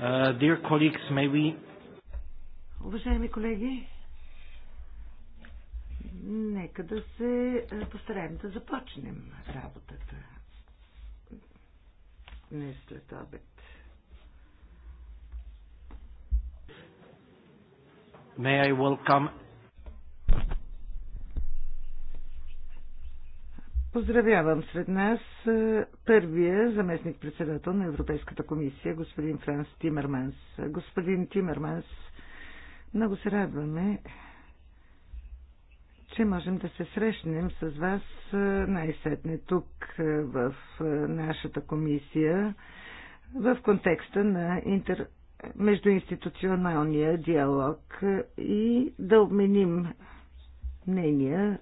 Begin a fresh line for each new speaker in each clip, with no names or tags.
Uh,
Уважаеми колеги, нека да се е, постараем да започнем работата днес след обед.
May I welcome
Поздравявам сред нас е, първия заместник-председател на Европейската комисия, господин Франс Тимерманс. Господин Тимерманс, много се радваме, че можем да се срещнем с вас е, най-сетне тук е, в нашата комисия в контекста на интер... междуинституционалния диалог и да обменим мнения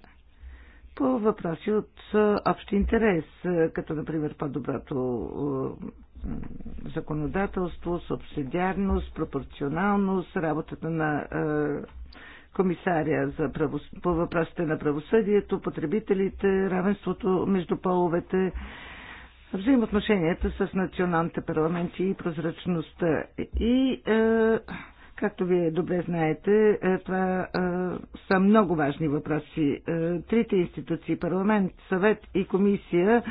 по въпроси от общ интерес, като например по-доброто законодателство, субсидиарност, пропорционалност, работата на комисаря за правос... по въпросите на правосъдието, потребителите, равенството между половете, взаимоотношенията с националните парламенти и прозрачността. И е, Както вие добре знаете, е, това е, са много важни въпроси. Е, трите институции, парламент, съвет и комисия,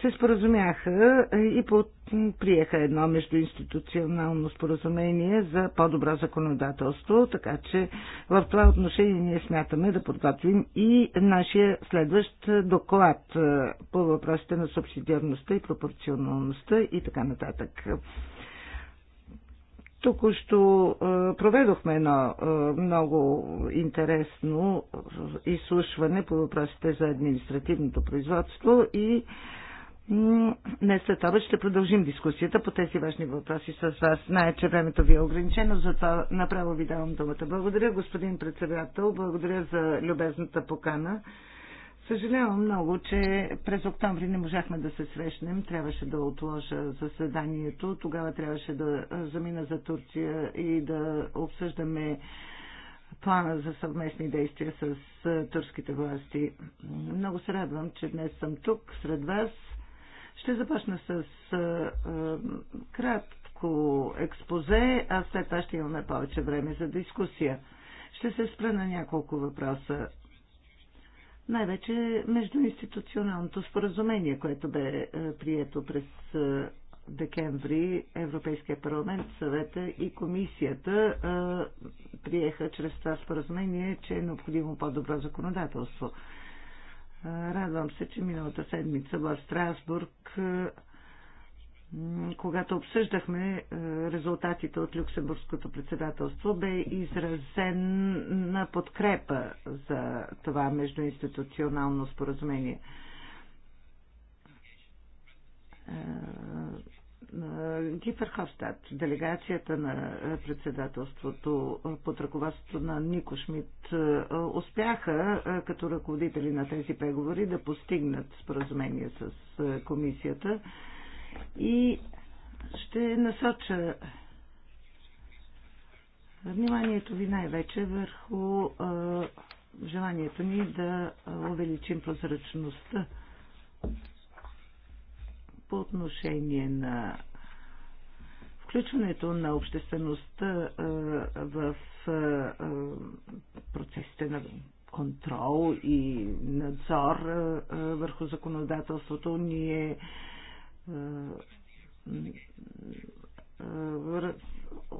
се споразумяха и приеха едно междуинституционално споразумение за по-добро законодателство, така че в това отношение ние смятаме да подготвим и нашия следващ доклад по въпросите на субсидиарността и пропорционалността и така нататък. Току-що е, проведохме едно е, много интересно изслушване по въпросите за административното производство и Днес след това ще продължим дискусията по тези важни въпроси с вас. Знае, че времето ви е ограничено, затова направо ви давам думата. Благодаря, господин председател, благодаря за любезната покана. Съжалявам много, че през октомври не можахме да се срещнем. Трябваше да отложа заседанието. Тогава трябваше да замина за Турция и да обсъждаме плана за съвместни действия с турските власти. Много се радвам, че днес съм тук сред вас. Ще започна с кратко експозе, а след това ще имаме повече време за дискусия. Ще се спра на няколко въпроса най-вече междуинституционалното споразумение, което бе е, прието през е, декември Европейския парламент, съвета и комисията е, приеха чрез това споразумение, че е необходимо по-добро законодателство. Радвам се, че миналата седмица в Страсбург когато обсъждахме е, резултатите от Люксембургското председателство, бе изразена подкрепа за това междуинституционално споразумение. Е, е, Гифер Хофстад, делегацията на председателството под ръководството на Нико Шмидт, успяха като ръководители на тези преговори да постигнат споразумение с комисията и ще насоча вниманието ви най-вече върху а, желанието ни да увеличим прозрачността по отношение на включването на обществеността в процесите на контрол и надзор върху законодателството. Ние е, е,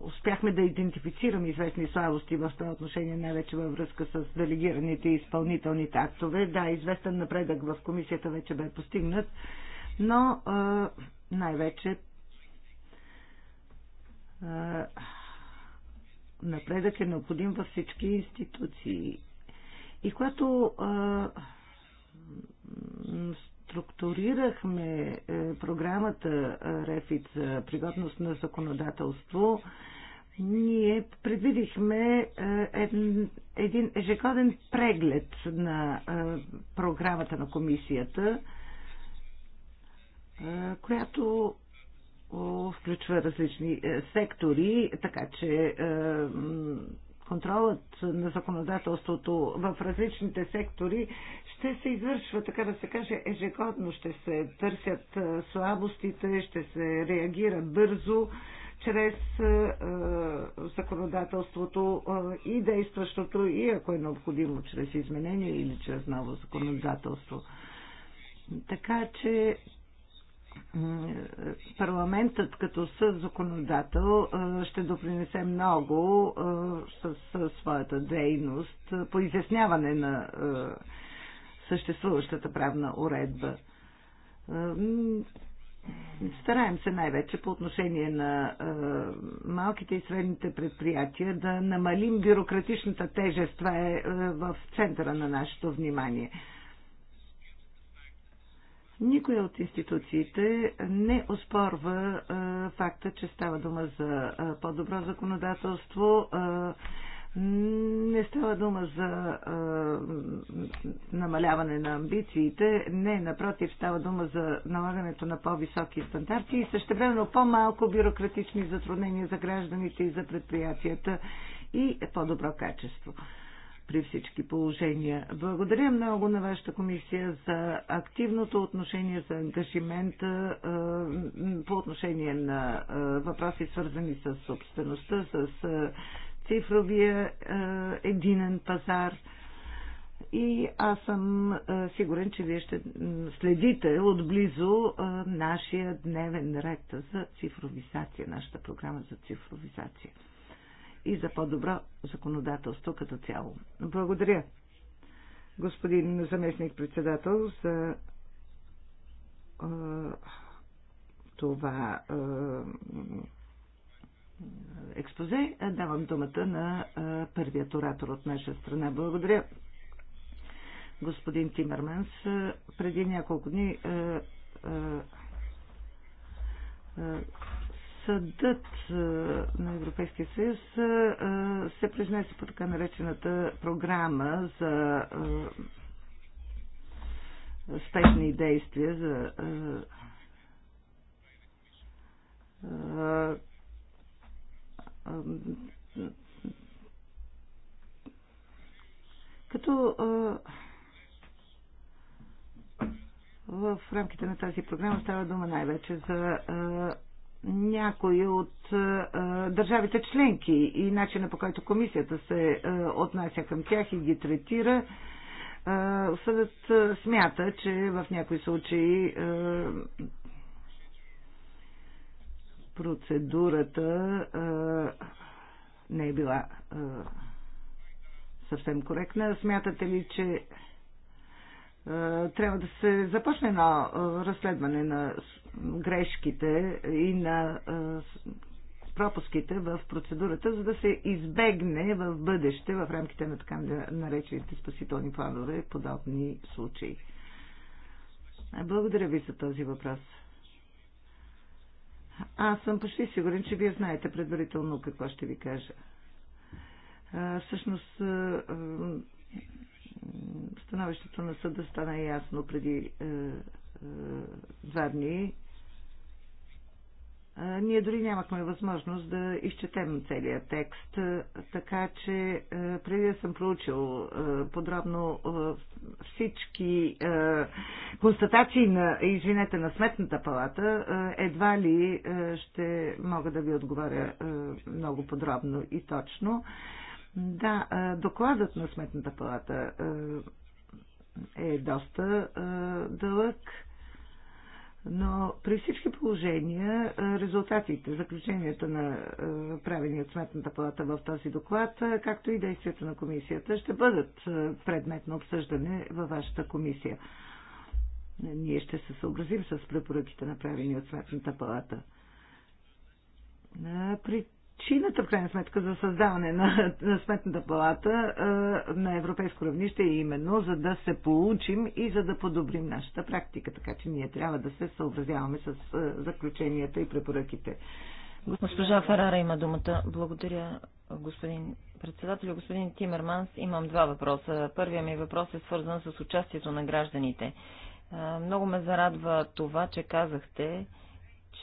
успяхме да идентифицираме известни слабости в това отношение, най-вече във връзка с делегираните и изпълнителните актове. Да, известен напредък в комисията вече бе постигнат, но е, най-вече напредък е необходим във всички институции. И когато преструктурирахме е, програмата РЕФИТ за пригодност на законодателство, ние предвидихме е, един ежегоден преглед на е, програмата на комисията, която включва различни сектори, така че контролът на законодателството в различните сектори ще се извършва, така да се каже, ежегодно. Ще се търсят слабостите, ще се реагира бързо чрез законодателството и действащото, и ако е необходимо, чрез изменение или чрез ново законодателство. Така че парламентът като законодател ще допринесе много с своята дейност по изясняване на съществуващата правна уредба. Стараем се най-вече по отношение на е, малките и средните предприятия да намалим бюрократичната тежест. Това е, е в центъра на нашето внимание. Е, Никоя от институциите не оспорва а, факта, че става дума за по-добро законодателство. А, не става дума за а, намаляване на амбициите. Не, напротив, става дума за налагането на по-високи стандарти и същевременно по-малко бюрократични затруднения за гражданите и за предприятията и по-добро качество при всички положения. Благодаря много на вашата комисия за активното отношение, за ангажимента е, по отношение на е, въпроси свързани с собствеността, с е, цифровия единен пазар. И аз съм сигурен, че вие ще следите отблизо нашия дневен ред за цифровизация, нашата програма за цифровизация и за по-добро законодателство като цяло. Благодаря, господин заместник-председател, за това експозе. Давам думата на първият оратор от наша страна. Благодаря, господин Тимерманс. Преди няколко дни Съдът на Европейския съюз се произнесе по така наречената програма за спешни действия за като в рамките на тази програма става дума най-вече за някои от а, е, е, държавите членки и начина по който комисията се а, е, отнася към тях и ги третира. съдът смята, че в някои случаи а, процедурата а, не е била а, съвсем коректна. Смятате ли, че а, трябва да се започне на разследване на грешките и на пропуските в процедурата, за да се избегне в бъдеще, в рамките на така наречените спасителни планове, подобни случаи. Благодаря ви за този въпрос. Аз съм почти сигурен, че вие знаете предварително какво ще ви кажа. А, всъщност, а, становището на съда стана ясно преди а, е, два дни. Ние дори нямахме възможност да изчетем целия текст, така че преди да съм проучил подробно всички констатации на, извинете, на Сметната палата, едва ли ще мога да ви отговоря много подробно и точно. Да, докладът на Сметната палата е доста дълъг но при всички положения резултатите, заключенията на правени от Сметната палата в този доклад, както и действията на комисията, ще бъдат предмет на обсъждане във вашата комисия. Ние ще се съобразим с препоръките, направени от Сметната палата. При причината, в крайна сметка, за създаване на, на Сметната палата а, на европейско равнище е именно за да се получим и за да подобрим нашата практика. Така че ние трябва да се съобразяваме с а, заключенията и препоръките.
Госпожа Фарара има думата. Благодаря, господин председател. Господин Тимерманс, имам два въпроса. Първият ми въпрос е свързан с участието на гражданите. А, много ме зарадва това, че казахте,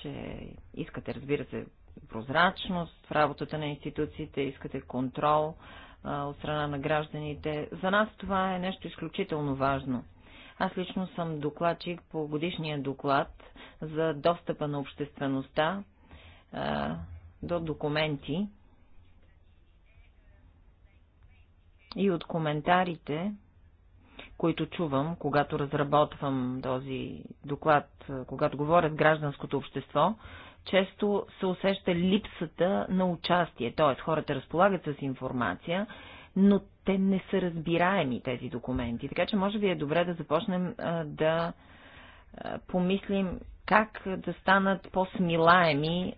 че искате, разбира се, прозрачност в работата на институциите, искате контрол а, от страна на гражданите. За нас това е нещо изключително важно. Аз лично съм докладчик по годишния доклад за достъпа на обществеността а, до документи и от коментарите, които чувам, когато разработвам този доклад, когато говоря с гражданското общество, често се усеща липсата на участие, т.е. хората разполагат с информация, но те не са разбираеми тези документи. Така че може би е добре да започнем а, да а, помислим как да станат по-смилаеми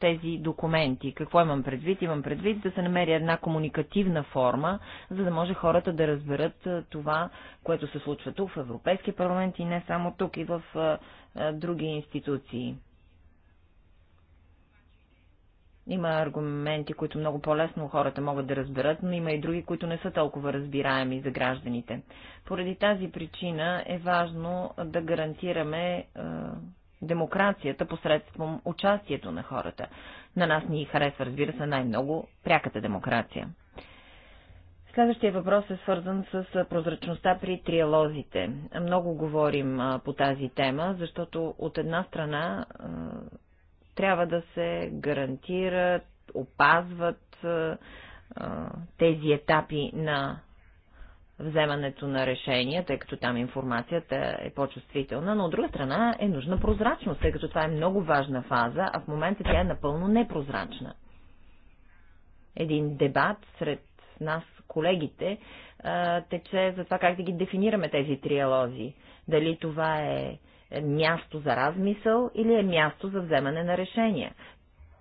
тези документи. Какво имам предвид? Имам предвид да се намери една комуникативна форма, за да може хората да разберат а, това, което се случва тук в Европейския парламент и не само тук, и в а, а, други институции. Има аргументи, които много по-лесно хората могат да разберат, но има и други, които не са толкова разбираеми за гражданите. Поради тази причина е важно да гарантираме е, демокрацията посредством участието на хората. На нас ни харесва, разбира се, най-много пряката демокрация. Следващия въпрос е свързан с е, прозрачността при триалозите. Много говорим е, по тази тема, защото от една страна е, трябва да се гарантират, опазват тези етапи на вземането на решения, тъй като там информацията е по-чувствителна, но от друга страна е нужна прозрачност, тъй като това е много важна фаза, а в момента тя е напълно непрозрачна. Един дебат сред нас, колегите, тече за това как да ги дефинираме тези триалози. Дали това е място за размисъл или е място за вземане на решения.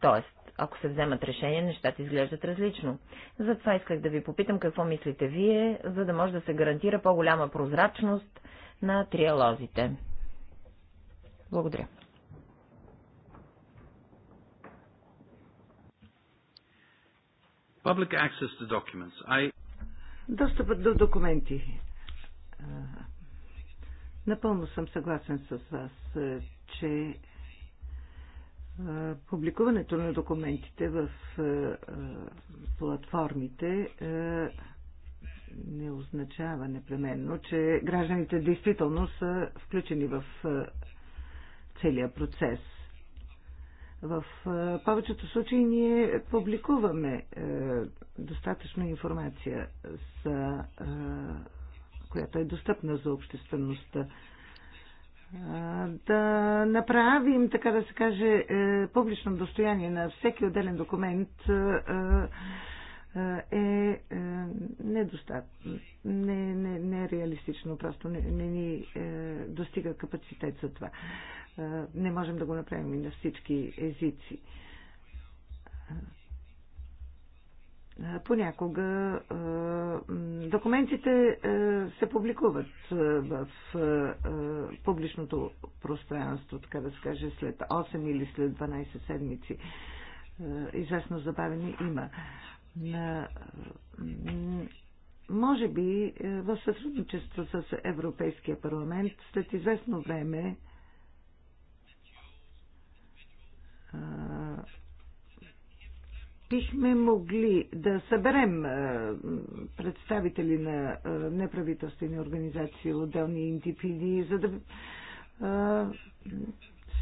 Тоест, ако се вземат решения, нещата изглеждат различно. Затова исках да ви попитам какво мислите вие, за да може да се гарантира по-голяма прозрачност на триалозите.
Благодаря. Public access to documents. I...
Достъпът до документи. Напълно съм съгласен с вас, е, че е, публикуването на документите в е, платформите не означава непременно, че гражданите действително са включени в целият процес. В повечето случаи ние публикуваме достатъчно информация за която е достъпна за обществеността. Да направим, така да се каже, е, публично достояние на всеки отделен документ е, е, е недостатъчно, не, не, не е реалистично, просто не, не ни достига капацитет за това. не можем да го направим и на всички езици понякога документите се публикуват в публичното пространство, така да се каже, след 8 или след 12 седмици. Известно забавени има. Може би в сътрудничество с Европейския парламент след известно време бихме могли да съберем е, представители на е, неправителствени организации, отделни индивиди, за да е,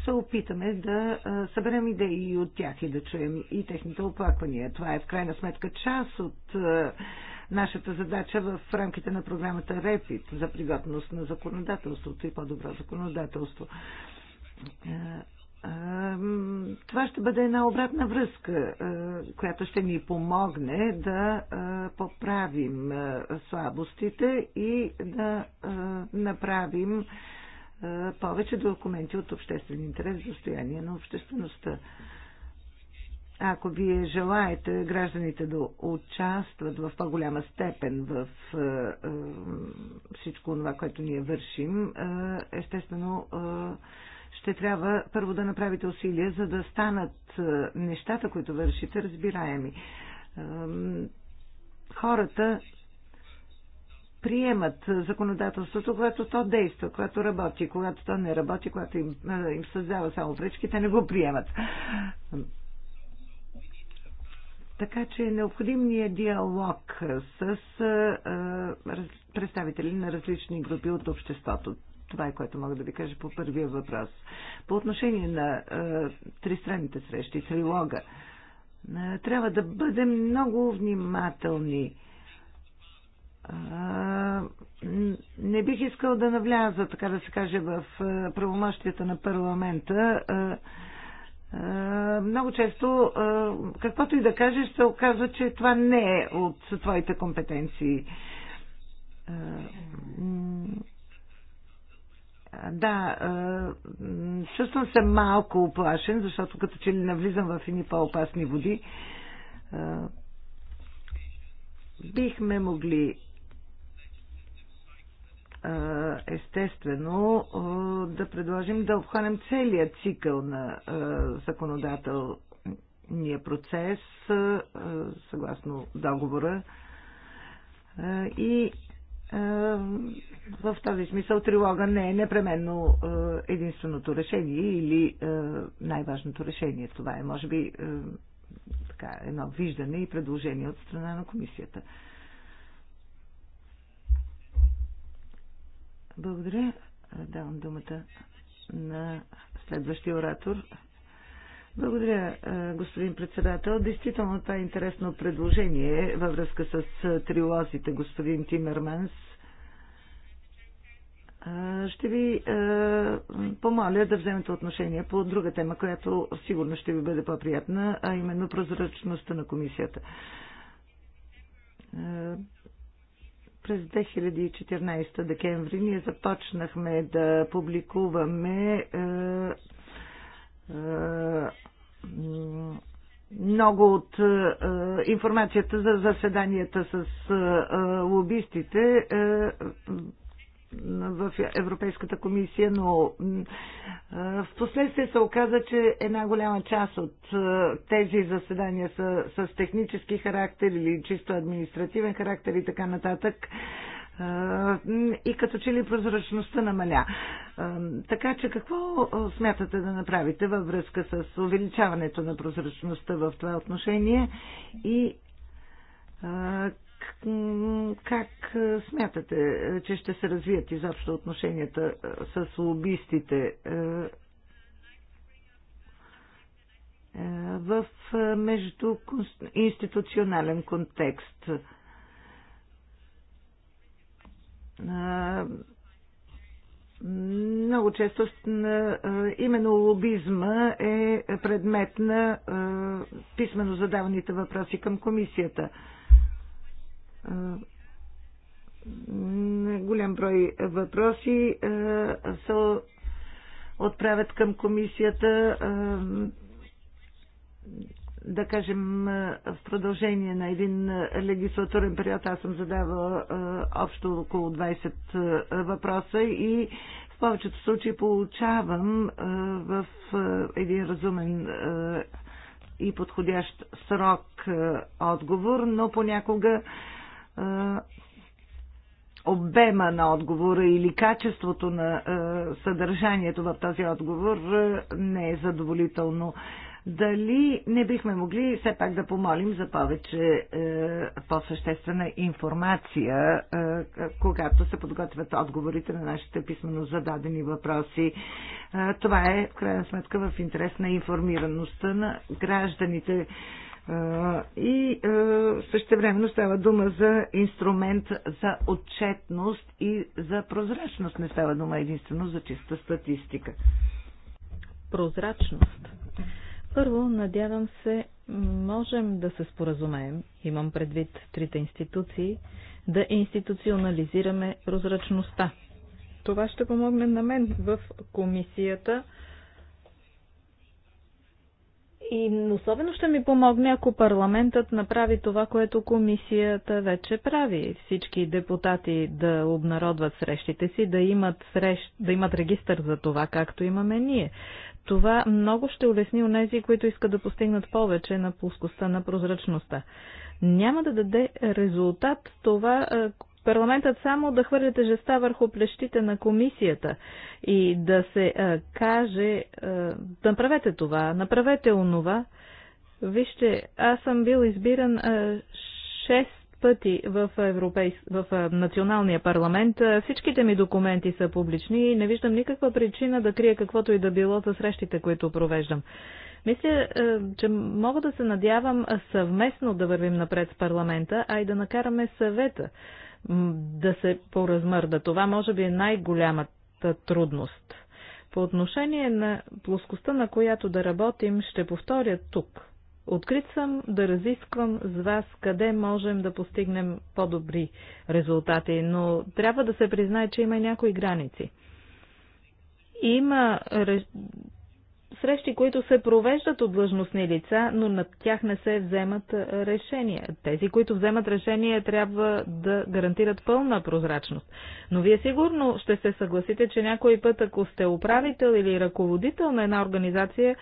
се опитаме да съберем идеи и от тях и да чуем и техните оплаквания. Това е в крайна сметка част от нашата задача в рамките на програмата РЕПИТ за пригодност на законодателството и по-добро законодателство това ще бъде една обратна връзка, която ще ни помогне да поправим слабостите и да направим повече документи от обществен интерес в състояние на обществеността. Ако вие желаете гражданите да участват в по-голяма степен в всичко това, което ние вършим, естествено ще трябва първо да направите усилия, за да станат е, нещата, които вършите, разбираеми. Хората приемат законодателството, когато то действа, когато работи, когато то не работи, когато им, е, им създава само пречки, те не го приемат. Така че е необходим е диалог с е, представители на различни групи от обществото. Това е което мога да ви кажа по първия въпрос. По отношение на е, тристранните срещи, трилога, е, трябва да бъдем много внимателни. Не бих искал да навляза, така да се каже, в правомощията на парламента. Много често, каквото и да кажеш, се оказва, че това не е от твоите компетенции. Да, чувствам се малко оплашен, защото като че ли навлизам в едни по-опасни води. Бихме могли естествено да предложим да обхванем целият цикъл на законодателния процес съгласно договора и е, в този смисъл трилога не е непременно е, единственото решение или е, най-важното решение. Това е, може би, така, едно виждане и предложение от страна на комисията. Благодаря. Давам думата на следващия оратор, благодаря, господин председател. Действително това е интересно предложение във връзка с трилозите, господин Тимерманс. Ще ви помоля да вземете отношение по друга тема, която сигурно ще ви бъде по-приятна, а именно прозрачността на комисията. През 2014 декември ние започнахме да публикуваме е, много от е, информацията за заседанията с е, лобистите в Европейската комисия, но в последствие се оказа, че една голяма част от тези заседания са с технически характер или чисто административен характер и така нататък и като че ли прозрачността намаля. Така че какво смятате да направите във връзка с увеличаването на прозрачността в това отношение и как смятате, че ще се развият изобщо отношенията с лобистите в междуинституционален контекст? много често именно лобизма е предмет на писменно задаваните въпроси към комисията. Голям брой въпроси се отправят към комисията да кажем, в продължение на един легислатурен период аз съм задавала общо около 20 въпроса и в повечето случаи получавам в един разумен и подходящ срок отговор, но понякога обема на отговора или качеството на съдържанието в този отговор не е задоволително дали не бихме могли все пак да помолим за повече е, по-съществена информация, е, когато се подготвят отговорите на нашите писменно зададени въпроси. Е, това е, в крайна сметка, в интерес на информираността на гражданите. Е, и е, същевременно става дума за инструмент за отчетност и за прозрачност. Не става дума единствено за чиста статистика. Прозрачност
първо, надявам се, можем да се споразумеем, имам предвид трите институции, да институционализираме прозрачността. Това ще помогне на мен в комисията и особено ще ми помогне, ако парламентът направи това, което комисията вече прави. Всички депутати да обнародват срещите си, да имат, срещ, да имат регистър за това, както имаме ние. Това много ще улесни нези, които искат да постигнат повече на плоскостта на прозрачността. Няма да даде резултат това, парламентът само да хвърля тежеста върху плещите на комисията и да се а, каже а, направете това, направете онова. Вижте, аз съм бил избиран а, 6 пъти в, европейс... в националния парламент. Всичките ми документи са публични и не виждам никаква причина да крия каквото и да било за срещите, които провеждам. Мисля, че мога да се надявам съвместно да вървим напред с парламента, а и да накараме съвета да се поразмърда. Това може би е най-голямата трудност. По отношение на плоскостта, на която да работим, ще повторя тук – Открит съм да разисквам с вас къде можем да постигнем по-добри резултати, но трябва да се признае, че има някои граници. Има срещи, които се провеждат от длъжностни лица, но над тях не се вземат решения. Тези, които вземат решения, трябва да гарантират пълна прозрачност. Но вие сигурно ще се съгласите, че някой път, ако сте управител или ръководител на една организация,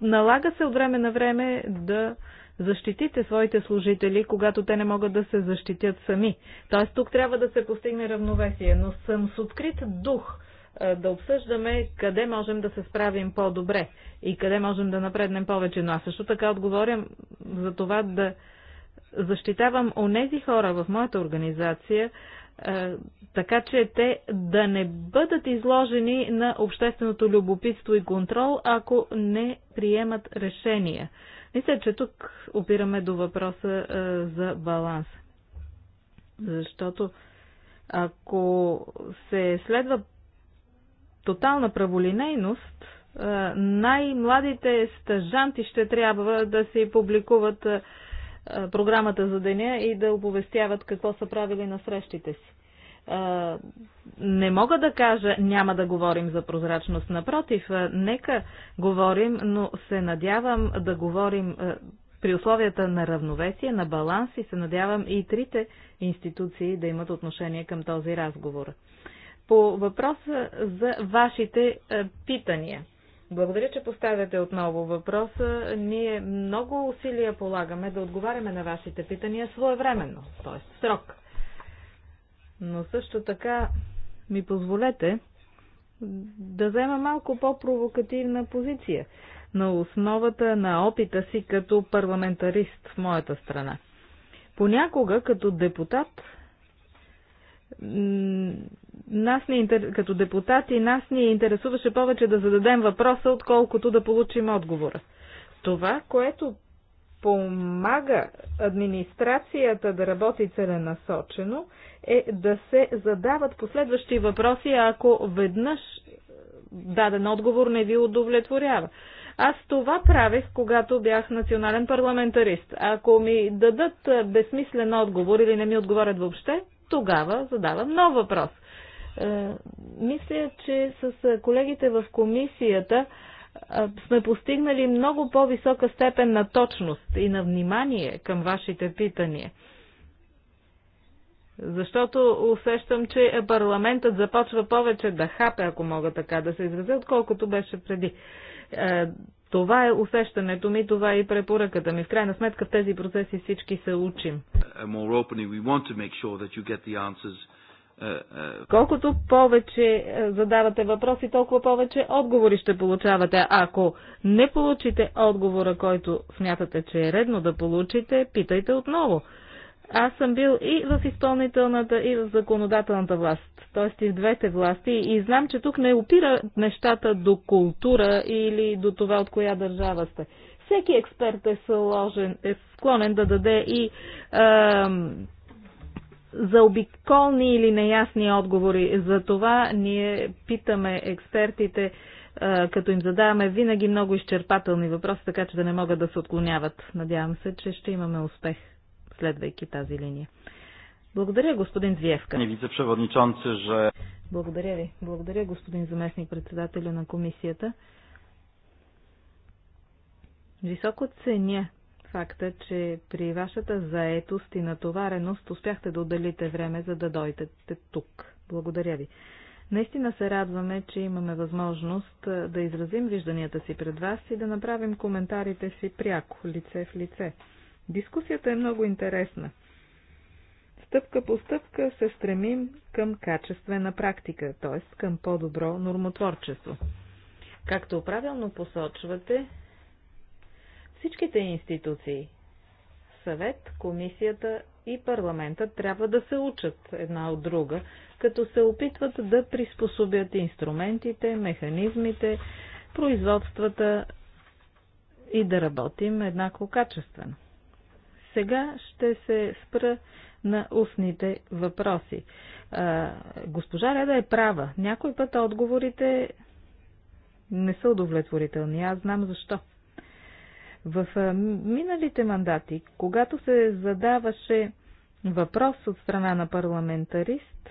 налага се от време на време да защитите своите служители, когато те не могат да се защитят сами. Тоест тук трябва да се постигне равновесие, но съм с открит дух – да обсъждаме къде можем да се справим по-добре и къде можем да напреднем повече. Но аз също така отговорям за това да защитавам онези хора в моята организация, така че те да не бъдат изложени на общественото любопитство и контрол, ако не приемат решения. Мисля, че тук опираме до въпроса за баланс. Защото ако се следва тотална праволинейност, най-младите стъжанти ще трябва да си публикуват програмата за деня и да оповестяват какво са правили на срещите си. Не мога да кажа, няма да говорим за прозрачност. Напротив, нека говорим, но се надявам да говорим при условията на равновесие, на баланс и се надявам и трите институции да имат отношение към този разговор. По въпроса за вашите е, питания. Благодаря, че поставяте отново въпроса. Ние много усилия полагаме да отговаряме на вашите питания своевременно, т.е. срок. Но също така ми позволете да взема малко по-провокативна позиция на основата на опита си като парламентарист в моята страна. Понякога като депутат нас ни, като депутати нас ни интересуваше повече да зададем въпроса, отколкото да получим отговора. Това, което помага администрацията да работи целенасочено, е да се задават последващи въпроси, ако веднъж е, даден отговор не ви удовлетворява. Аз това правех, когато бях национален парламентарист. Ако ми дадат е, безсмислен отговор или не ми отговорят въобще, тогава задавам нов въпрос. Е, мисля, че с е, колегите в комисията е, сме постигнали много по-висока степен на точност и на внимание към вашите питания. Защото усещам, че парламентът започва повече да хапе, ако мога така да се изразя, отколкото беше преди. Това е усещането ми, това е и препоръката ми. В крайна сметка в тези процеси всички се учим.
Uh, uh, uh.
Колкото повече е, задавате въпроси, толкова повече отговори ще получавате. Ако не получите отговора, който смятате, че е редно да получите, питайте отново. Аз съм бил и в изпълнителната, и в законодателната власт, т.е. и в двете власти. И знам, че тук не опира нещата до култура или до това, от коя държава сте. Всеки експерт е, сложен, е склонен да даде и е, заобиколни или неясни отговори. За това ние питаме експертите, като им задаваме винаги много изчерпателни въпроси, така че да не могат да се отклоняват. Надявам се, че ще имаме успех следвайки тази линия. Благодаря, господин Звиевка. Же... Благодаря ви. Благодаря, господин заместник председателя на комисията. Високо ценя факта, че при вашата заетост и натовареност успяхте да отделите време, за да дойдете тук. Благодаря ви. Наистина се радваме, че имаме възможност да изразим вижданията си пред вас и да направим коментарите си пряко, лице в лице. Дискусията е много интересна. Стъпка по стъпка се стремим към качествена практика, т.е. към по-добро нормотворчество. Както правилно посочвате, всичките институции съвет, комисията и парламента трябва да се учат една от друга, като се опитват да приспособят инструментите, механизмите, производствата и да работим еднакво качествено. Сега ще се спра на устните въпроси. А, госпожа Реда е права. Някой път отговорите не са удовлетворителни. Аз знам защо. В миналите мандати, когато се задаваше въпрос от страна на парламентарист,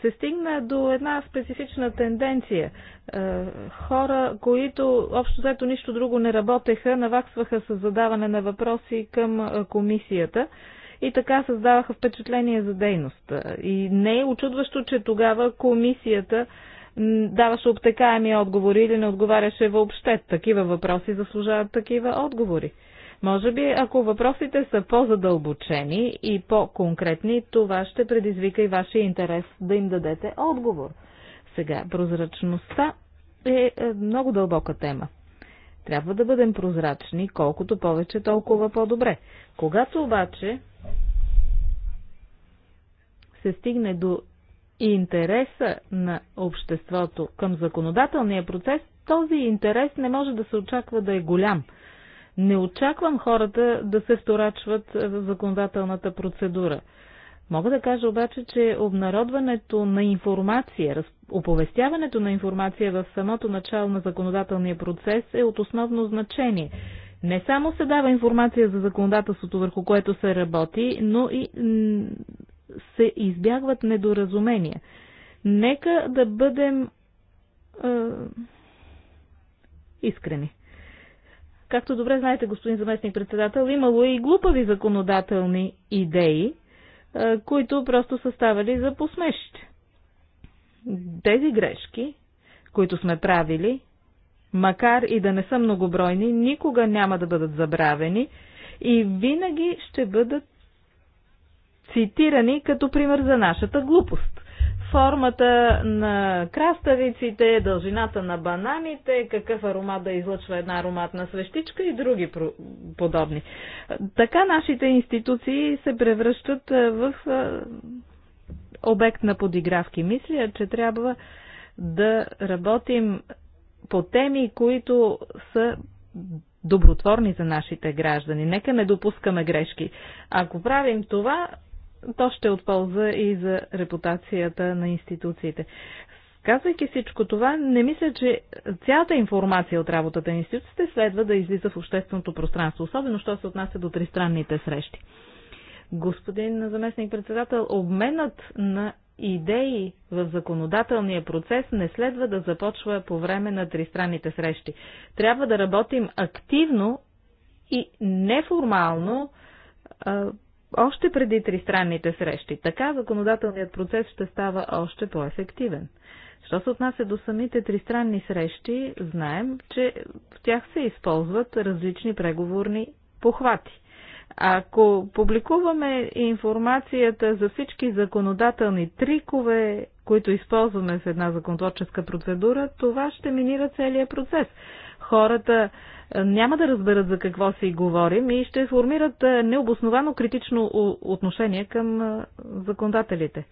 се стигна до една специфична тенденция. Е, хора, които общо взето нищо друго не работеха, наваксваха с задаване на въпроси към е, комисията и така създаваха впечатление за дейност. Е, и не е очудващо, че тогава комисията даваше обтекаеми отговори или не отговаряше въобще. Такива въпроси заслужават такива отговори. Може би, ако въпросите са по-задълбочени и по-конкретни, това ще предизвика и вашия интерес да им дадете отговор. Сега, прозрачността е, е много дълбока тема. Трябва да бъдем прозрачни, колкото повече, толкова по-добре. Когато обаче се стигне до интереса на обществото към законодателния процес, този интерес не може да се очаква да е голям – не очаквам хората да се вторачват в законодателната процедура. Мога да кажа обаче, че обнародването на информация, оповестяването на информация в самото начало на законодателния процес е от основно значение. Не само се дава информация за законодателството, върху което се работи, но и се избягват недоразумения. Нека да бъдем е, искрени. Както добре знаете, господин заместник председател, имало и глупави законодателни идеи, които просто са ставали за посмешище. Тези грешки, които сме правили, макар и да не са многобройни, никога няма да бъдат забравени и винаги ще бъдат цитирани като пример за нашата глупост формата на краставиците, дължината на бананите, какъв аромат да излъчва една ароматна свещичка и други подобни. Така нашите институции се превръщат в обект на подигравки. Мисля, че трябва да работим по теми, които са добротворни за нашите граждани. Нека не допускаме грешки. Ако правим това, то ще е от полза и за репутацията на институциите. Казвайки всичко това, не мисля, че цялата информация от работата на институциите следва да излиза в общественото пространство, особено що се отнася до тристранните срещи. Господин заместник-председател, обменът на идеи в законодателния процес не следва да започва по време на тристранните срещи. Трябва да работим активно и неформално още преди тристранните срещи. Така законодателният процес ще става още по-ефективен. Що се отнася до самите тристранни срещи, знаем, че в тях се използват различни преговорни похвати. Ако публикуваме информацията за всички законодателни трикове, които използваме в една законотворческа процедура, това ще минира целият процес хората е, няма да разберат за какво си говорим и ще формират е, необосновано критично отношение към е, законодателите.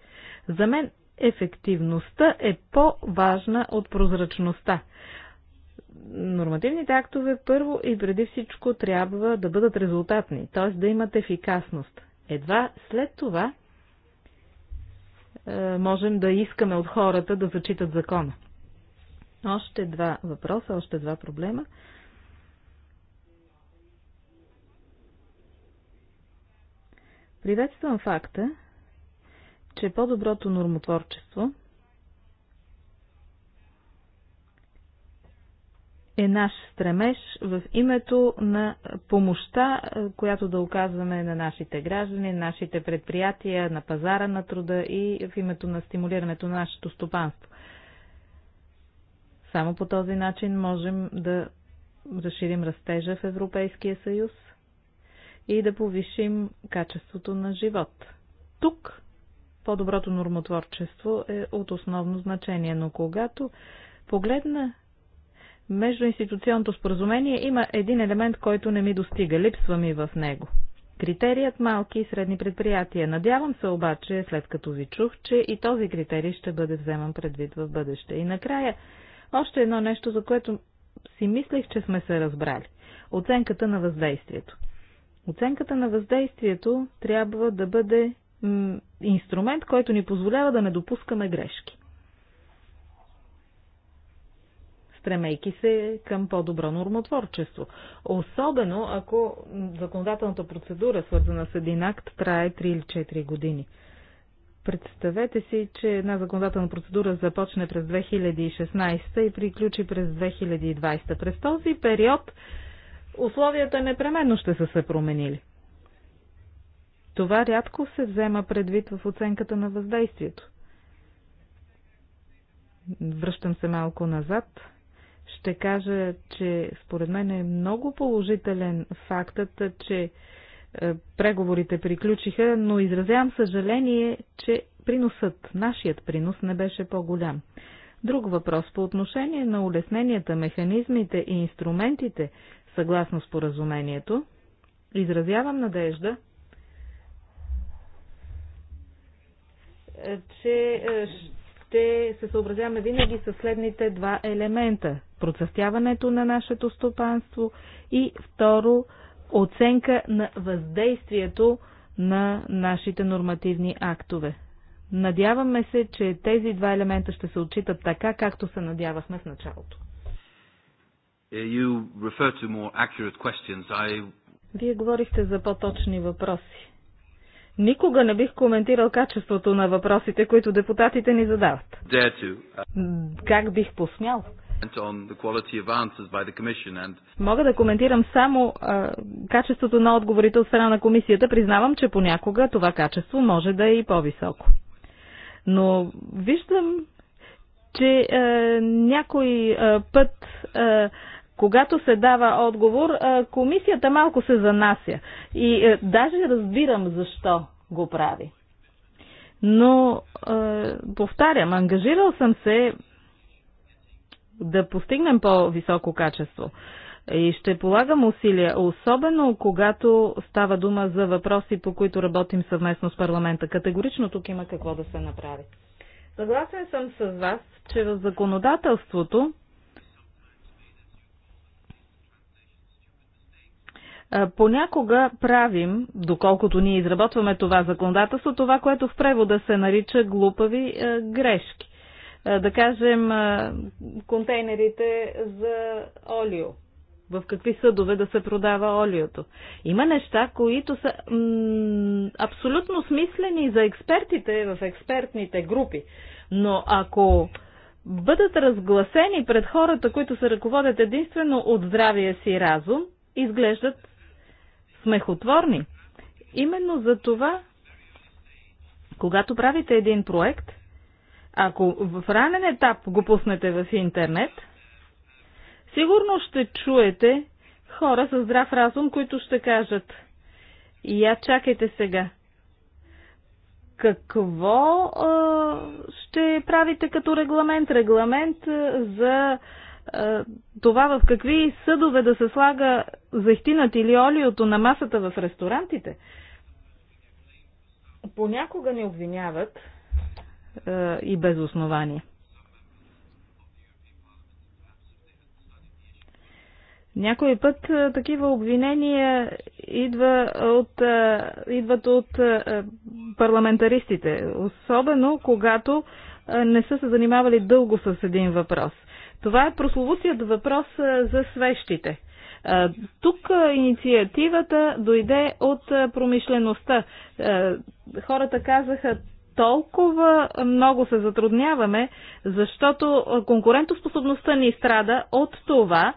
За мен ефективността е по-важна от прозрачността. Нормативните актове първо и преди всичко трябва да бъдат резултатни, т.е. да имат ефикасност. Едва след това можем да искаме от хората да зачитат закона. Още два въпроса, още два проблема. Приветствам факта, че по-доброто нормотворчество е наш стремеж в името на помощта, която да оказваме на нашите граждани, нашите предприятия, на пазара на труда и в името на стимулирането на нашето стопанство. Само по този начин можем да разширим растежа в Европейския съюз и да повишим качеството на живот. Тук по-доброто нормотворчество е от основно значение, но когато погледна междуинституционното споразумение, има един елемент, който не ми достига, липсва ми в него. Критерият малки и средни предприятия. Надявам се обаче, след като ви чух, че и този критерий ще бъде вземан предвид в бъдеще. И накрая, още едно нещо, за което си мислех, че сме се разбрали. Оценката на въздействието. Оценката на въздействието трябва да бъде инструмент, който ни позволява да не допускаме грешки. стремейки се към по-добро нормотворчество. Особено ако законодателната процедура, свързана с един акт, трае 3 или 4 години. Представете си, че една законодателна процедура започне през 2016 и приключи през 2020. През този период условията непременно ще са се променили. Това рядко се взема предвид в оценката на въздействието. Връщам се малко назад. Ще кажа, че според мен е много положителен фактът, че е, преговорите приключиха, но изразявам съжаление, че приносът, нашият принос не беше по-голям. Друг въпрос по отношение на улесненията, механизмите и инструментите, съгласно споразумението, изразявам надежда, е, че е, ще се съобразяваме винаги с следните два елемента. Процъстяването на нашето стопанство и второ – оценка на въздействието на нашите нормативни актове. Надяваме се, че тези два елемента ще се отчитат така, както се надявахме в началото. I... Вие говорихте за по-точни въпроси. Никога не бих коментирал качеството на въпросите, които депутатите ни задават. Как бих посмял? Мога да коментирам само а, качеството на отговорите от страна на комисията. Признавам, че понякога това качество може да е и по-високо. Но виждам, че а, някой а, път, а, когато се дава отговор, а, комисията малко се занася. И а, даже разбирам защо го прави. Но, а, повтарям, ангажирал съм се да постигнем по-високо качество. И ще полагам усилия, особено когато става дума за въпроси, по които работим съвместно с парламента. Категорично тук има какво да се направи. Съгласен съм с вас, че в законодателството понякога правим, доколкото ние изработваме това законодателство, това, което в превода се нарича глупави грешки. Е, да кажем, е, контейнерите за олио. В какви съдове да се продава олиото. Има неща, които са абсолютно смислени за експертите в експертните групи. Но ако бъдат разгласени пред хората, които се ръководят единствено от здравия си разум, изглеждат смехотворни. Именно за това, когато правите един проект – ако в ранен етап го пуснете в интернет, сигурно ще чуете хора с здрав разум, които ще кажат Я чакайте сега. Какво а, ще правите като регламент? Регламент а, за а, това в какви съдове да се слага захтинат или олиото на масата в ресторантите? Понякога ни обвиняват, е, и без основание. Някой път е, такива обвинения идва от, е, идват от парламентаристите, особено когато не са се занимавали дълго с един въпрос. Това е прословутият въпрос за свещите. Тук инициативата дойде от промишлеността. Хората казаха, толкова много се затрудняваме, защото конкурентоспособността ни страда от това,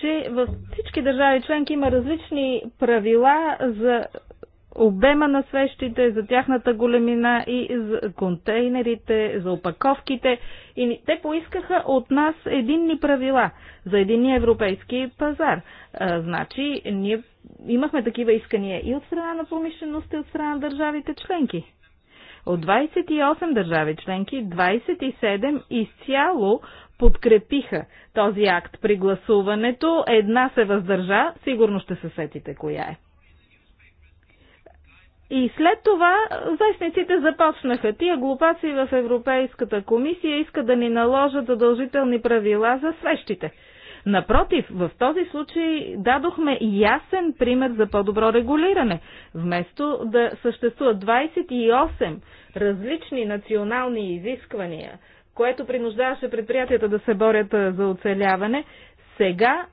че във всички държави членки има различни правила за обема на свещите, за тяхната големина и за контейнерите, за опаковките. И те поискаха от нас единни правила за единния европейски пазар. А, значи, ние имахме такива искания и от страна на промишлеността, и от страна на държавите членки. От 28 държави членки, 27 изцяло подкрепиха този акт при гласуването. Една се въздържа, сигурно ще се сетите коя е. И след това вестниците започнаха. Тия глупаци в Европейската комисия искат да ни наложат задължителни правила за свещите. Напротив, в този случай дадохме ясен пример за по-добро регулиране. Вместо да съществуват 28 различни национални изисквания, което принуждаваше предприятията да се борят за оцеляване, сега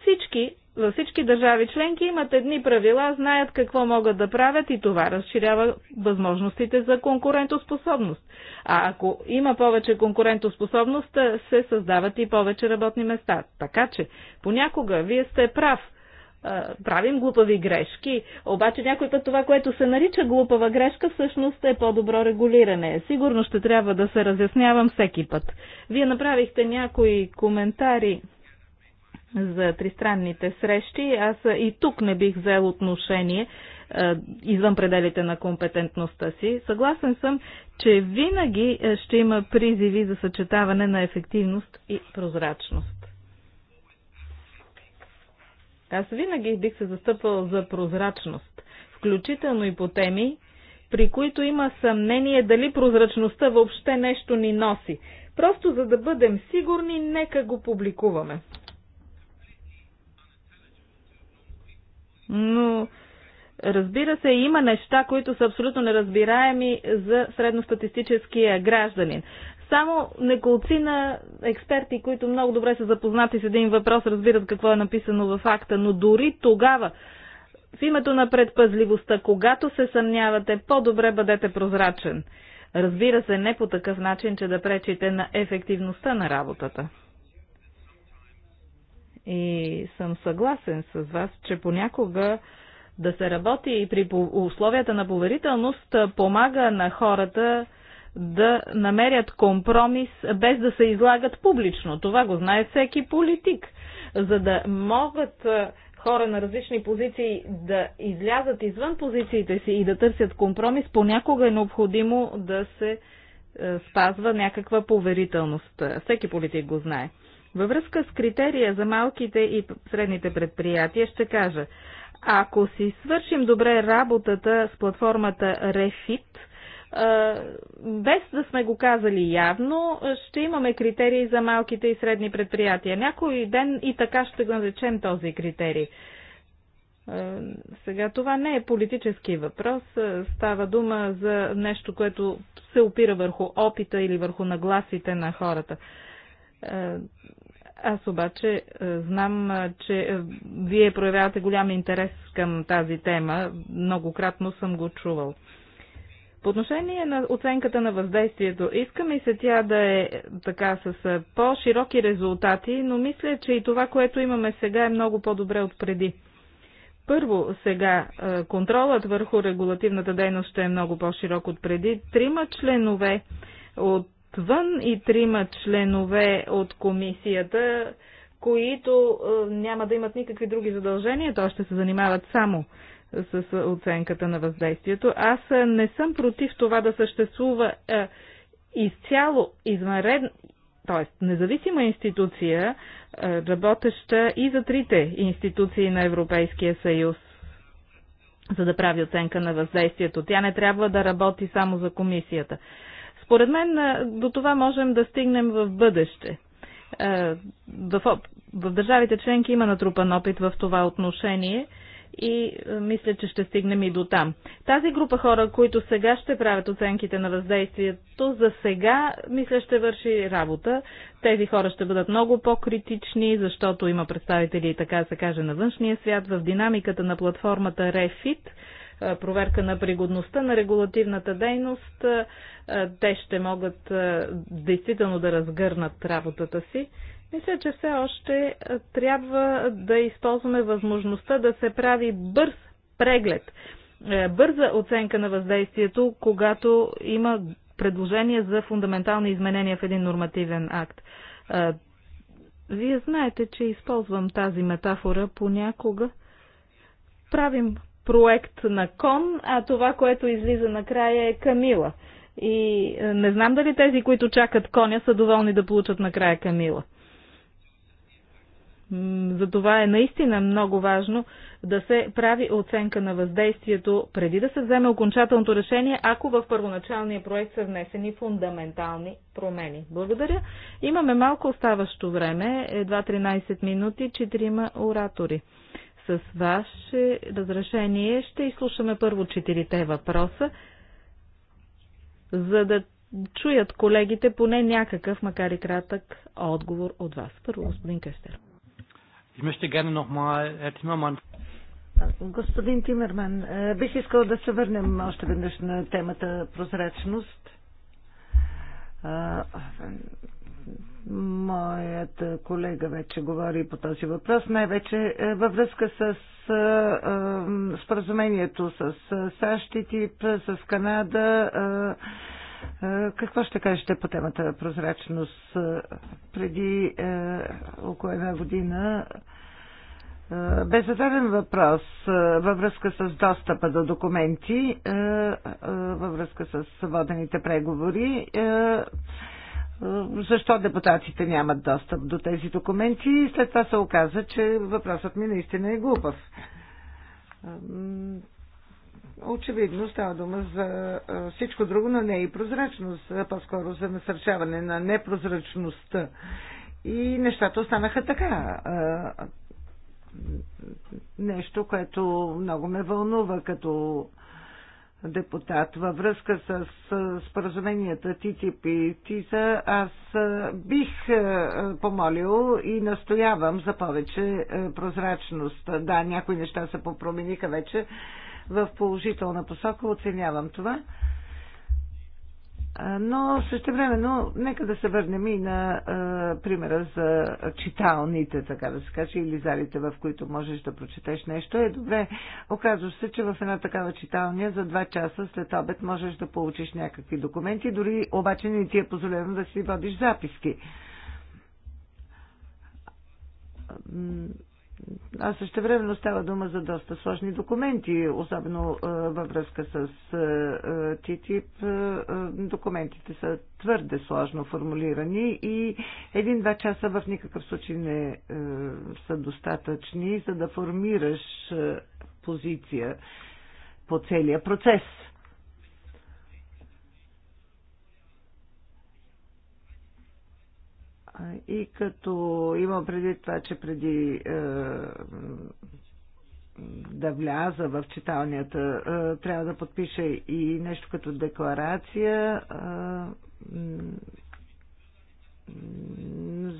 всички във всички държави членки имат едни правила, знаят какво могат да правят и това разширява възможностите за конкурентоспособност. А ако има повече конкурентоспособност, се създават и повече работни места. Така че, понякога вие сте прав. Правим глупави грешки, обаче някой път това, което се нарича глупава грешка, всъщност е по-добро регулиране. Сигурно ще трябва да се разяснявам всеки път. Вие направихте някои коментари за тристранните срещи. Аз и тук не бих взел отношение е, извън пределите на компетентността си. Съгласен съм, че винаги е, ще има призиви за съчетаване на ефективност и прозрачност. Аз винаги бих се застъпвал за прозрачност, включително и по теми, при които има съмнение дали прозрачността въобще нещо ни носи. Просто за да бъдем сигурни, нека го публикуваме. Но Разбира се, има неща, които са абсолютно неразбираеми за средностатистическия гражданин. Само неколцина експерти, които много добре са запознати с един въпрос, разбират какво е написано в акта, но дори тогава, в името на предпазливостта, когато се съмнявате, по-добре бъдете прозрачен. Разбира се, не по такъв начин, че да пречите на ефективността на работата и съм съгласен с вас, че понякога да се работи и при условията на поверителност помага на хората да намерят компромис без да се излагат публично. Това го знае всеки политик. За да могат хора на различни позиции да излязат извън позициите си и да търсят компромис, понякога е необходимо да се спазва някаква поверителност. Всеки политик го знае. Във връзка с критерия за малките и средните предприятия ще кажа, ако си свършим добре работата с платформата Refit, без да сме го казали явно, ще имаме критерии за малките и средни предприятия. Някой ден и така ще го наречем този критерий. Сега това не е политически въпрос, става дума за нещо, което се опира върху опита или върху нагласите на хората. Аз обаче е, знам, е, че е, вие проявявате голям интерес към тази тема. Многократно съм го чувал. По отношение на оценката на въздействието, искаме и се тя да е така с по-широки резултати, но мисля, че и това, което имаме сега е много по-добре от преди. Първо, сега контролът върху регулативната дейност ще е много по-широк от преди. Трима членове от Отвън и трима членове от комисията, които е, няма да имат никакви други задължения, то ще се занимават само с оценката на въздействието. Аз е, не съм против това да съществува е, изцяло извънредно, т.е. независима институция, е, работеща и за трите институции на Европейския съюз, за да прави оценка на въздействието. Тя не трябва да работи само за комисията. Според мен до това можем да стигнем в бъдеще. В, в държавите членки има натрупан опит в това отношение и мисля, че ще стигнем и до там. Тази група хора, които сега ще правят оценките на въздействието, за сега, мисля, ще върши работа. Тези хора ще бъдат много по-критични, защото има представители, така се каже, на външния свят. В динамиката на платформата Refit проверка на пригодността на регулативната дейност, те ще могат действително да разгърнат работата си. Мисля, че все още трябва да използваме възможността да се прави бърз преглед, бърза оценка на въздействието, когато има предложение за фундаментални изменения в един нормативен акт. Вие знаете, че използвам тази метафора понякога. Правим проект на Кон, а това, което излиза накрая е Камила. И е, не знам дали тези, които чакат Коня, са доволни да получат накрая Камила. Затова е наистина много важно да се прави оценка на въздействието преди да се вземе окончателното решение, ако в първоначалния проект са внесени фундаментални промени. Благодаря. Имаме малко оставащо време, едва 13 минути, 4 оратори. С ваше разрешение ще изслушаме първо четирите въпроса, за да чуят колегите поне някакъв, макар и кратък,
отговор от вас. Първо, господин Кестер. Господин Тимерман, е, бих искал да се върнем още веднъж на темата прозрачност. Е, Моят колега вече говори по този въпрос, най-вече е, във връзка с е, е, споразумението с САЩ и ТИП, с Канада. Какво ще кажете по темата прозрачност? Преди около една година бе зададен въпрос във връзка с достъпа до документи, във връзка с водените преговори защо депутатите нямат достъп до тези документи и след това се оказа, че въпросът ми наистина е глупав. Очевидно става дума за всичко друго, но не и прозрачност, а по-скоро за насърчаване на непрозрачността. И нещата останаха така. Нещо, което много ме вълнува като депутат във връзка с споразуменията ТТИП и ТИСА, аз бих помолил и настоявам за повече прозрачност. Да, някои неща се попромениха вече в положителна посока, оценявам това. Но също времено, нека да се върнем и на а, примера за читалните, така да се каже, или залите, в които можеш да прочетеш нещо. Е, добре, оказва се, че в една такава читалня за два часа след обед можеш да получиш някакви документи, дори обаче не ти е позволено да си водиш записки а също времено става дума за доста сложни документи, особено е, във връзка с е, е, ТТИП. Документите са твърде сложно формулирани и един-два часа в никакъв случай не са достатъчни, за да формираш позиция по целия процес. И като имам преди това, че преди е, да вляза в читалнията, е, трябва да подпиша и нещо като декларация е,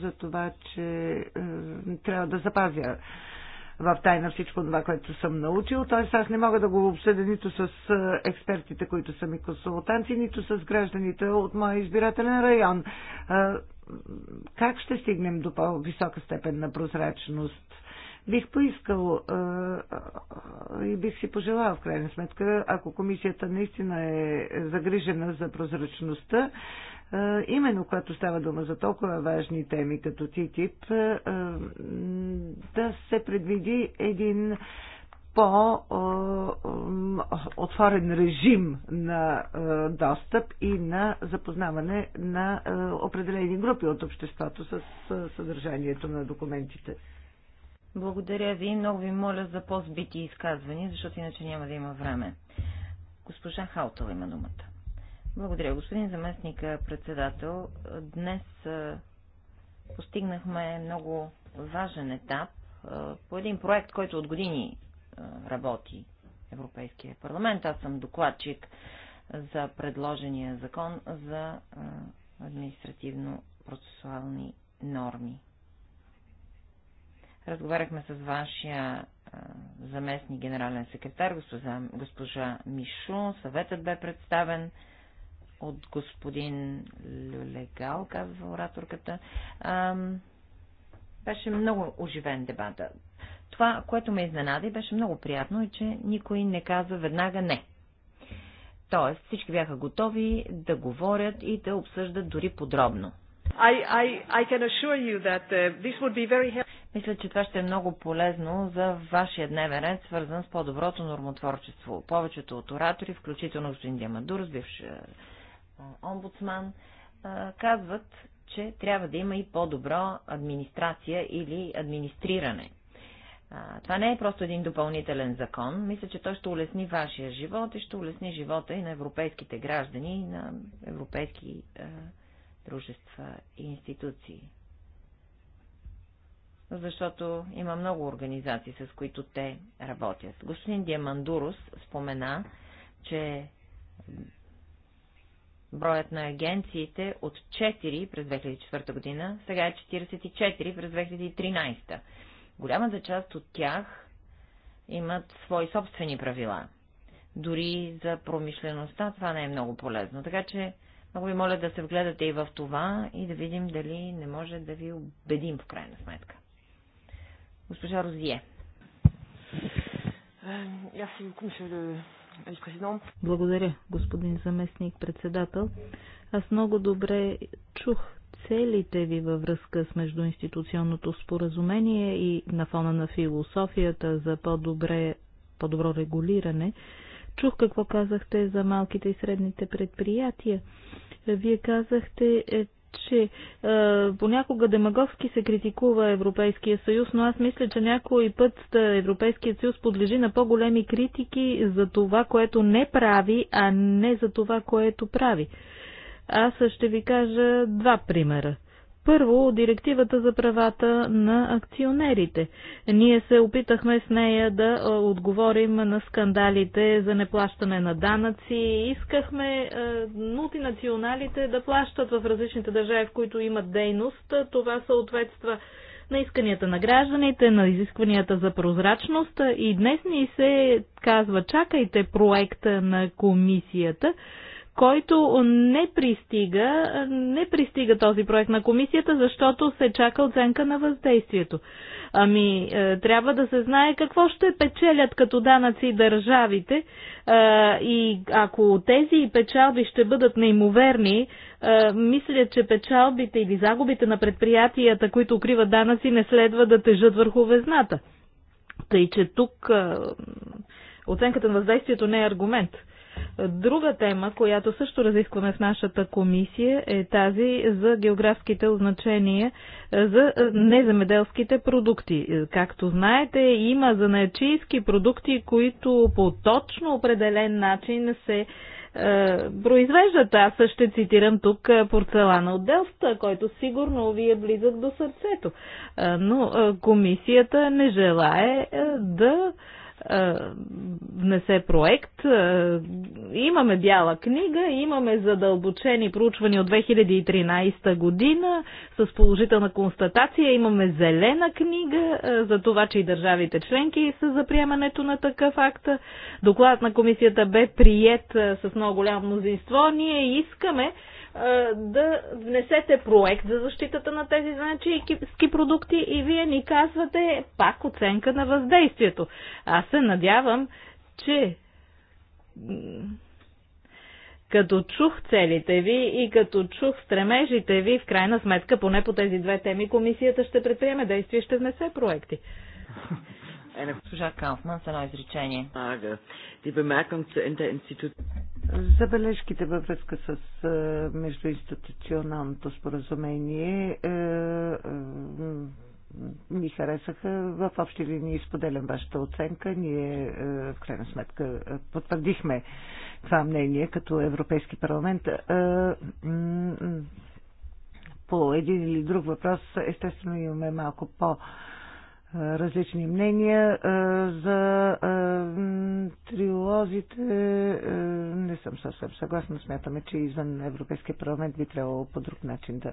за това, че е, трябва да запазя в тайна всичко това, което съм научил. Т.е. аз не мога да го обсъдя нито с е, експертите, които са ми консултанти, нито с гражданите от моя избирателен район. Е, как ще стигнем до по-висока степен на прозрачност? бих поискал и бих си пожелал в крайна сметка, ако комисията наистина е загрижена за прозрачността, именно когато става дума за толкова важни теми като ТИТИП, да се предвиди един по-отворен режим на достъп и на запознаване на определени групи от обществото с съдържанието на документите.
Благодаря ви. Много ви моля за по-збити изказвания, защото иначе няма да има време. Госпожа Хаутова има думата. Благодаря, господин заместник председател. Днес постигнахме много важен етап по един проект, който от години работи Европейския парламент. Аз съм докладчик за предложения закон за административно-процесуални норми Разговаряхме с вашия заместник генерален секретар, госпожа, госпожа Мишо. Съветът бе представен от господин Люлегал, казва ораторката. беше много оживен дебата. Това, което ме изненади, беше много приятно е, че никой не каза веднага не. Тоест, всички бяха готови да говорят и да обсъждат дори подробно. Uh, Мисля, че това ще е много полезно за вашия дневен ред, свързан с по-доброто нормотворчество. Повечето от оратори, включително господин Диамандур, бивш е, омбудсман, е, казват, че трябва да има и по-добро администрация или администриране. Това не е просто един допълнителен закон. Мисля, че той ще улесни вашия живот и ще улесни живота и на европейските граждани, и на европейски е, дружества и институции. Защото има много организации, с които те работят. Господин Диамандурус спомена, че броят на агенциите от 4 през 2004 година, сега е 44 през 2013. Голямата част от тях имат свои собствени правила. Дори за промишлеността това не е много полезно. Така че много ви моля да се вгледате и в това и да видим дали не може да ви убедим в крайна сметка. Госпожа Розие.
Е,
Благодаря, господин заместник председател. Аз много добре чух целите ви във връзка с междуинституционното споразумение и на фона на философията за по-добре, по-добро регулиране Чух какво казахте за малките и средните предприятия. Вие казахте, е, че е, понякога демагогски се критикува Европейския съюз, но аз мисля, че някой път е, Европейският съюз подлежи на по-големи критики за това, което не прави, а не за това, което прави. Аз ще ви кажа два примера. Първо, директивата за правата на акционерите. Ние се опитахме с нея да отговорим на скандалите за неплащане на данъци. Искахме мултинационалите да плащат в различните държави, в които имат дейност. Това съответства на исканията на гражданите, на изискванията за прозрачност и днес ни се казва чакайте проекта на комисията който не пристига, не пристига този проект на комисията, защото се чака оценка на въздействието. Ами, е, трябва да се знае какво ще печелят като данъци държавите е, и ако тези печалби ще бъдат неимоверни, е, мисля, че печалбите или загубите на предприятията, които укриват данъци, не следва да тежат върху везната. Тъй, че тук оценката на въздействието не е аргумент. Друга тема, която също разискваме в нашата комисия е тази за географските означения е, за е, неземеделските продукти. Е, както знаете, има занаячийски продукти, които по точно определен начин се произвеждат. Аз ще цитирам тук порцелана от Делфта, който сигурно ви е близък до сърцето. Но комисията не желае да внесе проект. Имаме бяла книга, имаме задълбочени проучвания от 2013 година с положителна констатация, имаме зелена книга за това, че и държавите членки са за приемането на такъв акт. Докладът на комисията бе прият с много голямо мнозинство. Ние искаме да внесете проект за защитата на тези значи продукти и вие ни казвате пак оценка на въздействието. Аз се надявам, че като чух целите ви и като чух стремежите ви, в крайна сметка, поне по тези две теми, комисията ще предприеме действия и ще внесе проекти.
Госпожа Кауфман, с едно
изречение.
Забележките във връзка с междуинституционалното споразумение ми харесаха. В общи линии споделям вашата оценка. Ние в крайна сметка потвърдихме това мнение като Европейски парламент. По един или друг въпрос, естествено, имаме малко по- различни мнения. За трилозите не съм съвсем съгласна. Смятаме, че извън Европейския парламент би трябвало по друг начин да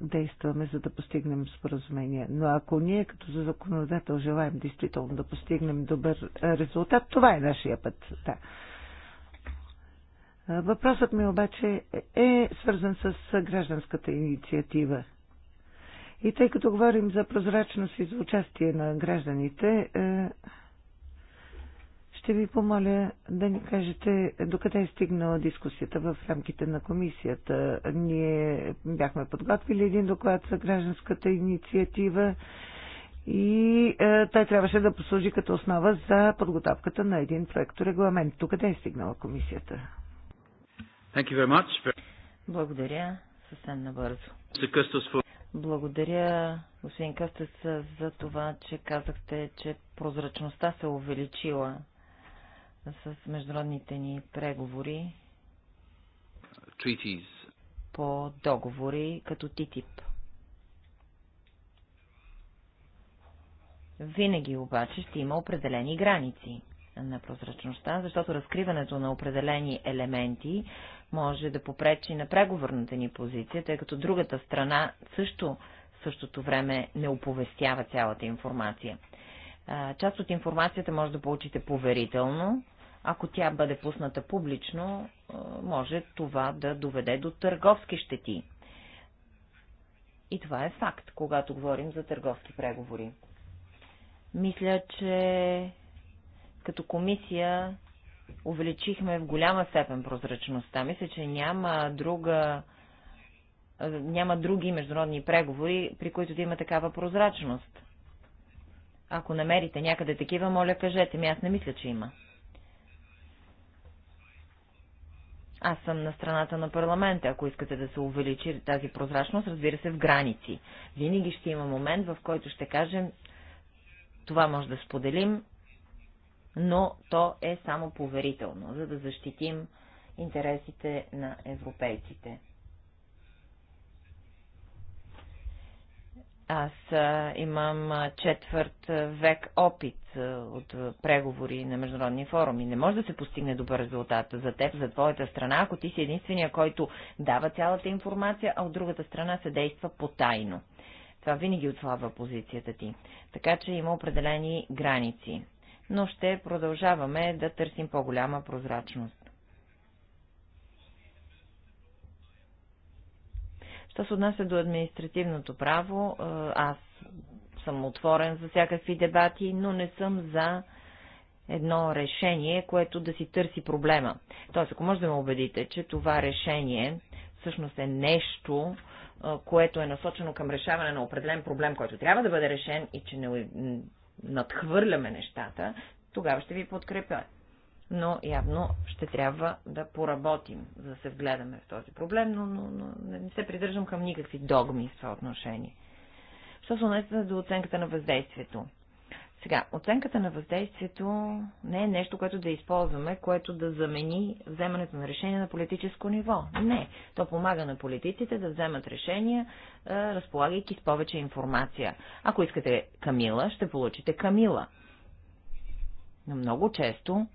действаме, за да постигнем споразумение. Но ако ние като за законодател желаем действително да постигнем добър резултат, това е нашия път. Да. Въпросът ми обаче е свързан с гражданската инициатива. И тъй като говорим за прозрачност и за участие на гражданите, е, ще ви помоля да ни кажете докъде е стигнала дискусията в рамките на комисията. Ние бяхме подготвили един доклад за гражданската инициатива и е, той трябваше да послужи като основа за подготовката на един проект регламент. къде е стигнала комисията?
Thank you very much. Благодаря съвсем набързо. Благодаря, господин Кастес, за това, че казахте, че прозрачността се увеличила с международните ни преговори Treaties. по договори като ТИТИП. Винаги обаче ще има определени граници на прозрачността, защото разкриването на определени елементи може да попречи на преговорната ни позиция, тъй като другата страна също в същото време не оповестява цялата информация. Част от информацията може да получите поверително. Ако тя бъде пусната публично, може това да доведе до търговски щети. И това е факт, когато говорим за търговски преговори. Мисля, че като комисия увеличихме в голяма степен прозрачността. Мисля, че няма друга няма други международни преговори, при които да има такава прозрачност. Ако намерите някъде такива, моля кажете ми, аз не мисля, че има. Аз съм на страната на парламента. Ако искате да се увеличи тази прозрачност, разбира се, в граници. Винаги ще има момент, в който ще кажем, това може да споделим, но то е само поверително, за да защитим интересите на европейците. Аз имам четвърт век опит от преговори на международни форуми. Не може да се постигне добър резултат за теб, за твоята страна, ако ти си единствения, който дава цялата информация, а от другата страна се действа потайно. Това винаги отслабва позицията ти. Така че има определени граници но ще продължаваме да търсим по-голяма прозрачност. Що се отнася до административното право, е, аз съм отворен за всякакви дебати, но не съм за едно решение, което да си търси проблема. Тоест, ако може да ме убедите, че това решение всъщност е нещо, е, което е насочено към решаване на определен проблем, който трябва да бъде решен и че не надхвърляме нещата, тогава ще ви подкрепя. Но явно ще трябва да поработим, за да се вгледаме в този проблем, но, но, но не се придържам към никакви догми в това отношение. Що се отнесе до оценката на въздействието? Сега, оценката на въздействието не е нещо, което да използваме, което да замени вземането на решение на политическо ниво. Не. То помага на политиците да вземат решения, разполагайки с повече информация. Ако искате Камила, ще получите Камила. Но много често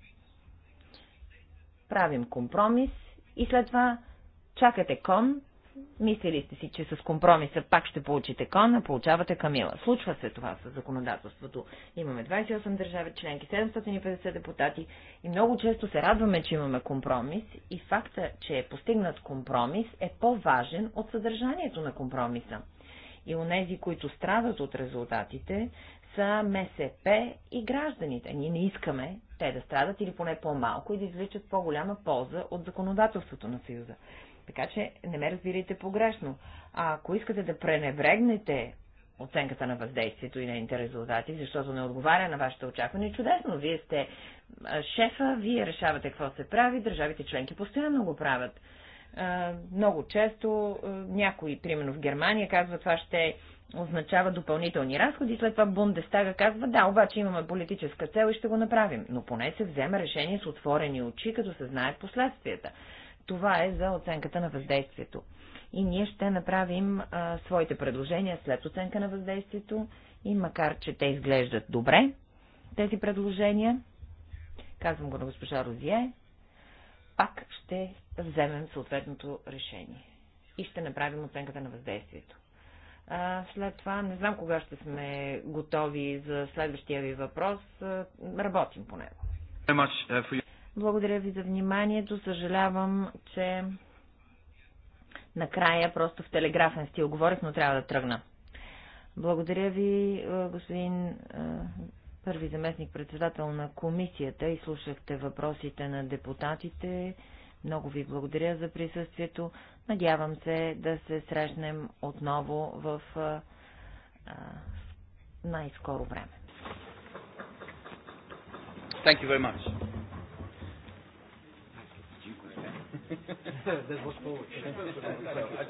правим компромис и след това чакате кон Мислили сте си, че с компромиса пак ще получите Кона, получавате Камила. Случва се това с законодателството. Имаме 28 държави членки, 750 депутати и много често се радваме, че имаме компромис и факта, че е постигнат компромис е по-важен от съдържанието на компромиса. И нези, които страдат от резултатите, са МСП и гражданите. Ние не искаме те да страдат или поне по-малко и да извличат по-голяма полза от законодателството на Съюза. Така че не ме разбирайте погрешно. А ако искате да пренебрегнете оценката на въздействието и нейните резултати, защото не отговаря на вашите очаквания, чудесно, вие сте шефа, вие решавате какво се прави, държавите членки постоянно го правят. Много често някои, примерно в Германия, казва това ще означава допълнителни разходи, след това Бундестага казва, да, обаче имаме политическа цел и ще го направим, но поне се взема решение с отворени очи, като се знаят последствията. Това е за оценката на въздействието. И ние ще направим а, своите предложения след оценка на въздействието и макар, че те изглеждат добре, тези предложения, казвам го на госпожа Розие, пак ще вземем съответното решение и ще направим оценката на въздействието. А, след това, не знам кога ще сме готови за следващия ви въпрос, работим по него. Благодаря ви за вниманието. Съжалявам, че накрая просто в телеграфен стил говорих, но трябва да тръгна. Благодаря ви, е, господин е, първи заместник председател на комисията. Изслушахте въпросите на депутатите. Много ви благодаря за присъствието. Надявам се да се срещнем отново в е, най-скоро време.
Thank you very much. There's what's forward. I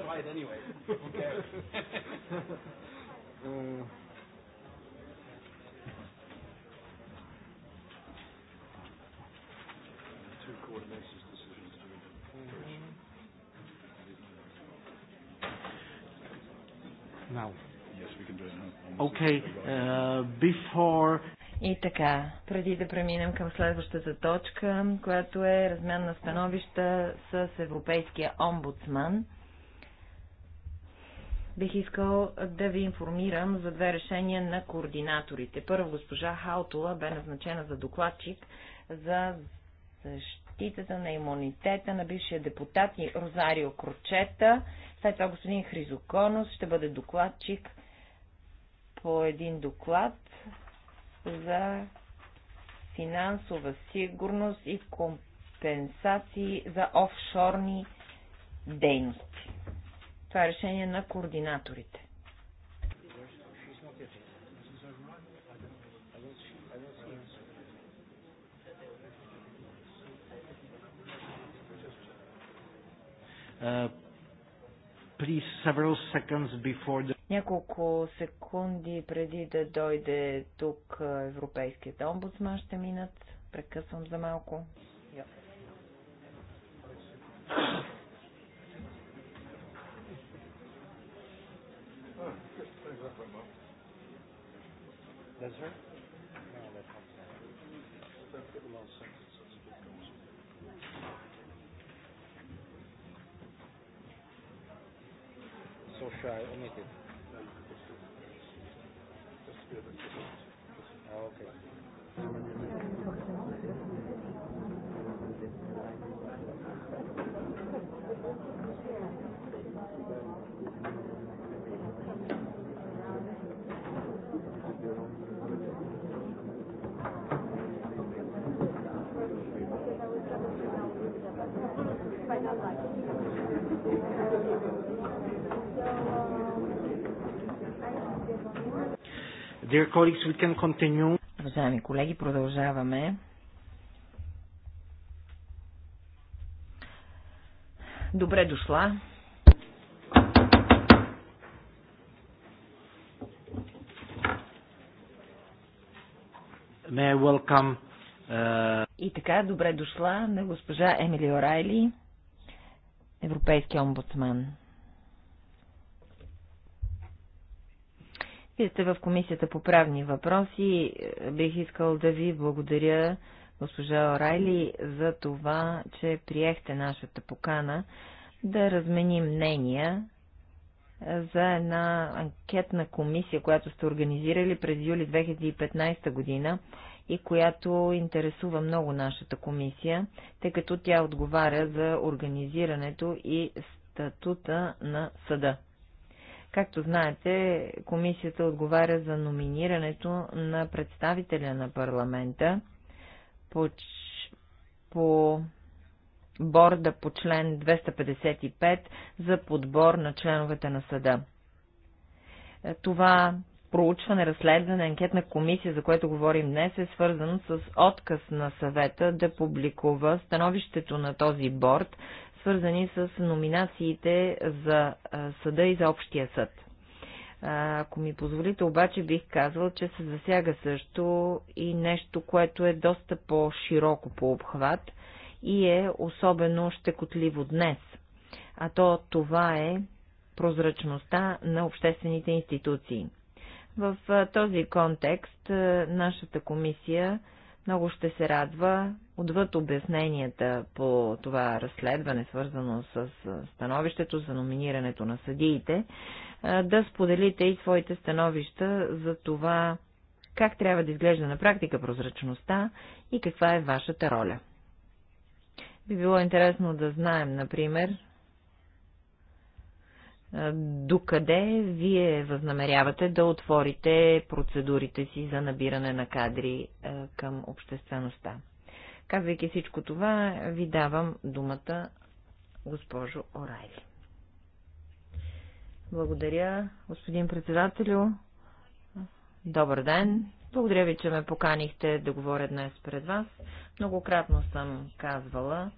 tried anyway. two coordinators decisions to Now. Yes, we can do it now. Okay, uh,
before
и така, преди да преминем към следващата точка, която е размен на становища с Европейския омбудсман, бих искал да ви информирам за две решения на координаторите. Първо, госпожа Хаутола бе назначена за докладчик за защитата на имунитета на бившия депутат и Розарио Крочета. След това господин Хризоконос ще бъде докладчик по един доклад за финансова сигурност и компенсации за офшорни дейности. Това е решение на координаторите.
Uh, please, several seconds before the
няколко секунди преди да дойде тук Европейският омбудсман ще минат. Прекъсвам за малко.
That's right. So shy, omitted. okay.
Dear colleagues, we can continue. Уважаеми колеги, продължаваме. Добре дошла. May I welcome, uh... И така, добре дошла на госпожа Емили Орайли, европейски омбудсман. Вие сте в Комисията по правни въпроси. Бих искал да ви благодаря, госпожа Орайли, за това, че приехте нашата покана да разменим мнения за една анкетна комисия, която сте организирали през юли 2015 година и която интересува много нашата комисия, тъй като тя отговаря за организирането и статута на съда. Както знаете, комисията отговаря за номинирането на представителя на парламента по, по борда по член 255 за подбор на членовете на съда. Е, това проучване, разследване, анкетна комисия, за което говорим днес, е свързано с отказ на съвета да публикува становището на този борд свързани с номинациите за съда и за общия съд. Ако ми позволите, обаче бих казал, че се засяга също и нещо, което е доста по-широко по обхват и е особено щекотливо днес. А то това е прозрачността на обществените институции. В този контекст нашата комисия много ще се радва Отвъд обясненията по това разследване, свързано с становището за номинирането на съдиите, да споделите и своите становища за това, как трябва да изглежда на практика прозрачността и каква е вашата роля. Би било интересно да знаем, например, докъде вие възнамерявате да отворите процедурите си за набиране на кадри към обществеността. Казвайки всичко това, ви давам думата, госпожо Орайли. Благодаря, господин председателю. Добър ден. Благодаря ви, че ме поканихте да говоря днес пред вас. Многократно съм казвала,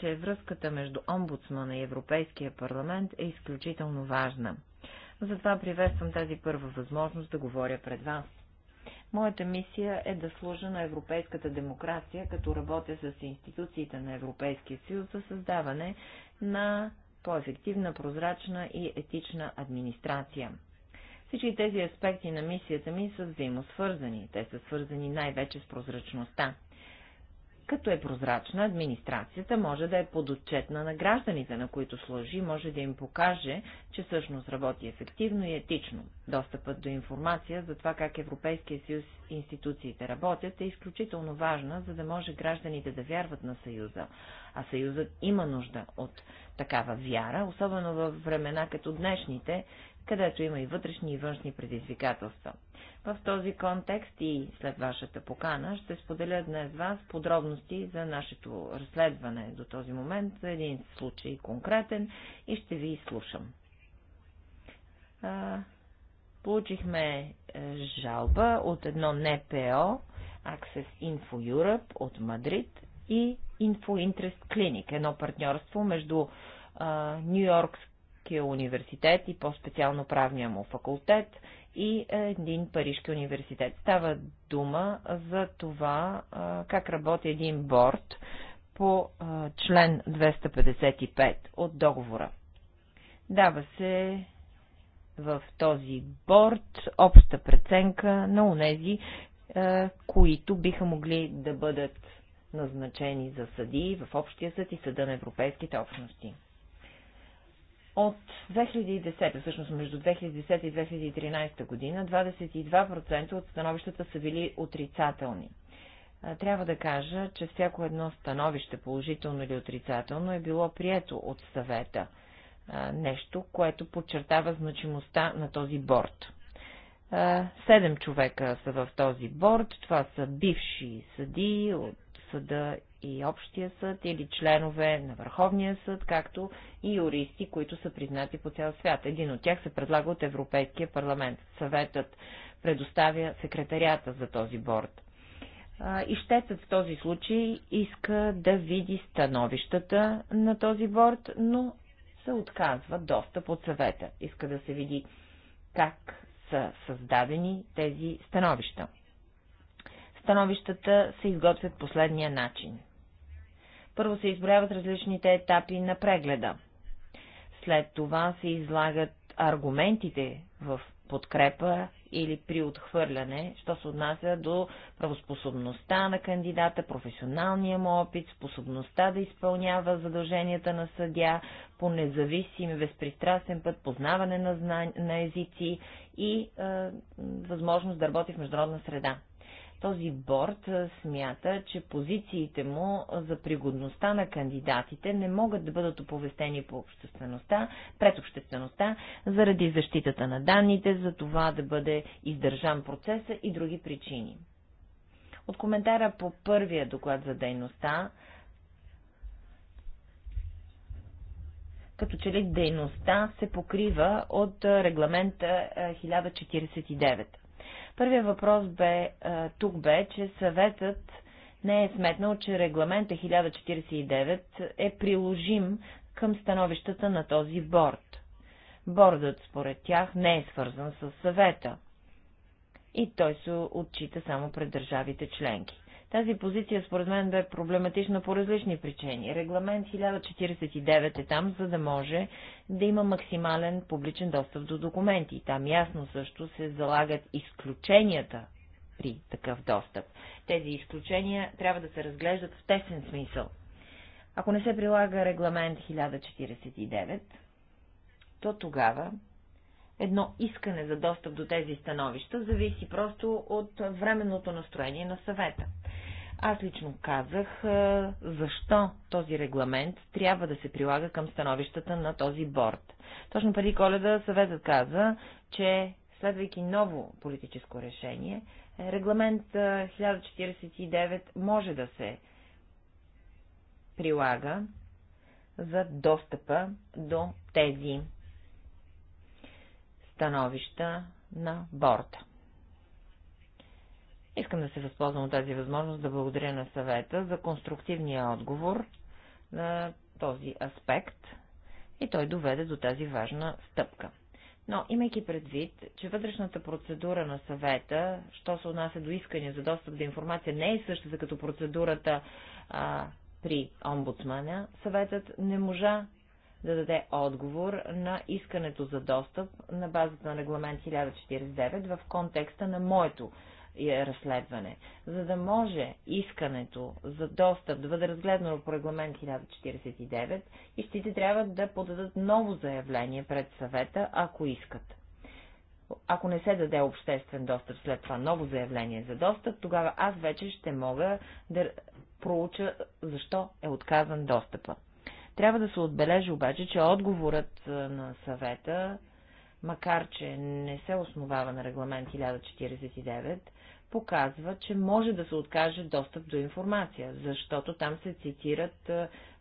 че връзката между омбудсмана и Европейския парламент е изключително важна. Затова приветствам тази първа възможност да говоря пред вас. Моята мисия е да служа на европейската демокрация, като работя с институциите на Европейския съюз за създаване на по-ефективна, прозрачна и етична администрация. Всички тези аспекти на мисията ми са взаимосвързани. Те са свързани най-вече с прозрачността. Като е прозрачна, администрацията може да е подотчетна на гражданите, на които служи, може да им покаже, че всъщност работи ефективно и етично. Достъпът до информация за това как Европейския съюз институциите работят е изключително важна, за да може гражданите да вярват на съюза. А съюзът има нужда от такава вяра, особено в времена като днешните, където има и вътрешни и външни предизвикателства. В този контекст и след вашата покана ще споделя днес вас подробности за нашето разследване до този момент, за един случай конкретен и ще ви слушам. получихме е, жалба от едно НПО, Access Info Europe от Мадрид и Info Interest Clinic, едно партньорство между Нью-Йоркск Парижкия университет и по-специално правния му факултет и е, един Парижки университет. Става дума за това е, как работи един борт по е, член 255 от договора. Дава се в този борт обща преценка на унези, които биха могли да бъдат назначени за съдии в Общия съд и Съда на Европейските общности от 2010, всъщност между 2010 и 2013 година, 22% от становищата са били отрицателни. Трябва да кажа, че всяко едно становище, положително или отрицателно, е било прието от съвета. Нещо, което подчертава значимостта на този борт. Седем човека са в този борт. Това са бивши съди от съда и Общия съд или членове на Върховния съд, както и юристи, които са признати по цял свят. Един от тях се предлага от Европейския парламент. Съветът предоставя секретарията за този борт. И в този случай иска да види становищата на този борт, но се отказва достъп от съвета. Иска да се види как са създадени тези становища. Становищата се изготвят последния начин. Първо се изброяват различните етапи на прегледа. След това се излагат аргументите в подкрепа или при отхвърляне, що се отнася до правоспособността на кандидата, професионалния му опит, способността да изпълнява задълженията на съдя по независим и безпристрастен път, познаване на, на езици и е, възможност да работи в международна среда. Този борт смята, че позициите му за пригодността на кандидатите не могат да бъдат оповестени по обществеността, пред обществеността, заради защитата на данните, за това да бъде издържан процеса и други причини. От коментара по първия доклад за дейността, като че ли дейността се покрива от регламента 1049. Първият въпрос бе, е, тук бе, че съветът не е сметнал, че регламент 1049 е приложим към становищата на този борд. Бордът, според тях, не е свързан с съвета и той се отчита само пред държавите членки. Тази позиция според мен бе проблематична по различни причини. Регламент 1049 е там, за да може да има максимален публичен достъп до документи. Там ясно също се залагат изключенията при такъв достъп. Тези изключения трябва да се разглеждат в тесен смисъл. Ако не се прилага регламент 1049, то тогава едно искане за достъп до тези становища зависи просто от временното настроение на съвета. Аз лично казах, защо този регламент трябва да се прилага към становищата на този борт. Точно преди коледа съветът каза, че следвайки ново политическо решение, регламент 1049 може да се прилага за достъпа до тези становища на борта. Искам да се възползвам от тази възможност да благодаря на съвета за конструктивния отговор на този аспект и той доведе до тази важна стъпка. Но, имайки предвид, че вътрешната процедура на съвета, що се отнася до искане за достъп до информация, не е същата като процедурата а, при омбудсмана, съветът не можа да даде отговор на искането за достъп на базата на регламент 1049 в контекста на моето е разследване, за да може искането за достъп да бъде разгледано по регламент 1049 и щите трябва да подадат ново заявление пред съвета, ако искат. Ако не се даде обществен достъп след това ново заявление за достъп, тогава аз вече ще мога да проуча защо е отказан достъпа. Трябва да се отбележи обаче, че отговорът на съвета макар че не се основава на регламент 1049, показва, че може да се откаже достъп до информация, защото там се цитират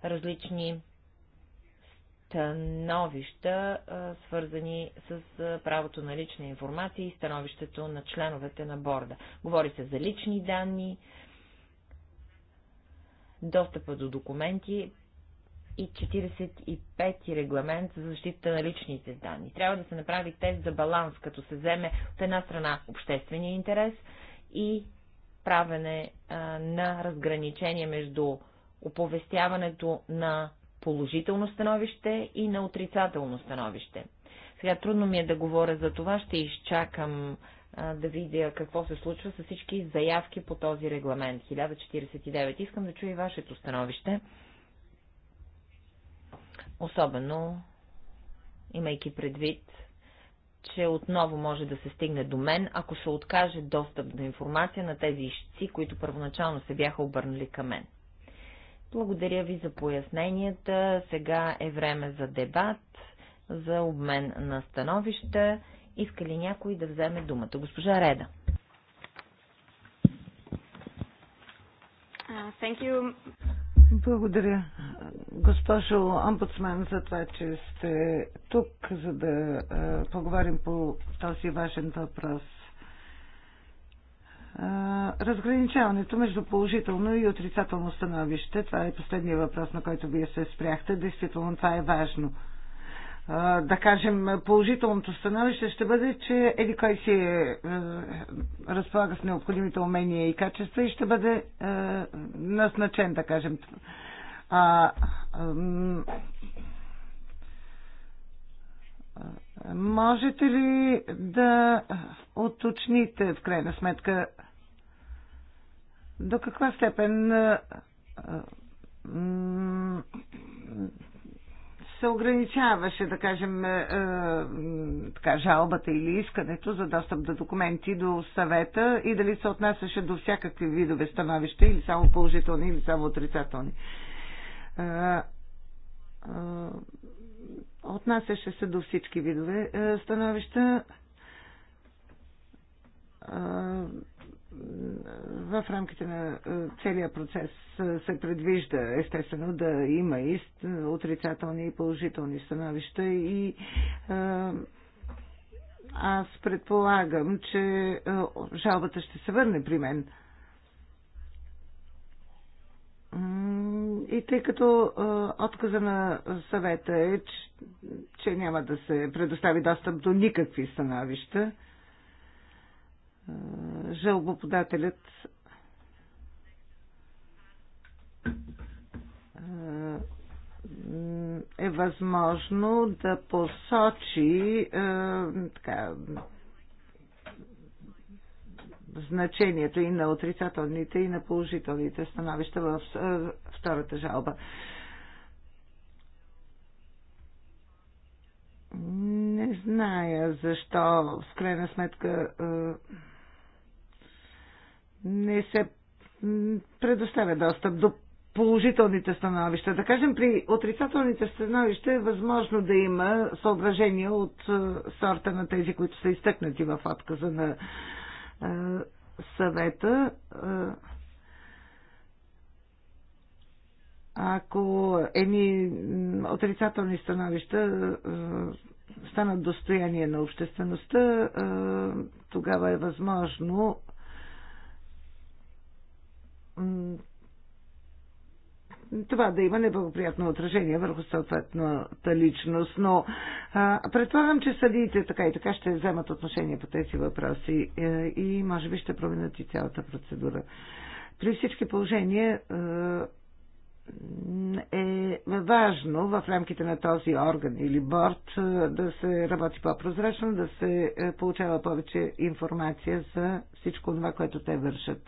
различни становища, свързани с правото на лична информация и становището на членовете на борда. Говори се за лични данни, достъпа до документи и 45-ти регламент за защита на личните данни. Трябва да се направи тест за баланс, като се вземе от една страна обществения интерес и правене а, на разграничение между оповестяването на положително становище и на отрицателно становище. Сега трудно ми е да говоря за това, ще изчакам а, да видя какво се случва с всички заявки по този регламент 1049. Искам да чуя и вашето становище, особено имайки предвид че отново може да се стигне до мен, ако се откаже достъп до информация на тези ищци, които първоначално се бяха обърнали към мен. Благодаря ви за поясненията. Сега е време за дебат, за обмен на становища. Иска ли някой да вземе думата? Госпожа Реда. Uh, thank you. Благодаря,
госпожо омбудсмен, за това, че сте тук, за да поговорим по този важен въпрос. Разграничаването между положително и отрицателно становище, това е последния въпрос, на който вие се спряхте. Действително това е важно да кажем, положителното становище ще бъде, че еди кой си е, разполага с необходимите умения и качества и ще бъде е, назначен, да кажем. А, а, можете ли да уточните, в крайна сметка, до каква степен е, е, се ограничаваше, да кажем, е, е, така, жалбата или искането за достъп до документи до съвета и дали се отнасяше до всякакви видове становища, или само положителни, или само отрицателни. Е, е, отнасяше се до всички видове е, становища. Е, в рамките на е, целия процес е, се предвижда естествено да има и е, отрицателни и положителни становища и аз предполагам, че жалбата ще се върне при мен. И тъй като отказа на съвета е, че няма да се предостави достъп до никакви становища, жалбоподателят е възможно да посочи е, така, значението и на отрицателните, и на положителните становища в е, втората жалба. Не зная защо в крайна сметка е, не се предоставя достъп до положителните становища. Да кажем, при отрицателните становища е възможно да има съображения от е, сорта на тези, които са изтъкнати в отказа на е, съвета. Е, ако едни отрицателни становища станат достояние на обществеността, тогава е възможно това да има неблагоприятно отражение върху съответната личност. Но а, предполагам, че съдиите така и така ще вземат отношение по тези въпроси и, е, и може би ще променят и цялата процедура. При всички положения е, е важно в рамките на този орган или борт е, да се работи по-прозрачно, да се получава повече информация за всичко това, което те вършат.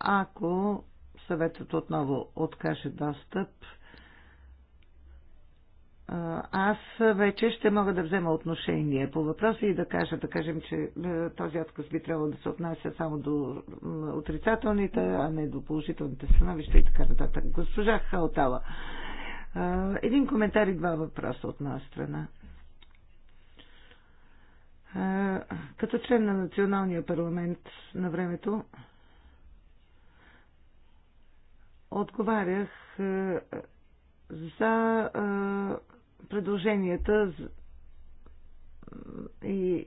Ако съветът отново откаже достъп, аз вече ще мога да взема отношение по въпроса и да кажа, да кажем, че този отказ би трябвало да се отнася само до отрицателните, а не до положителните становища и така нататък. Госпожа Халтала, един коментар и два въпроса от моя страна. Като член на националния парламент на времето, отговарях за предложенията и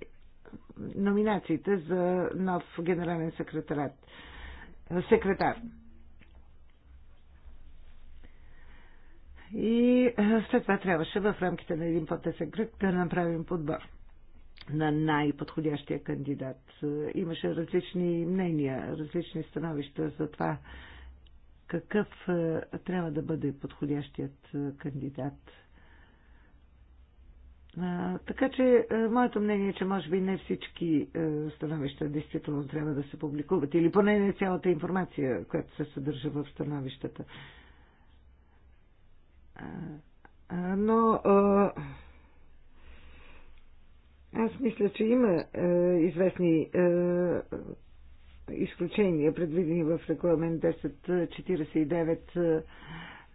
номинациите за нов генерален секретарат, секретар. И след това трябваше в рамките на един по-тесен кръг да направим подбор на най-подходящия кандидат. Имаше различни мнения, различни становища за това какъв е, трябва да бъде подходящият е, кандидат. Така че е, моето мнение е, че може би не всички становища действително трябва да се публикуват или поне не цялата информация, която се съдържа в становищата. Но аз мисля, че има е, известни е, изключения, предвидени в регламент 1049. Е,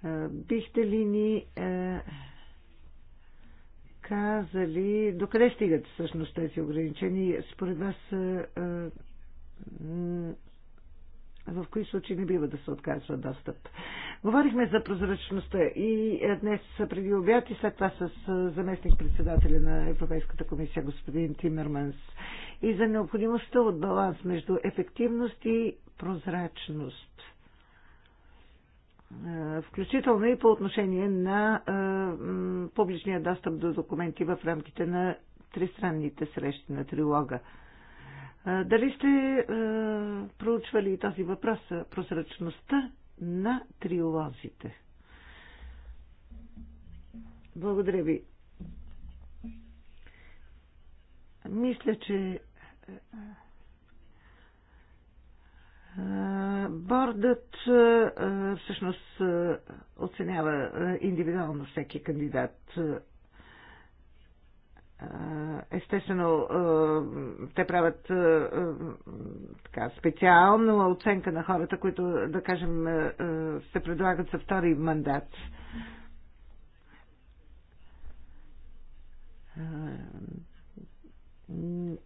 е, бихте ли ни е, казали докъде стигат всъщност тези ограничения? Според вас е, е в кои случаи не бива да се отказва достъп. Говорихме за прозрачността и е, днес преди обяд и след това с е, заместник-председателя на Европейската комисия господин Тимерманс и за необходимостта от баланс между ефективност и прозрачност. Е, включително и по отношение на публичния достъп до документи в рамките на тристранните срещи на трилога. Дали сте проучвали този въпрос, прозрачността на триолозите? Благодаря ви. Мисля, че Бордът всъщност оценява индивидуално всеки кандидат Естествено, те правят така, специална оценка на хората, които, да кажем, се предлагат за втори мандат.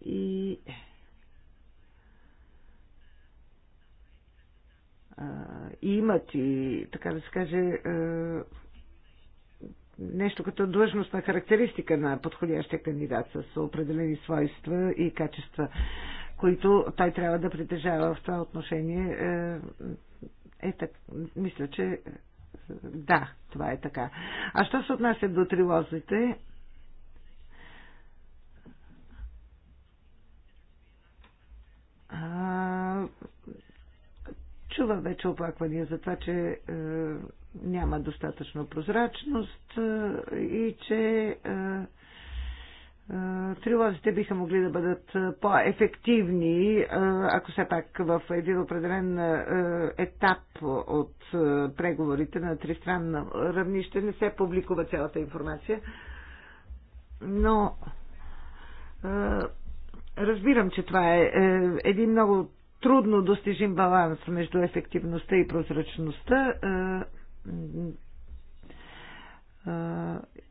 И имат и, така да се каже, нещо като длъжностна характеристика на подходящия кандидат с определени свойства и качества, които той трябва да притежава в това отношение. Е, е так, мисля, че е, да, това е така. А що се отнася до трилозите, Чува вече оплаквания за това, че е, няма достатъчно прозрачност е, и че е, е, трилозите биха могли да бъдат по-ефективни, е, ако все пак в един определен е, етап от е, преговорите на тристранно равнище не се публикува цялата информация. Но. Е, Разбирам, че това е, е един много трудно достижим баланс между ефективността и прозрачността, е, е, е,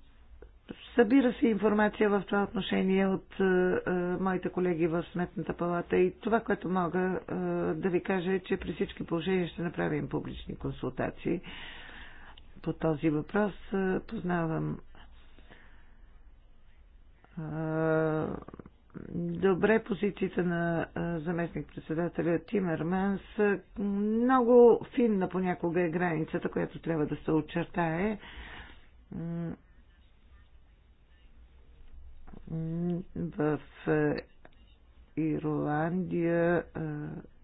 Събира се информация в това отношение от моите колеги в Сметната палата и това, което мога да ви кажа е, че при всички положения ще направим публични консултации по този въпрос. познавам добре позицията на заместник-председателя Тимерманс. Много финна понякога е границата, която трябва да се очертае. В Ирландия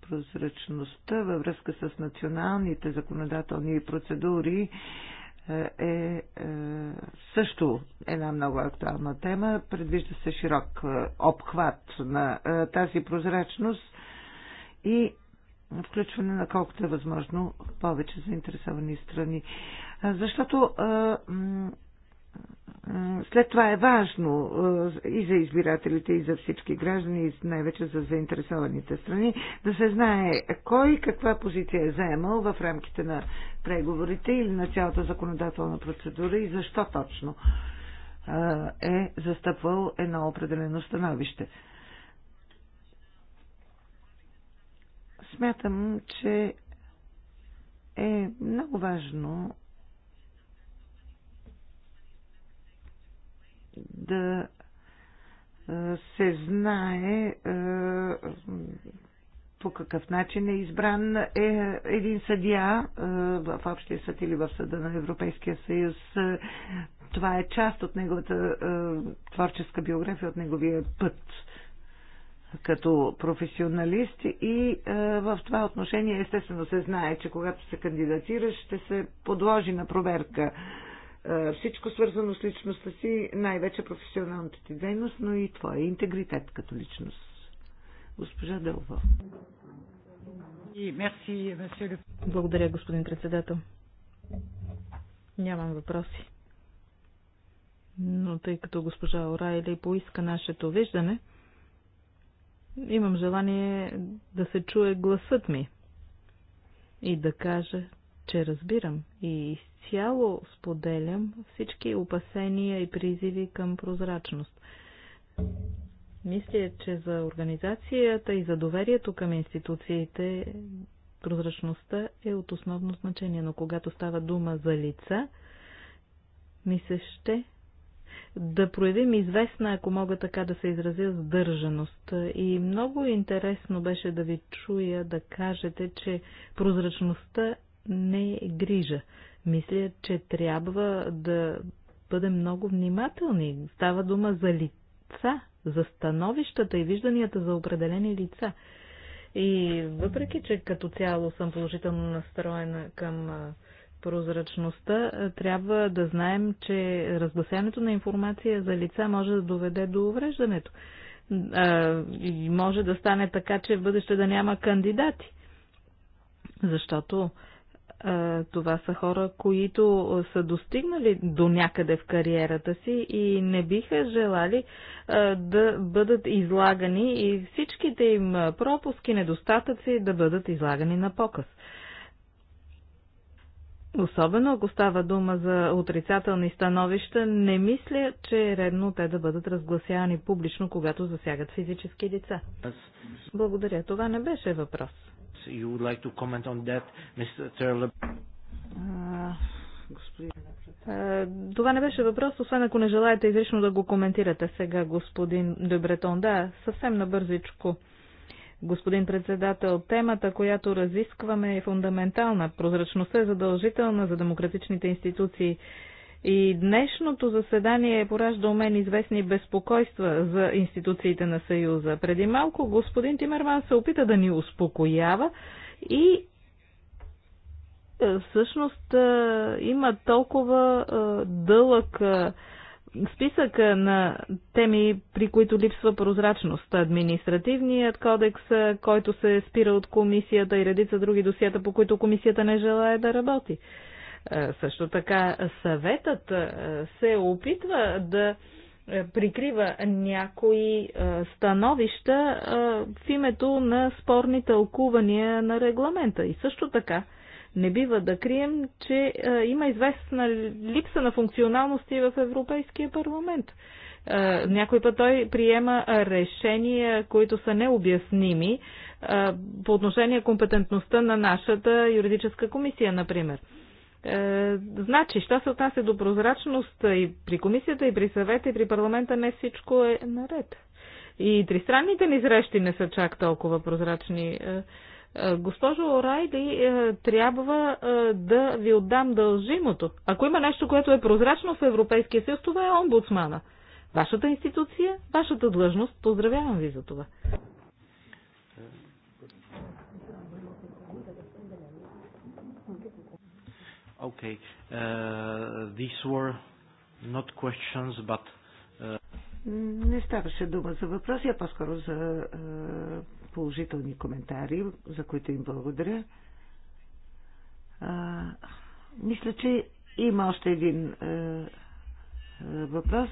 прозрачността във връзка с националните законодателни процедури е, е също една много актуална тема. Предвижда се широк е, обхват на е, тази прозрачност и включване на колкото е възможно повече заинтересовани страни. Защото след това е важно е, и за избирателите, и за всички граждани, и най-вече за заинтересованите страни, да се знае кой каква позиция е заемал в рамките на преговорите или на цялата законодателна процедура и защо точно е, е застъпвал едно определено становище. Смятам, че е много важно да се знае по какъв начин е избран е един съдия в Общия съд или в Съда на Европейския съюз. Това е част от неговата творческа биография, от неговия път като професионалист и в това отношение естествено се знае, че когато се кандидатира ще се подложи на проверка всичко свързано с личността си, най-вече професионалната ти дейност, но и твоя интегритет като личност. Госпожа Дълва. Благодаря, господин председател.
Нямам въпроси. Но тъй като госпожа Орайли поиска нашето виждане, имам желание да се чуе гласът ми и да кажа, че разбирам и изцяло споделям всички опасения и призиви към прозрачност. Мисля, че за организацията и за доверието към институциите прозрачността е от основно значение, но когато става дума за лица, ми се ще да проявим известна, ако мога така да се изразя, сдържаност. И много интересно беше да ви чуя да кажете, че прозрачността не е грижа. Мисля, че трябва да бъдем много внимателни. Става дума за лица, за становищата и вижданията за определени лица. И въпреки, че като цяло съм положително настроена към прозрачността, трябва да знаем, че разгласяването на информация за лица може да доведе до увреждането. И може да стане така, че в бъдеще да няма кандидати. Защото е, това са хора, които са достигнали до някъде в кариерата си и не биха желали е, да бъдат излагани и всичките им пропуски, недостатъци да бъдат излагани на показ. Особено ако става дума за отрицателни становища, не мисля, че е редно те да бъдат разгласявани публично, когато засягат физически деца. Благодаря. Това не беше въпрос
you would like to comment on that, Mr. Turle?
Това не беше въпрос, освен ако не желаете изрично да го коментирате сега, господин Дебретон. Да, съвсем набързичко. Господин председател, темата, която разискваме е фундаментална. Прозрачността е задължителна за демократичните институции. И днешното заседание поражда у мен известни безпокойства за институциите на Съюза. Преди малко господин Тимерман се опита да ни успокоява и е, всъщност е, има толкова е, дълъг списък на теми, при които липсва прозрачност. Административният кодекс, който се спира от комисията и редица други досията, по които комисията не желая да работи. Е, също така съветът е, се опитва да е, прикрива някои становища в името на спорни тълкувания на регламента. И също така не бива да крием, че има известна липса на функционалности в Европейския парламент. Някой път той приема решения, които са необясними по отношение компетентността на нашата юридическа комисия, например. Е, значи, що се отнася до прозрачност и при комисията, и при съвета, и при парламента не всичко е наред. И тристранните ни срещи не са чак толкова прозрачни. Е, е, госпожо Орайли, трябва да ви отдам дължимото. Ако има нещо, което е прозрачно в Европейския съюз, това е омбудсмана. Вашата институция, вашата длъжност. Поздравявам ви за това.
Okay. Uh, these were not questions, but uh,
не ставаше дума за въпроси, а по-скоро за е, положителни коментари, за които им благодаря. мисля, че има още един е, е, въпрос.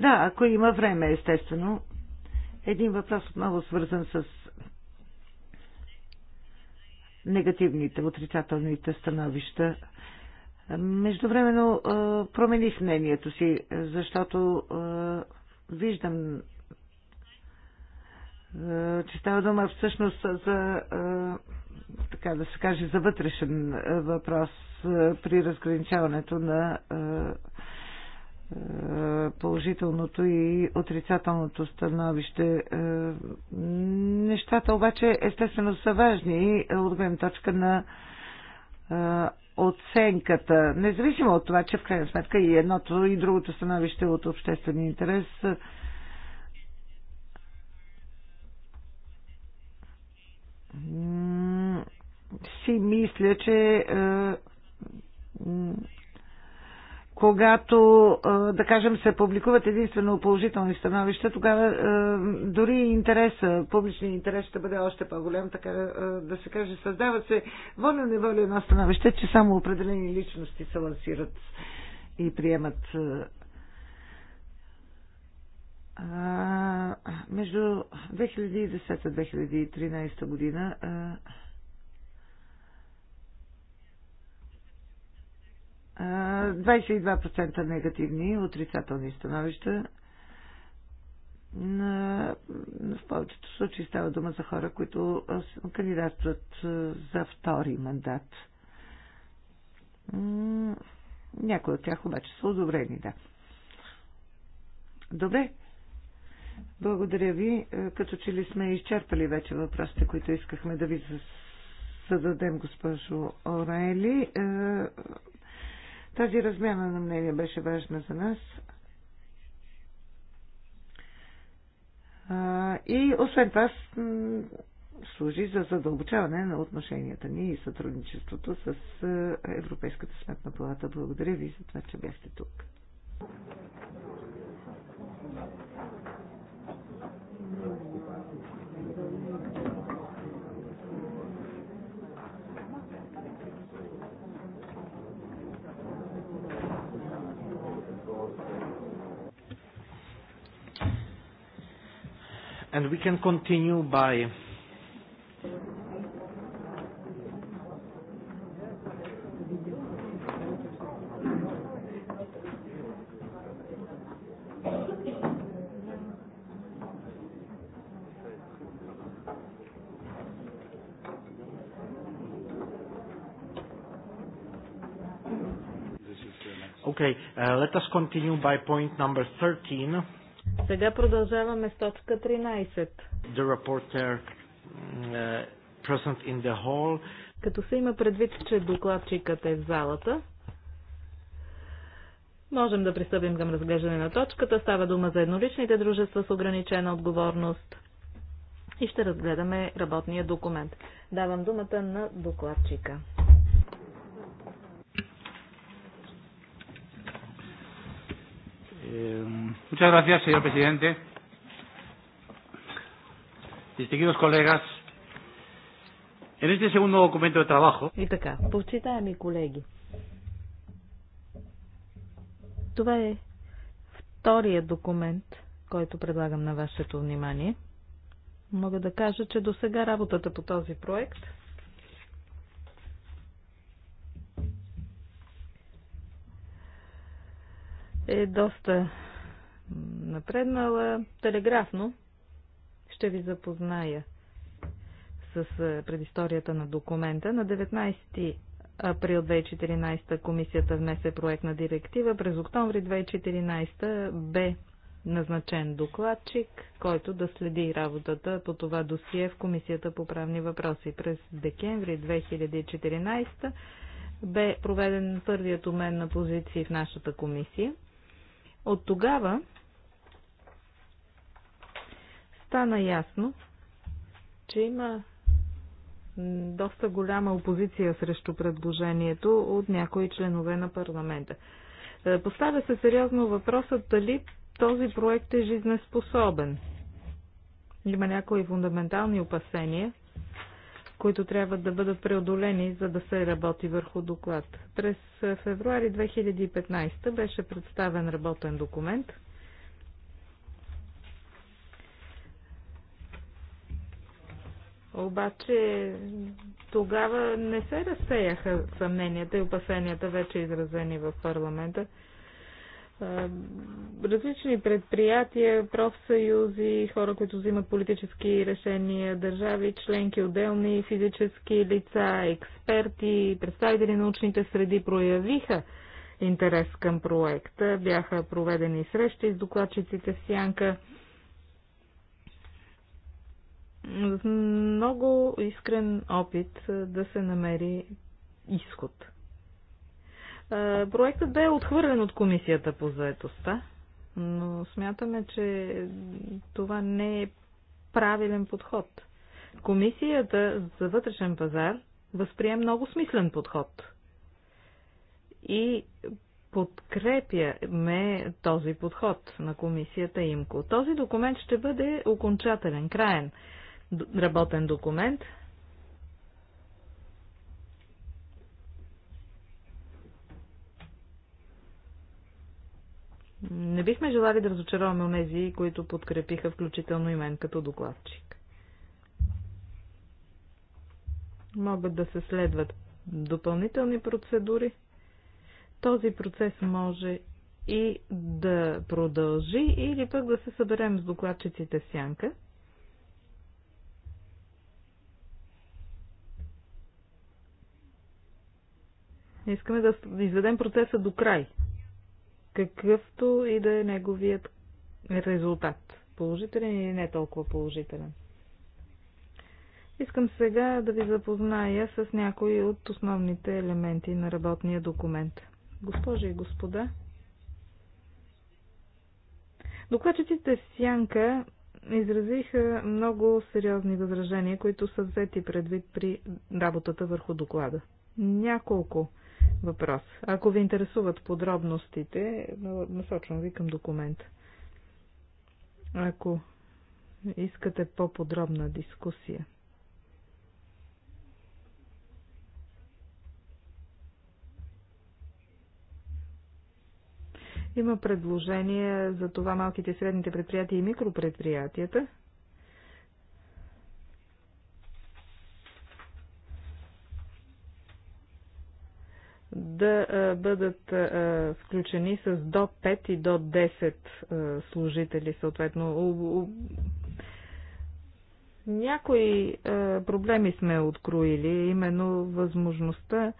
Да, ако има време, естествено. Един въпрос отново свързан с негативните, отрицателните становища. Междувременно е, промених мнението си, защото е, виждам, е, че става дума всъщност за, така да се каже, за вътрешен въпрос при разграничаването на положителното и отрицателното становище. Е, нещата обаче естествено са важни е, от гледна точка на е, оценката. Независимо от това, че в крайна сметка и едното и другото становище от обществен интерес си мисля, че когато, да кажем, се публикуват единствено положителни становища, тогава дори интереса, публичният интерес ще бъде още по-голям, така да се каже, създава се воля-неволя едно становище, че само определени личности се лансират и приемат а, между 2010-2013 година а, 22% негативни отрицателни становища. В повечето случаи става дума за хора, които кандидатстват за втори мандат. Някои от тях обаче са одобрени, да. Добре. Благодаря ви. Като че ли сме изчерпали вече въпросите, които искахме да ви зададем, госпожо Орели. Тази размяна на мнение беше важна за нас. И освен това служи за задълбочаване на отношенията ни и сътрудничеството с Европейската сметна палата. Благодаря ви за това, че бяхте тук.
and we can continue by Okay, uh, let us continue by point number 13.
Сега продължаваме с точка 13. The
reporter, uh,
present in the hall. Като се има предвид, че докладчикът е в залата, можем да пристъпим към разглеждане на точката. Става дума за едноличните дружества с ограничена отговорност и ще разгледаме работния документ. Давам думата на докладчика.
Eh, muchas
gracias, señor presidente. Distinguidos colegas, en este segundo documento de trabajo...
И така, почитаеми колеги, това е втория документ, който предлагам на вашето внимание. Мога да кажа, че до сега работата по този проект е доста напреднала. Телеграфно ще ви запозная с е, предисторията на документа. На 19 април 2014 комисията внесе проект на директива. През октомври 2014 бе назначен докладчик, който да следи работата по това досие в Комисията по правни въпроси. През декември 2014 бе проведен първият обмен на позиции в нашата комисия. От тогава стана ясно, че има доста голяма опозиция срещу предложението от някои членове на парламента. Е, поставя се сериозно въпросът дали този проект е жизнеспособен. Има някои фундаментални опасения, които трябва да бъдат преодолени, за да се работи върху доклад. През е, февруари 2015 беше представен работен документ. Обаче тогава не се разсеяха съмненията и опасенията, вече изразени в парламента. Е, различни предприятия, профсъюзи, хора, които взимат политически решения, държави, членки, отделни физически лица, експерти, представители на научните среди проявиха интерес към проекта. Бяха проведени срещи с докладчиците в Сянка. Много искрен опит е, да се намери изход. Е, проектът бе отхвърлен от комисията по заетостта, но смятаме, че това не е правилен подход. Комисията за вътрешен пазар възприе много смислен подход и подкрепяме този подход на комисията ИМКО. Този документ ще бъде окончателен, краен работен документ, Не бихме желали да разочароваме онези, които подкрепиха включително и мен като докладчик. Могат да се следват допълнителни процедури. Този процес може и да продължи или пък да се съберем с докладчиците в сянка. Искаме да изведем процеса до край, какъвто и да е неговият резултат. Положителен или не толкова положителен. Искам сега да ви запозная с някои от основните елементи на работния документ. Госпожи и господа, докладчиците в Сянка изразиха много сериозни възражения, които са взети предвид при работата върху доклада. Няколко въпрос. Ако ви интересуват подробностите, насочвам ви към документа. Ако искате по-подробна дискусия. Има предложение за това малките и средните предприятия и микропредприятията – да бъдат включени с до 5 и до 10 служители, съответно. Някои проблеми сме откроили, именно възможността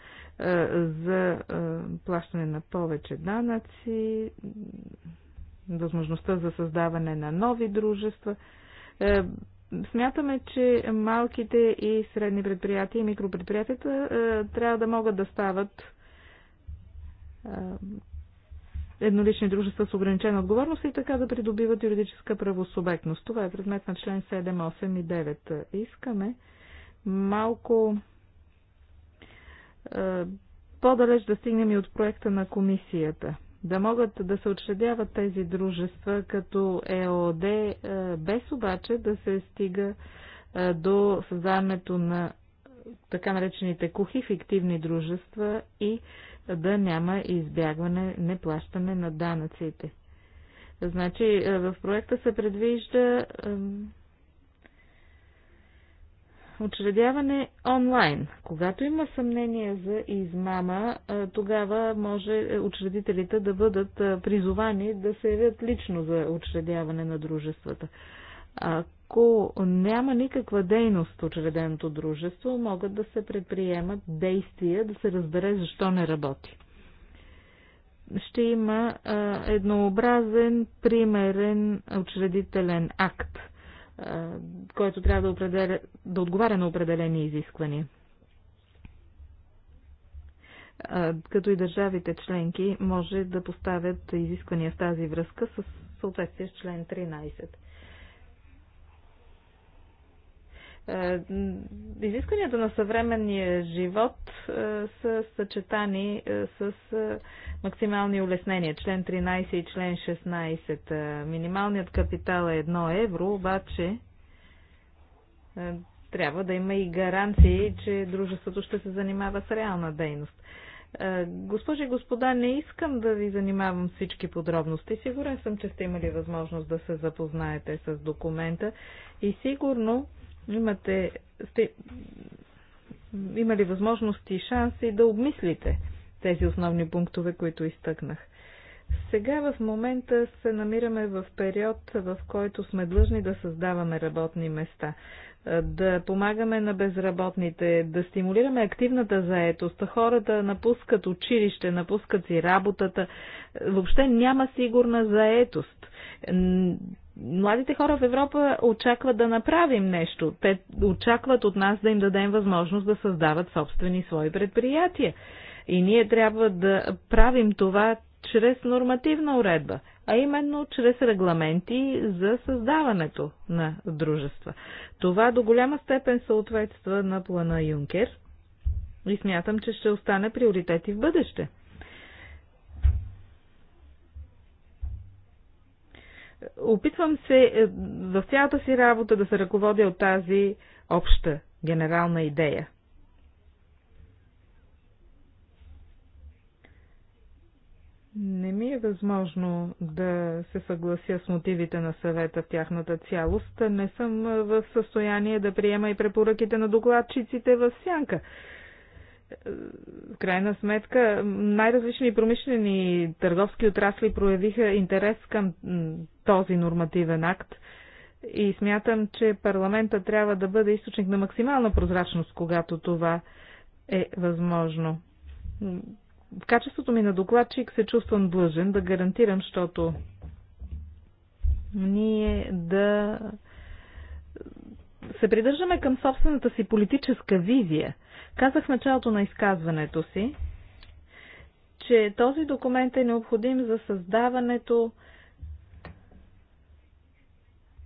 за плащане на повече данъци, възможността за създаване на нови дружества. Смятаме, че малките и средни предприятия и микропредприятията трябва да могат да стават е, еднолични дружества с ограничена отговорност и така да придобиват юридическа правосубектност. Това е предмет на член 7, 8 и 9. Искаме малко е, по-далеч да стигнем и от проекта на комисията. Да могат да се отшедяват тези дружества като ЕОД, е, без обаче да се стига до създаването на така наречените кухи фиктивни дружества и да няма избягване, неплащане на данъците. Значи е, в проекта се предвижда учредяване онлайн. Когато има съмнение за измама, е, тогава може е, учредителите да бъдат призовани да се явят лично за учредяване на дружествата. А ако няма никаква дейност учреденото дружество, могат да се предприемат действия да се разбере защо не работи. Ще има а, еднообразен, примерен учредителен акт, а, който трябва да, определя, да отговаря на определени изисквания. А, като и държавите членки може да поставят изисквания в тази връзка с съответствие с член 13. Е, изискванията на съвременния живот е, са съчетани е, с максимални улеснения. Член 13 и член 16. Минималният капитал е 1 евро, обаче трябва да има и гаранции, че дружеството ще се занимава с реална дейност. Госпожи и господа, не искам да ви занимавам всички подробности. Сигурен съм, че сте имали възможност да се запознаете с документа и сигурно имате, сте имали възможности и шанси да обмислите тези основни пунктове, които изтъкнах. Сега в момента се намираме в период, в който сме длъжни да създаваме работни места, да помагаме на безработните, да стимулираме активната заетост. Хората напускат училище, напускат си работата. Въобще няма сигурна заетост. Младите хора в Европа очакват да направим нещо. Те очакват от нас да им дадем възможност да създават собствени свои предприятия. И ние трябва да правим това чрез нормативна уредба, а именно чрез регламенти за създаването на дружества. Това до голяма степен съответства на плана Юнкер и смятам, че ще остане приоритет и в бъдеще. Опитвам се е, в цялата си работа да се ръководя от тази обща генерална идея. Не ми е възможно да се съглася с мотивите на съвета в тяхната цялост. Не съм е, в състояние да приема и препоръките на докладчиците в сянка в крайна сметка най-различни промишлени търговски отрасли проявиха интерес към този нормативен акт и смятам, че парламента трябва да бъде източник на максимална прозрачност, когато това е възможно. В качеството ми на докладчик се чувствам длъжен да гарантирам, защото ние да се придържаме към собствената си политическа визия Казах в началото на изказването си, че този документ е необходим за създаването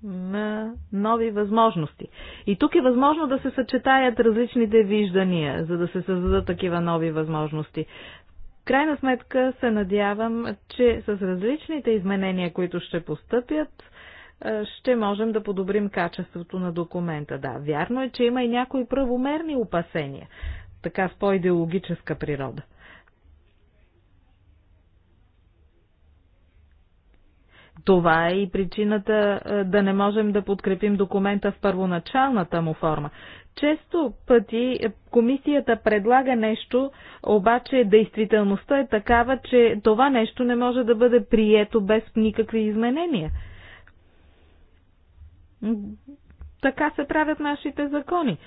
на нови възможности. И тук е възможно да се съчетаят различните виждания, за да се създадат такива нови възможности. В крайна сметка се надявам, че с различните изменения, които ще постъпят, е, ще можем да подобрим качеството на документа. Да, вярно е, че има и някои правомерни опасения, така с по-идеологическа природа. Това е и причината е, да не можем да подкрепим документа в първоначалната му форма. Често пъти е, комисията предлага нещо, обаче действителността е такава, че това нещо не може да бъде прието без никакви изменения – така се правят нашите закони.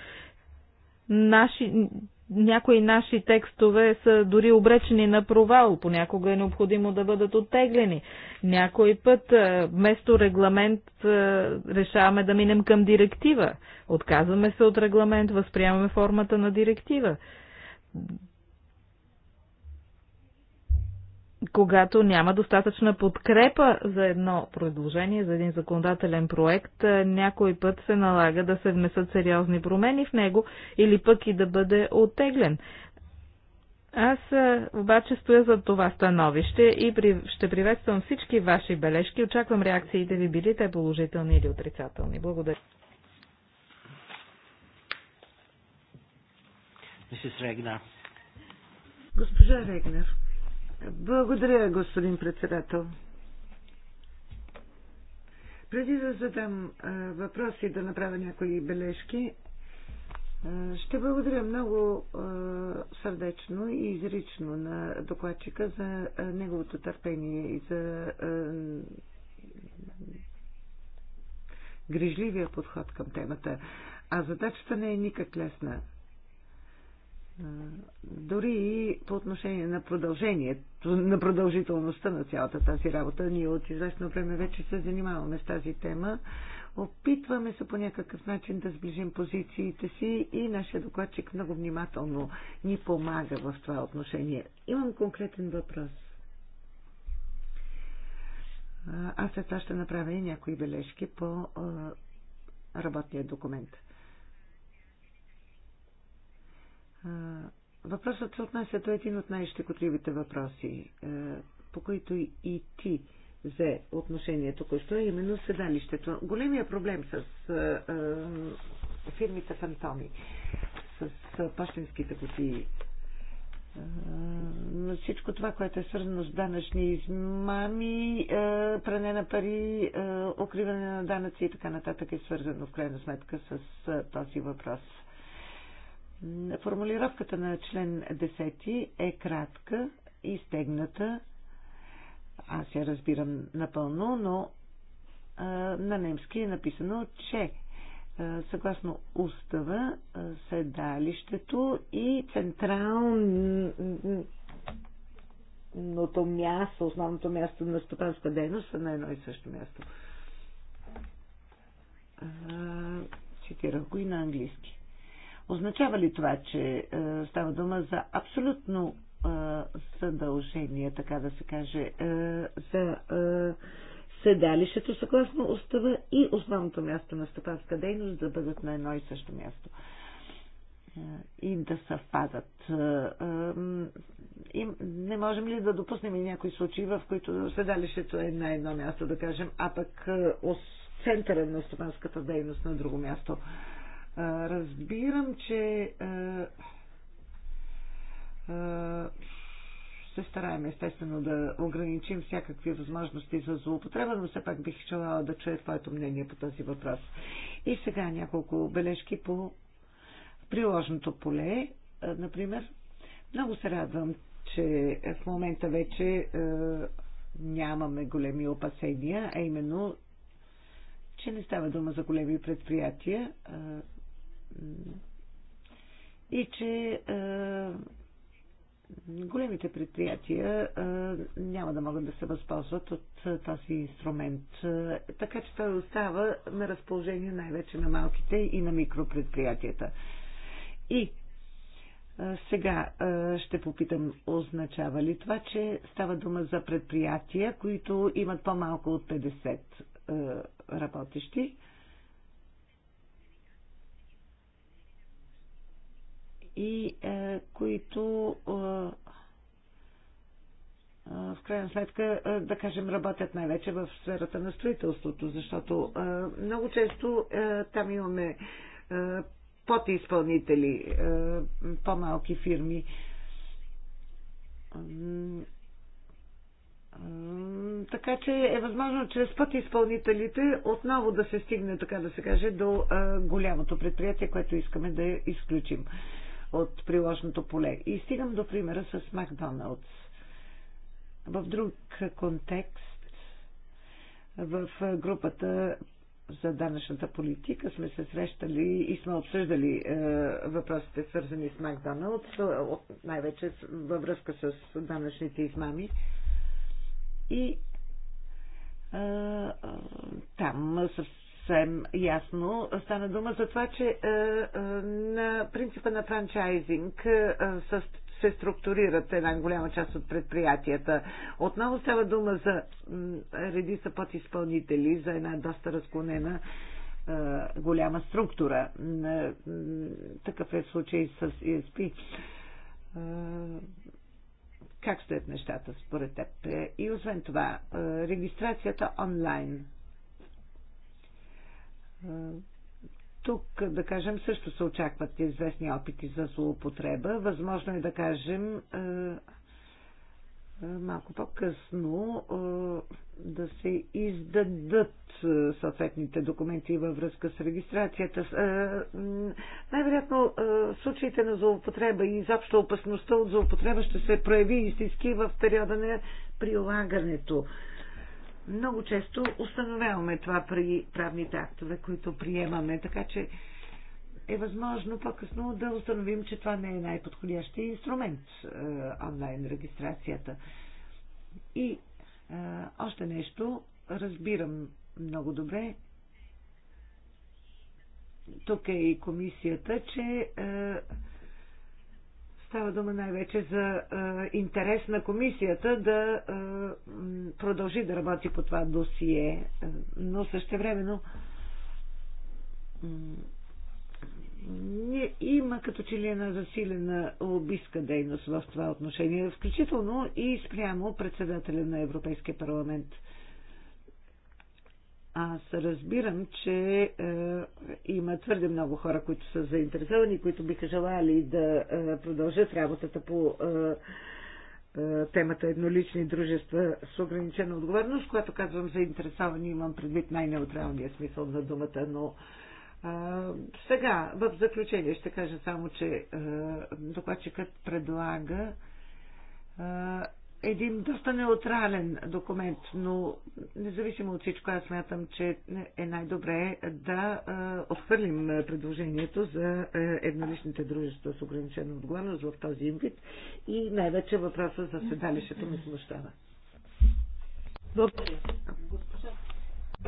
Наши, някои наши текстове са дори обречени на провал, понякога е необходимо да бъдат оттеглени. Някой път е, вместо регламент е, решаваме да минем към директива. Отказваме се от регламент, възприемаме формата на директива. когато няма достатъчна подкрепа за едно предложение, за един законодателен проект, е, някой път се налага да се внесат сериозни промени в него или пък и да бъде оттеглен. Аз е, обаче стоя за това становище и при... ще приветствам всички ваши бележки. Очаквам реакциите ви, били те положителни или отрицателни. Благодаря.
Мисис Регнар.
Госпожа Регнер. Благодаря, господин председател. Преди да задам въпроси да направя някои бележки, ще благодаря много сърдечно и изрично на докладчика за неговото търпение и за грижливия подход към темата. А задачата не е никак лесна. Дори и по отношение на продължението, на продължителността на цялата тази работа, ние от известно време вече се занимаваме с тази тема. Опитваме се по някакъв начин да сближим позициите си и нашия докладчик много внимателно ни помага в това отношение. Имам конкретен въпрос. Аз след това ще направя и някои бележки по работния документ. Въпросът се отнася е един от най-щекотливите въпроси, е, по които и ти взе отношението което е именно седалището. Големия проблем с е, е, фирмите фантоми, с пощенските кутии, всичко това, което е свързано с данъчни измами, пране на пари, укриване на данъци и така нататък е свързано в крайна сметка с този въпрос. Формулировката на член 10 е кратка и стегната. Аз я разбирам напълно, но а, на немски е написано, че а, съгласно устава а, седалището и централното място, основното място на стопанска дейност са на едно и също място. А, цитирах го и на английски. Означава ли това, че е, става дума за абсолютно е, задължение, така да се каже, е, за седалището съгласно устава и основното място на стопанска дейност да бъдат на едно и също място и да съвпадат. И не можем ли да допуснем и някои случаи, в които седалището е на едно място, да кажем, а пък центъра на стопанската дейност на друго място? Разбирам, че се стараем естествено да ограничим всякакви възможности за злоупотреба, но все пак бих желала да чуя твоето мнение по този въпрос. И сега няколко бележки по приложното поле. Например, много се радвам, че в момента вече а, нямаме големи опасения, а именно, че не става дума за големи предприятия и че големите предприятия няма да могат да се възползват от този инструмент. Така че той остава на разположение най-вече на малките и на микропредприятията. И сега ще попитам, означава ли това, че става дума за предприятия, които имат по-малко от 50 работещи? и е, които е, е в крайна сметка, е, да кажем, работят най-вече в сферата на строителството, защото е, много често там имаме подизпълнители, по-малки фирми. Така че е възможно чрез път изпълнителите отново да се стигне, така да се каже, до голямото предприятие, което искаме да изключим от приложното поле. И стигам до примера с Макдоналдс. В друг контекст, в групата за данъчната политика сме се срещали и сме обсъждали е, въпросите, свързани с Макдоналдс, е, най-вече във връзка с данъчните измами. И е, е, там съвсем ясно. Стана дума за това, че е, е, на принципа на франчайзинг е, се структурират една голяма част от предприятията. Отново става дума за редица подизпълнители, за една доста разклонена голяма структура. Такъв е случай с ESP. Как стоят нещата според теб? И освен това, регистрацията онлайн – е, тук, да кажем, също се очакват известни опити за злоупотреба. Възможно е да кажем е, е, малко по-късно да се издадат съответните документи във връзка с регистрацията. Най-вероятно случаите на злоупотреба и изобщо опасността от злоупотреба ще се прояви истински в периода на прилагането много често установяваме това при правните актове, които приемаме, така че е възможно по-късно да установим, че това не е най-подходящия инструмент е, онлайн регистрацията. И е, още нещо, разбирам много добре, тук е и комисията, че е, Става дума най-вече за а, интерес на комисията да а, продължи да работи по това досие, но времено има като че ли една засилена лобистка дейност в това отношение, включително и спрямо председателя на Европейския парламент. Аз разбирам, че е, има твърде много хора, които са заинтересовани, които биха желали да е, продължат работата по е, е, темата еднолични дружества с ограничена отговорност. Когато казвам заинтересовани, имам предвид най-неутралния смисъл на думата, но е, сега, в заключение ще кажа само, че е, докладчикът предлага е, един доста неутрален документ, но независимо от всичко, аз смятам, че е най-добре да отхвърлим предложението за едноличните дружества с ограничена отговорност в този вид и най-вече въпроса за седалището ми смущава. Благодаря.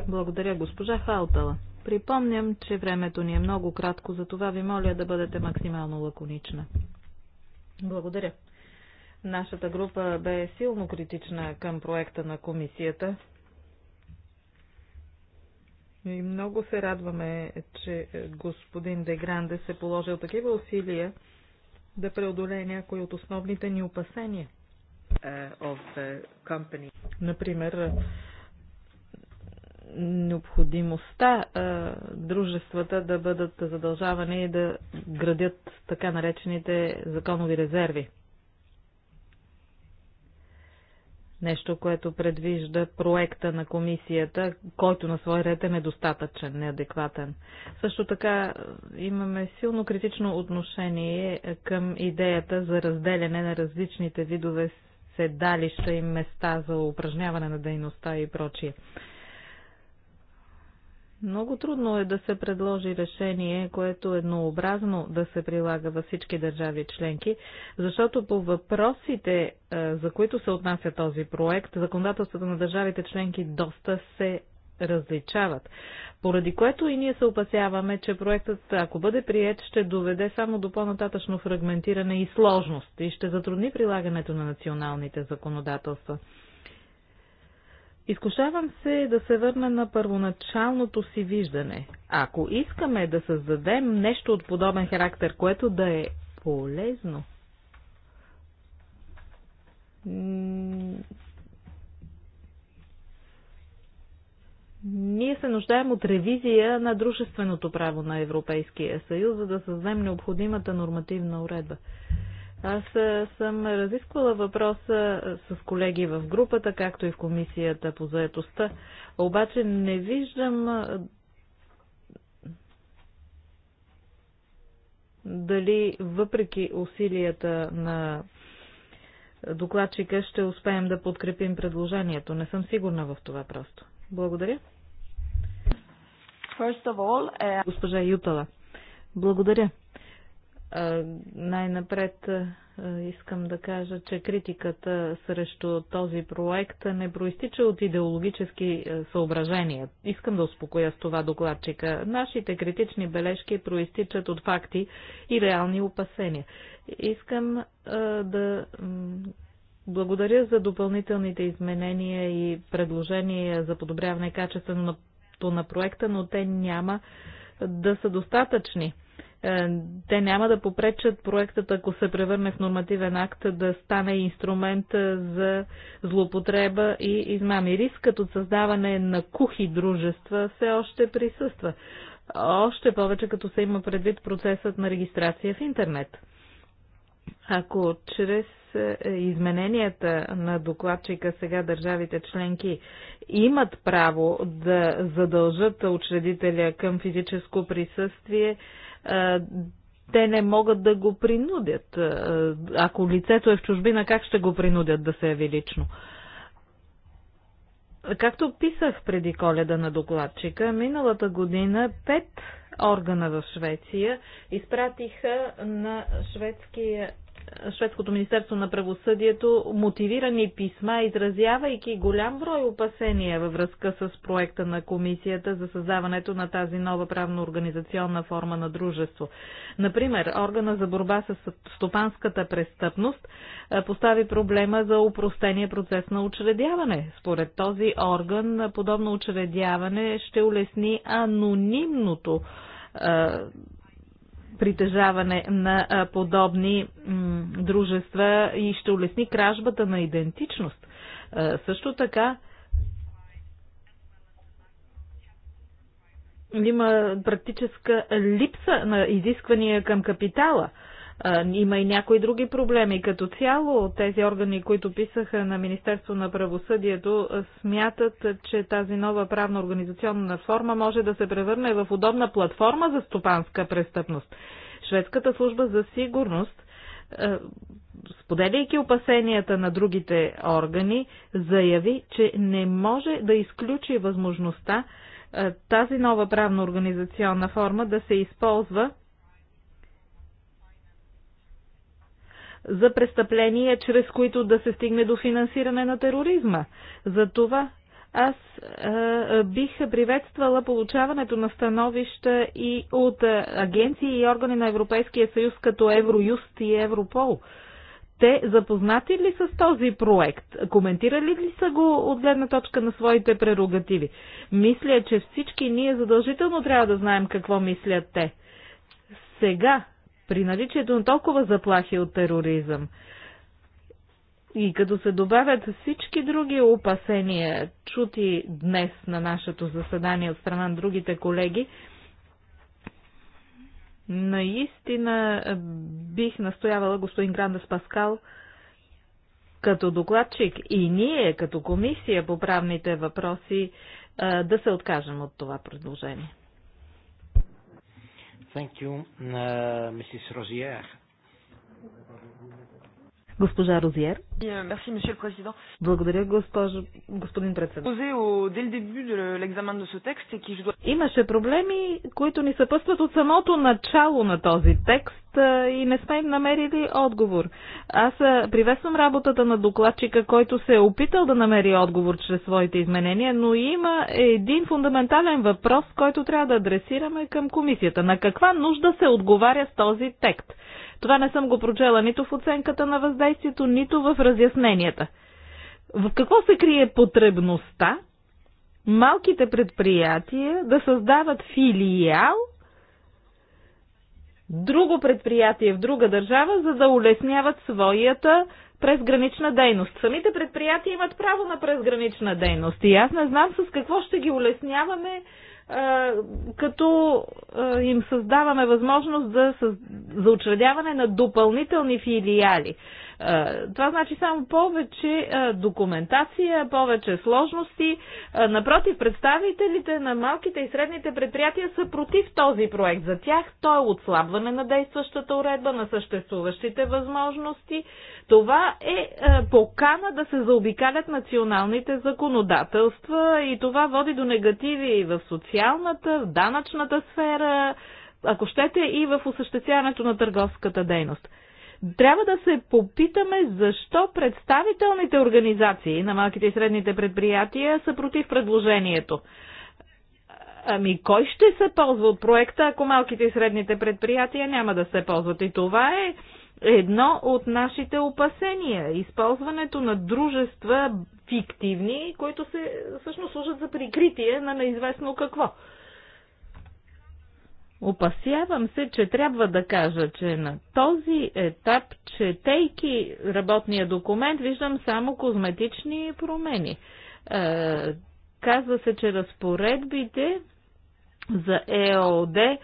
Благодаря, госпожа Халтала. Припомням, че времето ни е много кратко, затова ви моля да бъдете максимално лаконична. Благодаря. Нашата група бе силно критична към проекта на комисията. И много се радваме, че господин Дегранде се положил такива усилия да преодолее някои от основните ни опасения. Е, е, Например, необходимостта е, дружествата да бъдат задължавани и да градят така наречените законови резерви. Нещо, което предвижда проекта на комисията, който на свой ред е недостатъчен, неадекватен. Също така е, имаме силно критично отношение е, към идеята за разделяне на различните видове седалища и места за упражняване на дейността и прочие. Много трудно е да се предложи решение, което е еднообразно да се прилага във всички държави членки, защото по въпросите, е, за които се отнася този проект, законодателството на държавите членки доста се различават. Поради което и ние се опасяваме, че проектът, ако бъде прият, ще доведе само до по-нататъчно фрагментиране и сложност и ще затрудни прилагането на националните законодателства. Изкушавам се да се върна на първоначалното си виждане. Ако искаме да създадем нещо от подобен характер, което да е полезно, ние се нуждаем от ревизия на дружественото право на Европейския съюз, за да създадем необходимата нормативна уредба. Аз е, съм разисквала въпроса е, с колеги в групата, както и в комисията по заетостта, обаче не виждам е, дали въпреки усилията на докладчика ще успеем да подкрепим предложението. Не съм сигурна в това просто. Благодаря. All, uh... Госпожа Ютала. Благодаря. Най-напред искам да кажа, че критиката срещу този проект не проистича от идеологически съображения. Искам да успокоя с това докладчика. Нашите критични бележки проистичат от факти и реални опасения. Искам да благодаря за допълнителните изменения и предложения за подобряване качеството на проекта, но те няма да са достатъчни е, те няма да попречат проектът, ако се превърне в нормативен акт, да стане инструмент е, за злоупотреба и измами. Рискът от създаване на кухи дружества все още присъства. Още повече като се има предвид процесът на регистрация в интернет. Ако чрез е, измененията на докладчика сега държавите членки имат право да задължат учредителя към физическо присъствие, е, те не могат да го принудят. Е, ако лицето е в чужбина, как ще го принудят да се яви лично? Както писах преди коледа на докладчика, миналата година пет органа в Швеция изпратиха на шведския Шведското Министерство на правосъдието мотивирани писма, изразявайки голям брой опасения във връзка с проекта на комисията за създаването на тази нова правно-организационна форма на дружество. Например, органа за борба с стопанската престъпност постави проблема за упростения процес на учредяване. Според този орган, подобно учредяване ще улесни анонимното притежаване на подобни дружества и ще улесни кражбата на идентичност. Също така има практическа липса на изисквания към капитала – има и някои други проблеми. Като цяло тези органи, които писаха на Министерство на правосъдието, смятат, че тази нова правна организационна форма може да се превърне в удобна платформа за стопанска престъпност. Шведската служба за сигурност споделяйки опасенията на другите органи, заяви, че не може да изключи възможността тази нова правно-организационна форма да се използва за престъпления, чрез които да се стигне до финансиране на тероризма. За това аз е, бих приветствала получаването на становища и от агенции и органи на Европейския съюз, като Евроюст и Европол. Те запознати ли са с този проект? Коментирали ли са го от гледна точка на своите прерогативи? Мисля, че всички ние задължително трябва да знаем какво мислят те. Сега при наличието на толкова заплахи от тероризъм и като се добавят всички други опасения, чути днес на нашето заседание от страна на другите колеги, наистина бих настоявала господин Грандес Паскал като докладчик и ние като комисия по правните въпроси да се откажем от
това предложение. Thank you,
uh, Mrs.
Rosier.
Госпожа Розиер.
Е,
Благодаря, госпожо, господин председател. Имаше проблеми, които ни съпътстват от самото начало на този текст е, и не сме намерили отговор. Аз е, приветствам работата на докладчика, който се е опитал да намери отговор чрез своите изменения, но има един фундаментален въпрос, който трябва да адресираме към комисията. На каква нужда се отговаря с този текст? Това не съм го прочела нито в оценката на въздействието, нито в разясненията. В какво се крие потребността малките предприятия да създават филиал друго предприятие в друга държава, за да улесняват своята презгранична дейност. Самите предприятия имат право на презгранична дейност и аз не знам с какво ще ги улесняваме като им създаваме възможност за, за учредяване на допълнителни филиали. Това значи само повече документация, повече сложности. Напротив, представителите на малките и средните предприятия са против този проект. За тях то е отслабване на действащата уредба, на съществуващите възможности. Това е покана да се заобикалят националните законодателства и това води до негативи в социалната, в данъчната сфера, ако щете и в осъществяването на търговската дейност трябва да се попитаме защо представителните организации на малките и средните предприятия са против предложението. Ами кой ще се ползва от проекта, ако малките и средните предприятия няма да се ползват? И това е едно от нашите опасения. Използването на дружества фиктивни, които се всъщност служат за прикритие на неизвестно какво. Опасявам се, че трябва да кажа, че на този етап, четейки работния документ, виждам само козметични промени. Е, казва се, че разпоредбите за ЕОД е,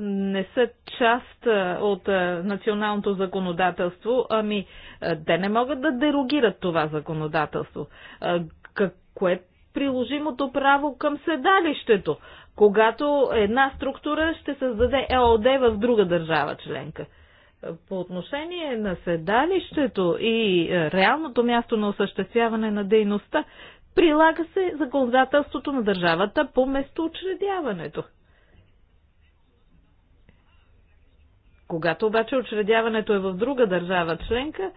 не са част е, от националното законодателство, ами те не могат да дерогират това законодателство. Какво е приложимото право към седалището? когато една структура ще създаде ЕОД в друга държава членка. По отношение на седалището и е, реалното място на осъществяване на дейността, прилага се законодателството на държавата по местоучредяването. Когато обаче учредяването е в друга държава членка,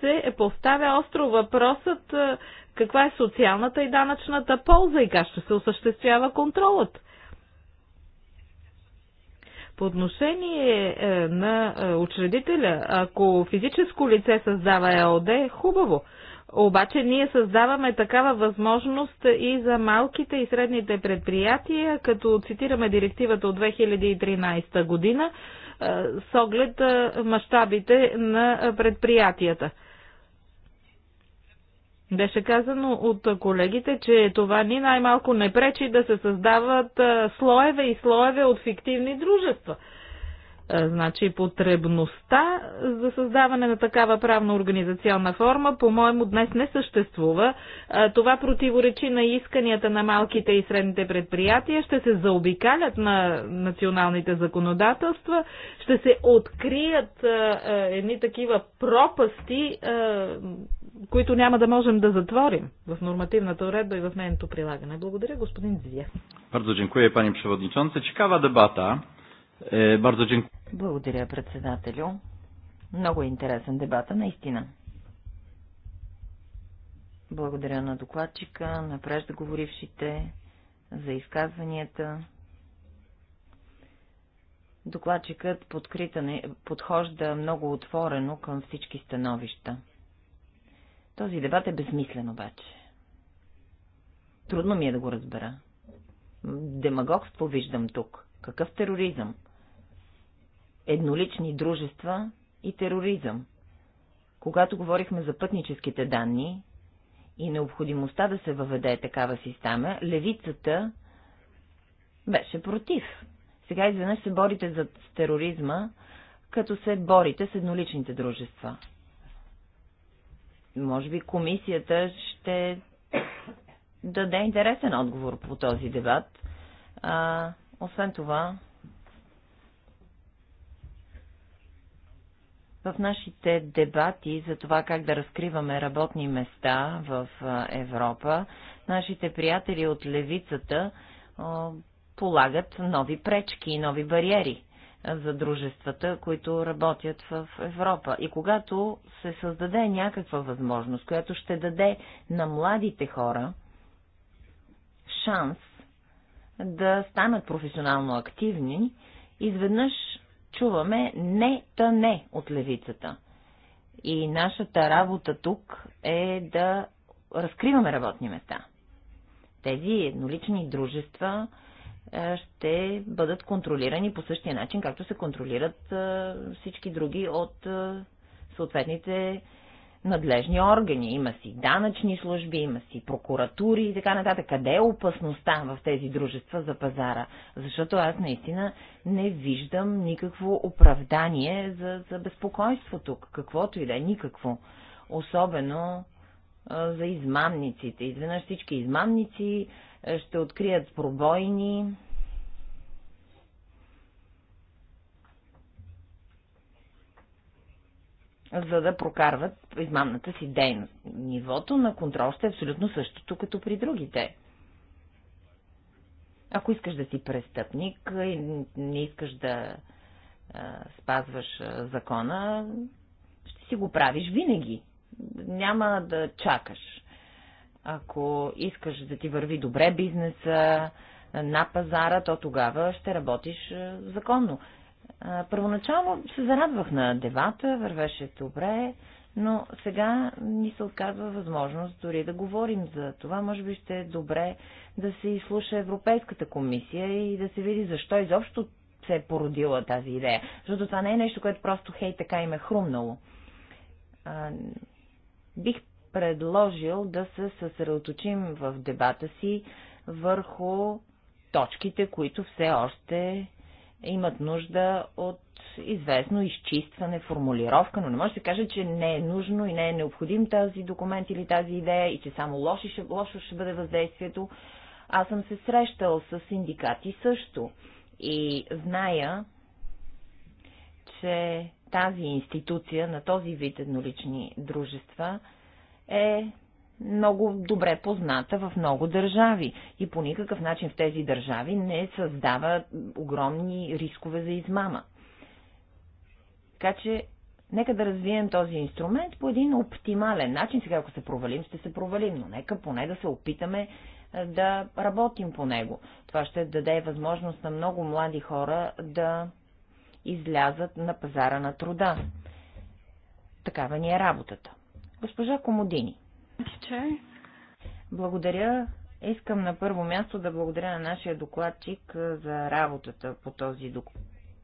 се е поставя остро въпросът е, каква е социалната и данъчната полза и как ще се осъществява контролът. По отношение е, на е, учредителя, ако физическо лице създава ЕОД, е хубаво. Обаче ние създаваме такава възможност и за малките и средните предприятия, като цитираме директивата от 2013 година е, с оглед мащабите на предприятията. Беше казано от колегите, че това ни най-малко не пречи да се създават слоеве и слоеве от фиктивни дружества – е, значи потребността за създаване на такава правна организационна форма, по-моему, днес не съществува. Е, това противоречи на исканията на малките и средните предприятия, ще се заобикалят на националните законодателства, ще се открият е, едни такива пропасти, които няма да можем да затворим в нормативната уредба и в нейното прилагане. Благодаря, господин Дзия.
Bardzo dziękuję, panie przewodniczący. Ciekawa debata. Е,
Благодаря, председателю. Много е интересен дебата, наистина. Благодаря на докладчика, на преждеговорившите, за изказванията. Докладчикът подкритане, подхожда много отворено към всички становища. Този дебат е безмислен обаче. Трудно ми е да го разбера. Демагогство виждам тук. Какъв тероризъм? еднолични дружества и тероризъм. Когато говорихме за пътническите данни и необходимостта да се въведе такава система, левицата беше против. Сега изведнъж се борите за тероризма, като се борите с едноличните дружества. Може би комисията ще даде интересен отговор по този дебат. А, освен това, В нашите дебати за това как да разкриваме работни места в Европа, нашите приятели от левицата полагат нови пречки и нови бариери за дружествата, които работят в Европа. И когато се създаде някаква възможност, която ще даде на младите хора шанс да станат професионално активни, изведнъж чуваме не та не от левицата. И нашата работа тук е да разкриваме работни места. Тези еднолични дружества е, ще бъдат контролирани по същия начин, както се контролират е, всички други от е, съответните надлежни органи. Има си данъчни служби, има си прокуратури и така нататък. Къде е опасността в тези дружества за пазара? Защото аз наистина не виждам никакво оправдание за, за безпокойство тук. Каквото и да е, никакво. Особено а, за измамниците. Изведнъж всички измамници ще открият пробойни, за да прокарват измамната си дейност. Нивото на контрол ще е абсолютно същото, като при другите. Ако искаш да си престъпник и не искаш да а, спазваш а, закона, ще си го правиш винаги. Няма да чакаш. Ако искаш да ти върви добре бизнеса, на пазара, то тогава ще работиш законно. Първоначално се зарадвах на девата, вървеше добре, но сега ни се отказва възможност дори да говорим за това. Може би ще е добре да се изслуша Европейската комисия и да се види защо изобщо се е породила тази идея. Защото това не е нещо, което просто хей така им е хрумнало. А, бих предложил да се съсредоточим в дебата си върху точките, които все още имат нужда от известно изчистване, формулировка, но не може да се каже, че не е нужно и не е необходим тази документ или тази идея и че само лошо ще, лошо ще бъде въздействието. Аз съм се срещал с синдикати също и зная, че тази институция на този вид еднолични дружества е много добре позната в много държави и по никакъв начин в тези държави не създава огромни рискове за измама. Така че, нека да развием този инструмент по един оптимален начин. Сега, ако се провалим, ще се провалим, но нека поне да се опитаме да работим по него. Това ще даде възможност на много млади хора да излязат на пазара на труда. Такава ни е работата. Госпожа Комодини. Благодаря. Искам на първо място да благодаря на нашия докладчик за работата по този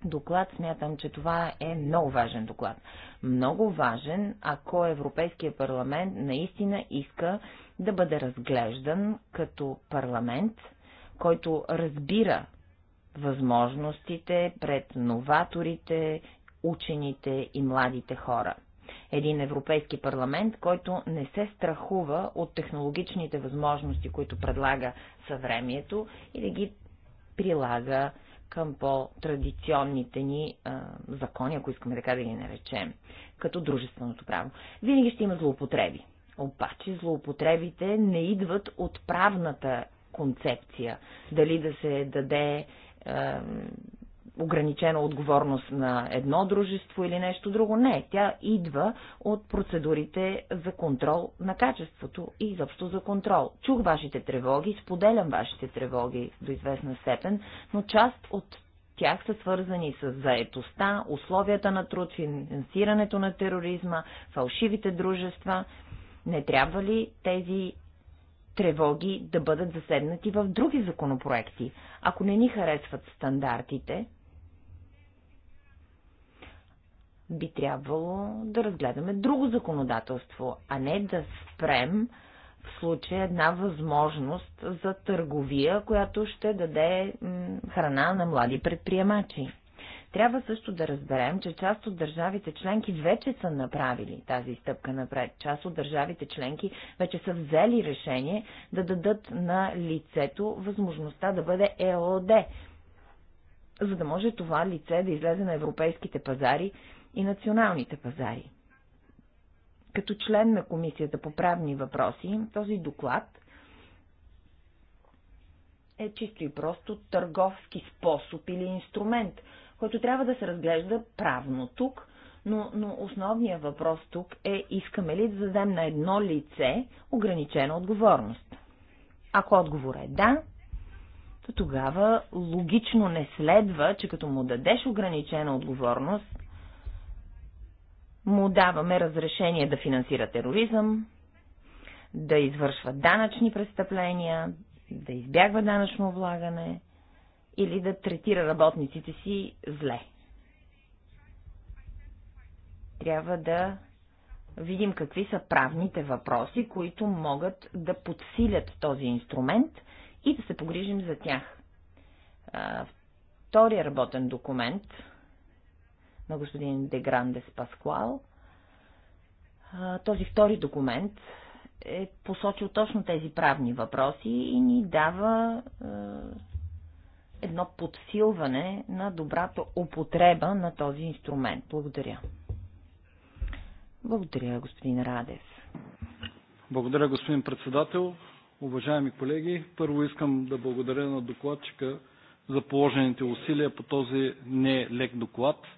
доклад. Смятам, че това е много важен доклад. Много важен, ако Европейския парламент наистина иска да бъде разглеждан като парламент, който разбира възможностите пред новаторите, учените и младите хора един Европейски парламент, който не се страхува от технологичните възможности, които предлага съвремието и да ги прилага към по-традиционните ни а, закони, ако искаме така да ги наречем, като дружественото право. Винаги ще има злоупотреби. Обаче злоупотребите не идват от правната концепция. Дали да се даде ограничена отговорност на едно дружество или нещо друго. Не, тя идва от процедурите за контрол на качеството и изобщо за контрол. Чух вашите тревоги, споделям вашите тревоги до известна степен, но част от тях са свързани с заетостта, условията на труд, финансирането на тероризма, фалшивите дружества. Не трябва ли тези тревоги да бъдат заседнати в други законопроекти. Ако не ни харесват стандартите, би трябвало да разгледаме друго законодателство, а не да спрем в случая една възможност за търговия, която ще даде храна на млади предприемачи. Трябва също да разберем, че част от държавите членки вече са направили тази стъпка напред. Част от държавите членки вече са взели решение да дадат на лицето възможността да бъде ЕОД, за да може това лице да излезе на европейските пазари и националните пазари. Като член на Комисията по правни въпроси, този доклад е чисто и просто търговски способ или инструмент, който трябва да се разглежда правно тук, но, но основният въпрос тук е, искаме ли да зададем на едно лице ограничена отговорност? Ако отговорът е да, то тогава логично не следва, че като му дадеш ограничена отговорност, му даваме разрешение да финансира тероризъм, да извършва данъчни престъпления, да избягва данъчно облагане или да третира работниците си зле. Трябва да видим какви са правните въпроси, които могат да подсилят този инструмент и да се погрижим за тях. Втория работен документ на господин Деграндес Паскуал. Този втори документ е посочил точно тези правни въпроси и ни дава е, едно подсилване на добрата употреба на този инструмент. Благодаря. Благодаря, господин Радев.
Благодаря, господин председател. Уважаеми колеги, първо искам да благодаря на докладчика за положените усилия по този нелек доклад –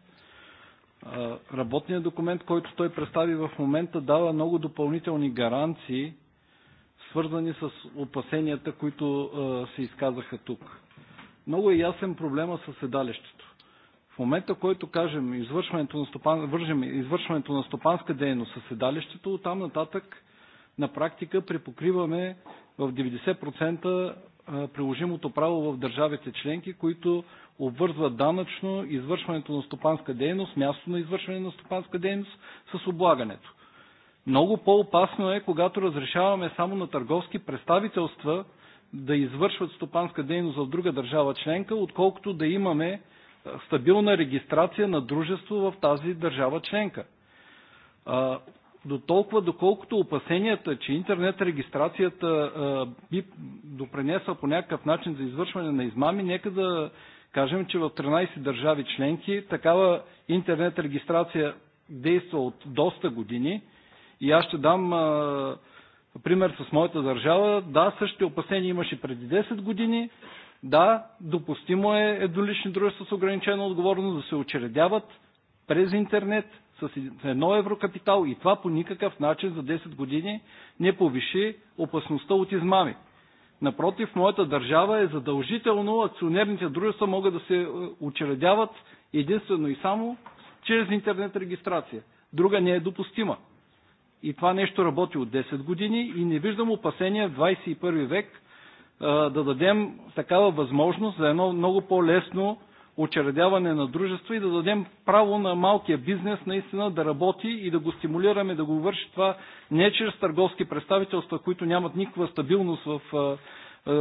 работният документ, който той представи в момента, дава много допълнителни гаранции, свързани с опасенията, които се изказаха тук. Много е ясен проблема с седалището. В момента, който кажем извършването на, стопан, вържем извършването на стопанска дейност със седалището, оттам нататък на практика препокриваме в 90% приложимото право в държавите членки, които обвързват данъчно извършването на стопанска дейност, място на извършване на стопанска дейност с облагането. Много по-опасно е, когато разрешаваме само на търговски представителства да извършват стопанска дейност в друга държава членка, отколкото да имаме стабилна регистрация на дружество в тази държава членка до толкова, доколкото опасенията, че интернет регистрацията а, би допренесла по някакъв начин за извършване на измами, нека да кажем, че в 13 държави членки такава интернет регистрация действа от доста години. И аз ще дам а, пример с моята държава. Да, същите опасения имаше преди 10 години. Да, допустимо е еднолични дружества с ограничена отговорност да се очередяват през интернет, с едно евро капитал и това по никакъв начин за 10 години не повиши опасността от измами. Напротив, моята държава е задължително, акционерните дружества могат да се е, учредяват единствено и само чрез интернет регистрация. Друга не е допустима. И това нещо работи от 10 години и не виждам опасения в 21 век е, да дадем такава възможност за едно много по-лесно учредяване на дружество и да дадем право на малкия бизнес наистина да работи и да го стимулираме да го върши това не чрез търговски представителства, които нямат никаква стабилност в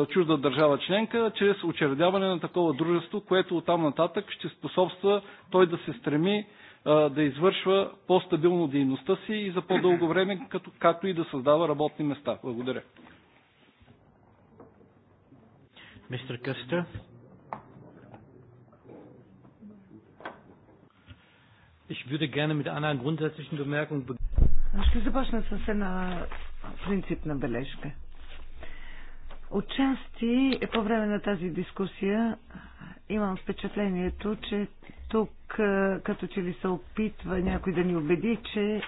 чужда държава членка, а чрез учредяване на такова дружество, което оттам нататък ще способства той да се стреми да извършва по-стабилно дейността си и за по-дълго време, като, както и да създава работни места. Благодаря. Мистер Къстър.
Ich würde gerne mit einer grundsätzlichen Bemerkung beginnen.
Отчасти с бележка. по време на тази дискусия имам впечатлението, че тук е, като че ли се опитва някой да ни убеди, че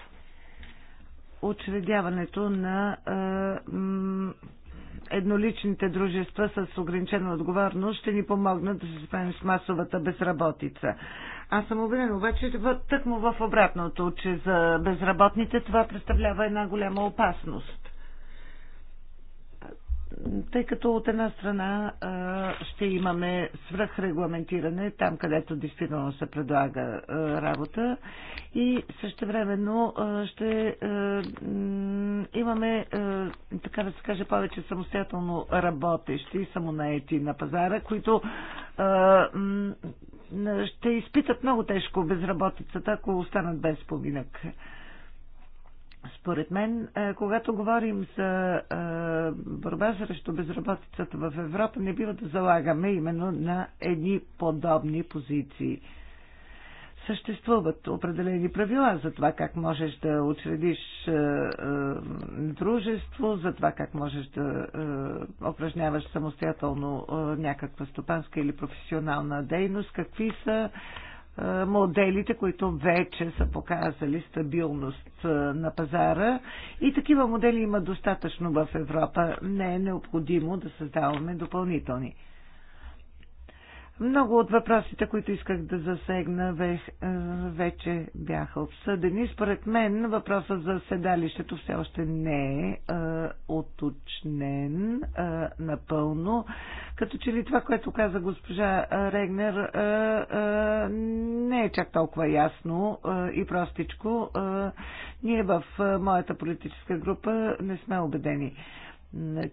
учредяването на е, едноличните дружества с ограничена отговорност ще ни помогнат да се справим с масовата безработица. Аз съм уверен обаче тъкмо в обратното, че за безработните това представлява една голяма опасност тъй като от една страна ще имаме свръхрегламентиране там, където действително се предлага работа и същевременно ще имаме, така да се каже, повече самостоятелно работещи и самонаети на пазара, които ще изпитат много тежко безработицата, ако останат без поминък. Според мен, е, когато говорим за е, борба срещу безработицата в Европа, не бива да залагаме именно на едни подобни позиции. Съществуват определени правила за това как можеш да учредиш е, дружество, за това как можеш да упражняваш самостоятелно някаква стопанска или професионална дейност, какви са моделите, които вече са показали стабилност на пазара. И такива модели има достатъчно в Европа. Не е необходимо да създаваме допълнителни. Много от въпросите, които исках да засегна, е, вече бяха обсъдени. Според мен въпросът за седалището все още не е оточнен е, е, напълно. Като че ли това, което каза госпожа Регнер, не е чак толкова ясно и простичко. Ние в моята политическа група не сме убедени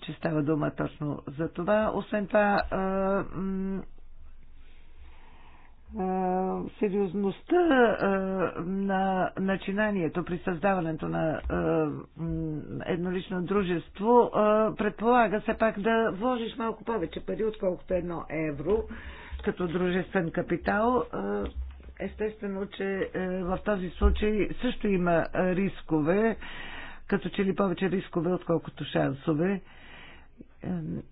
че става дума точно за това. Освен това, сериозността на начинанието при създаването на еднолично дружество предполага се пак да вложиш малко повече пари, отколкото едно евро като дружествен капитал. Естествено, че в този случай също има рискове, като че ли повече рискове, отколкото шансове.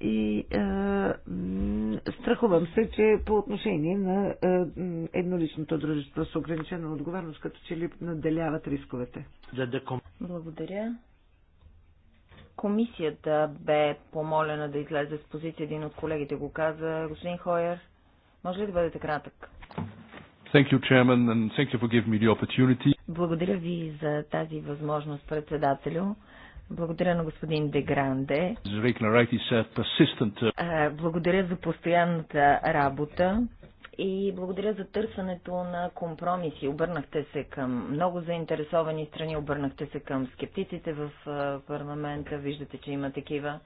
И а, страхувам се, че по отношение на а, едноличното дружество с ограничена
отговорност, като че ли наделяват рисковете. Благодаря. Комисията бе помолена да излезе с позиция. Един от колегите го каза. Господин Хойер, може ли да бъдете кратък?
Thank you, Chairman, and thank you for giving me the opportunity.
Благодаря ви за тази възможност, председателю. Благодаря на господин Дегранде.
Uh,
благодаря за постоянната работа и благодаря за търсенето на компромиси. Обърнахте се към много заинтересовани страни, обърнахте се към скептиците в парламента, виждате, че има такива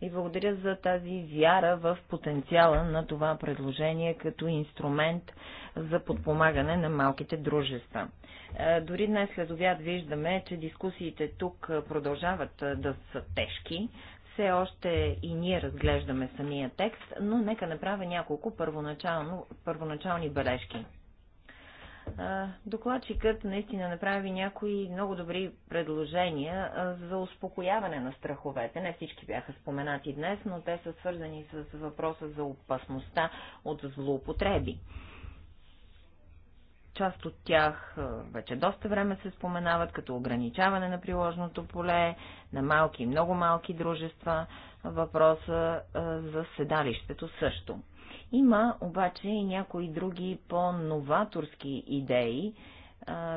и благодаря за тази вяра в потенциала на това предложение като инструмент за подпомагане на малките дружества. Е, дори днес след обяд виждаме, че дискусиите тук продължават е, да са тежки, все още и ние разглеждаме самия текст, но нека направя няколко първоначални бележки. Докладчикът наистина направи някои много добри предложения за успокояване на страховете. Не всички бяха споменати днес, но те са свързани с въпроса за опасността от злоупотреби. Част от тях вече доста време се споменават, като ограничаване на приложното поле, на малки и много малки дружества, въпроса за седалището също. Има обаче и някои други по-новаторски идеи,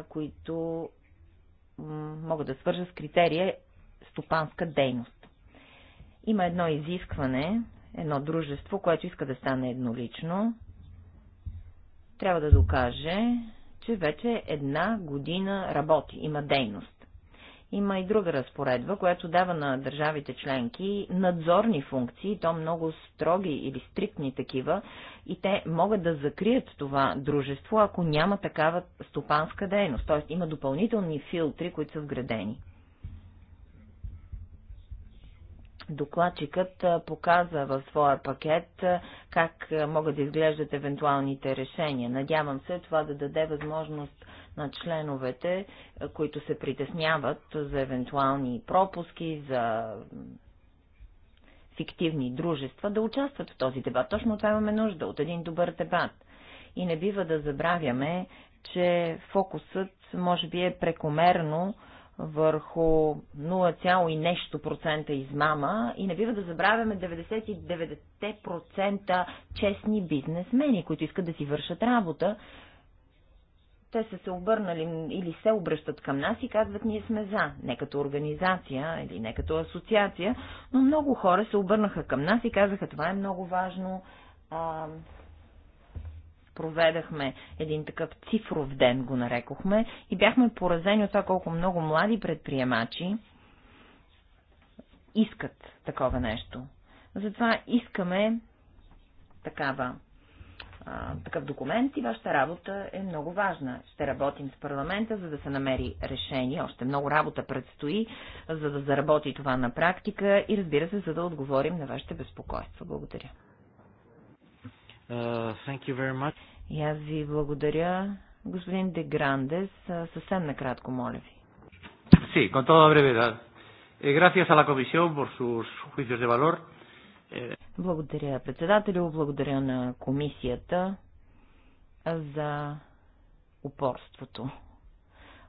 които могат да свържа с критерия стопанска дейност. Има едно изискване, едно дружество, което иска да стане еднолично, трябва да докаже, че вече една година работи, има дейност. Има и друга разпоредба, която дава на държавите членки надзорни функции, то много строги или стриктни такива, и те могат да закрият това дружество, ако няма такава стопанска дейност. Т.е. има допълнителни филтри, които са вградени. Докладчикът показа в своя пакет как могат да изглеждат евентуалните решения. Надявам се това да даде възможност на членовете, които се притесняват за евентуални пропуски, за фиктивни дружества, да участват в този дебат. Точно това имаме нужда от един добър дебат. И не бива да забравяме, че фокусът може би е прекомерно върху 0, и нещо процента измама и не бива да забравяме 99% честни бизнесмени, които искат да си вършат работа. Те са се обърнали или се обръщат към нас и казват, ние сме за, не като организация или не като асоциация, но много хора се обърнаха към нас и казаха, това е много важно, проведахме един такъв цифров ден, го нарекохме, и бяхме поразени от това колко много млади предприемачи искат такова нещо. Затова искаме такава, а, такъв документ и вашата работа е много важна. Ще работим с парламента, за да се намери решение. Още много работа предстои, за да заработи това на практика и разбира се, за да отговорим на вашите безпокойства. Благодаря. Uh, thank you very much. И аз ви благодаря. Господин Де Грандес, съвсем накратко, моля ви.
Sí, con toda brevedad. Eh, gracias a la Comisión por sus juicios de valor. Eh,
благодаря председателю, благодаря на комисията за упорството.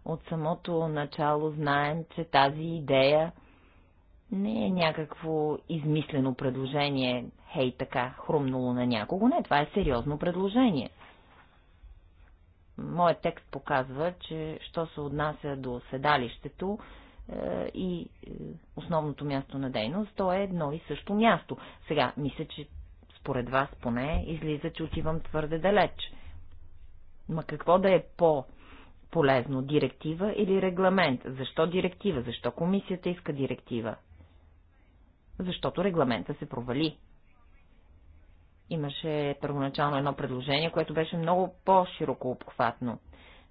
От самото начало знаем, че тази идея не е някакво измислено предложение, хей така, хрумнало на някого. Не, това е сериозно предложение. Моят текст показва, че що се отнася до седалището е, и е, основното място на дейност, то е едно и също място. Сега, мисля, че според вас поне излиза, че отивам твърде далеч. Ма какво да е по полезно, директива или регламент? Защо директива? Защо комисията иска директива? защото регламента се провали. Имаше първоначално едно предложение, което беше много по-широко обхватно.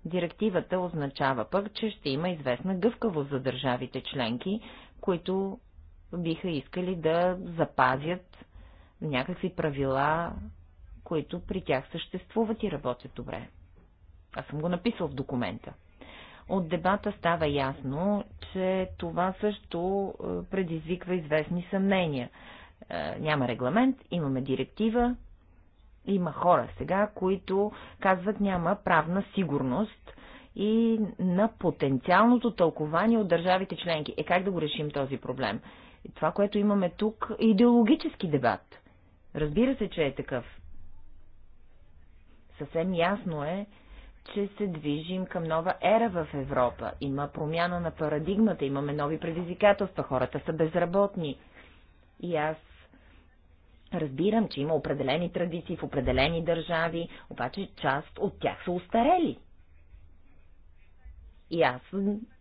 Директивата означава пък, че ще има известна гъвкавост за държавите членки, които биха искали да запазят някакви правила, които при тях съществуват и работят добре. Аз съм го написал в документа. От дебата става ясно, че това също е, предизвиква известни съмнения. Е, няма регламент, имаме директива, има хора сега, които казват няма правна сигурност и на потенциалното тълкование от държавите членки. Е как да го решим този проблем? Това, което имаме тук е идеологически дебат. Разбира се, че е такъв. Съвсем ясно е, че се движим към нова ера в Европа. Има промяна на парадигмата, имаме нови предизвикателства, хората са безработни. И аз разбирам, че има определени традиции в определени държави, обаче част от тях са устарели. И аз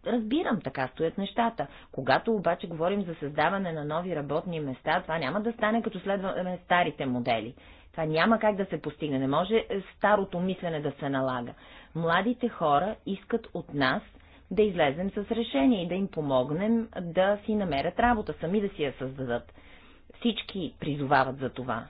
разбирам, така стоят нещата. Когато обаче говорим за създаване на нови работни места, това няма да стане като следваме старите модели. Това няма как да се постигне. Не може старото мислене да се налага. Младите хора искат от нас да излезем с решение и да им помогнем да си намерят работа, сами да си я създадат. Всички призовават за това.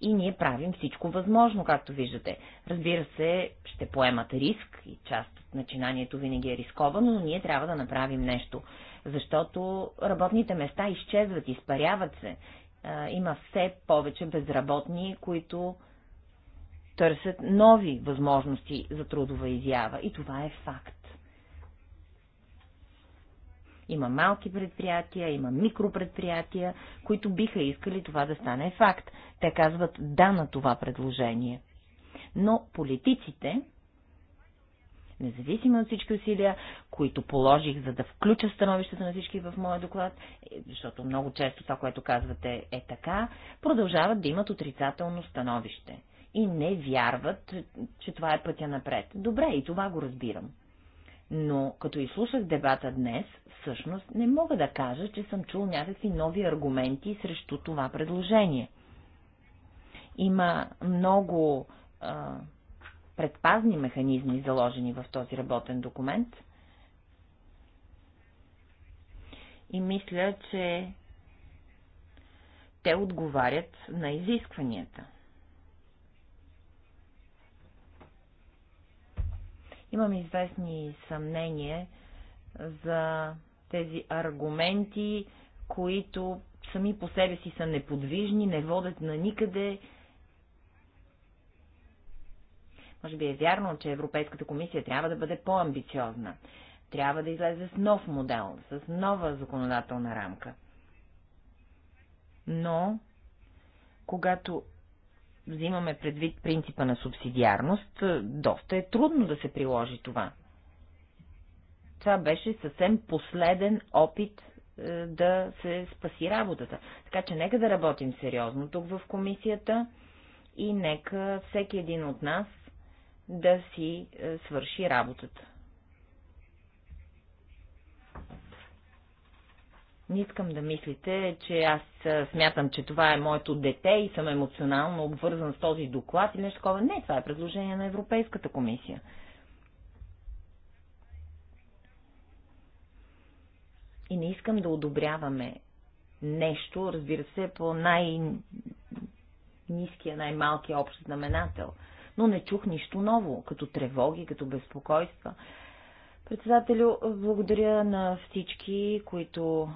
И ние правим всичко възможно, както виждате. Разбира се, ще поемат риск и част от начинанието винаги е рисковано, но ние трябва да направим нещо защото работните места изчезват, изпаряват се има все повече безработни, които търсят нови възможности за трудова изява. И това е факт. Има малки предприятия, има микропредприятия, които биха искали това да стане факт. Те казват да на това предложение. Но политиците независимо от всички усилия, които положих, за да включа становището на всички в моя доклад, е, защото много често това, което казвате е така, продължават да имат отрицателно становище и не вярват, че това е пътя напред. Добре, и това го разбирам. Но като изслушах дебата днес, всъщност не мога да кажа, че съм чул някакви нови аргументи срещу това предложение. Има много а, предпазни механизми, заложени в този работен документ. И мисля, че те отговарят на изискванията. Имам известни съмнения за тези аргументи, които сами по себе си са неподвижни, не водят на никъде Може би е вярно, че Европейската комисия трябва да бъде по-амбициозна. Трябва да излезе с нов модел, с нова законодателна рамка. Но, когато взимаме предвид принципа на субсидиарност, доста е трудно да се приложи това. Това беше съвсем последен опит е, да се спаси работата. Така че нека да работим сериозно тук в комисията и нека всеки един от нас да си е, свърши работата. Не искам да мислите, че аз е, смятам, че това е моето дете и съм емоционално обвързан с този доклад и нещо такова. Не, това е предложение на Европейската комисия. И не искам да одобряваме нещо, разбира се, по най-низкия, най-малкия общ знаменател – но не чух нищо ново, като тревоги, като безпокойства. Председателю, благодаря на всички, които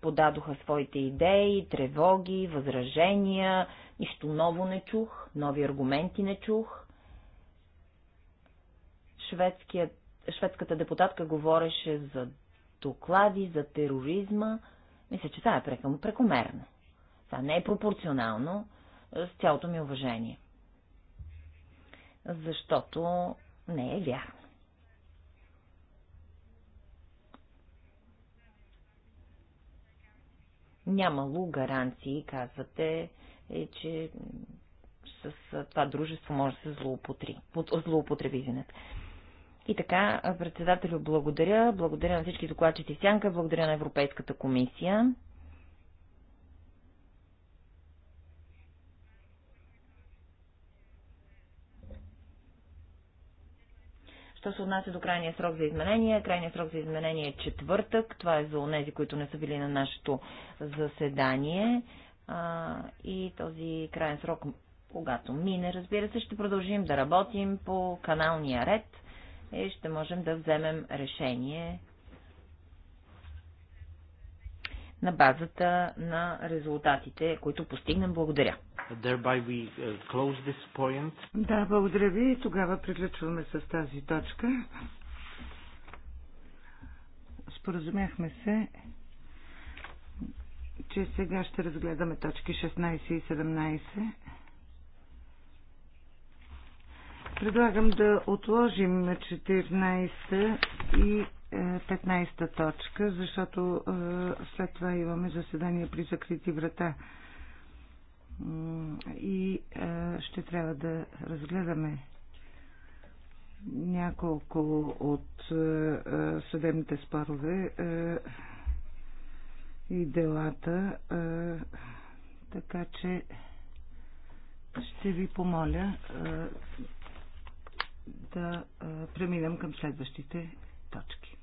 подадоха своите идеи, тревоги, възражения, нищо ново не чух, нови аргументи не чух. Шведският, шведската депутатка говореше за доклади за тероризма. Мисля, че това е прекомерно. Това не е пропорционално с цялото ми уважение защото не е вярно. Нямало гаранции, казвате, е, че с това дружество може да се злоупотреби. И така, председателю, благодаря. Благодаря на всички докладчици Сянка, благодаря на Европейската комисия. Що се отнася до крайния срок за изменение, крайния срок за изменение е четвъртък. Това е за онези, които не са били на нашето заседание. А, и този крайен срок, когато мине, разбира се, ще продължим да работим по каналния ред и ще можем да вземем решение на базата на резултатите, които постигнем. Благодаря.
Thereby we uh, close this point.
Да,
благодаря ви. Тогава приключваме с тази точка.
Споразумяхме се, че сега ще разгледаме точки 16 и 17. Предлагам да отложим 14 и 15 е, точка, защото е, след това имаме заседание при закрити врата и е, ще трябва да разгледаме няколко от е, е, съдебните спорове и делата, така че ще ви помоля да преминем към следващите точки.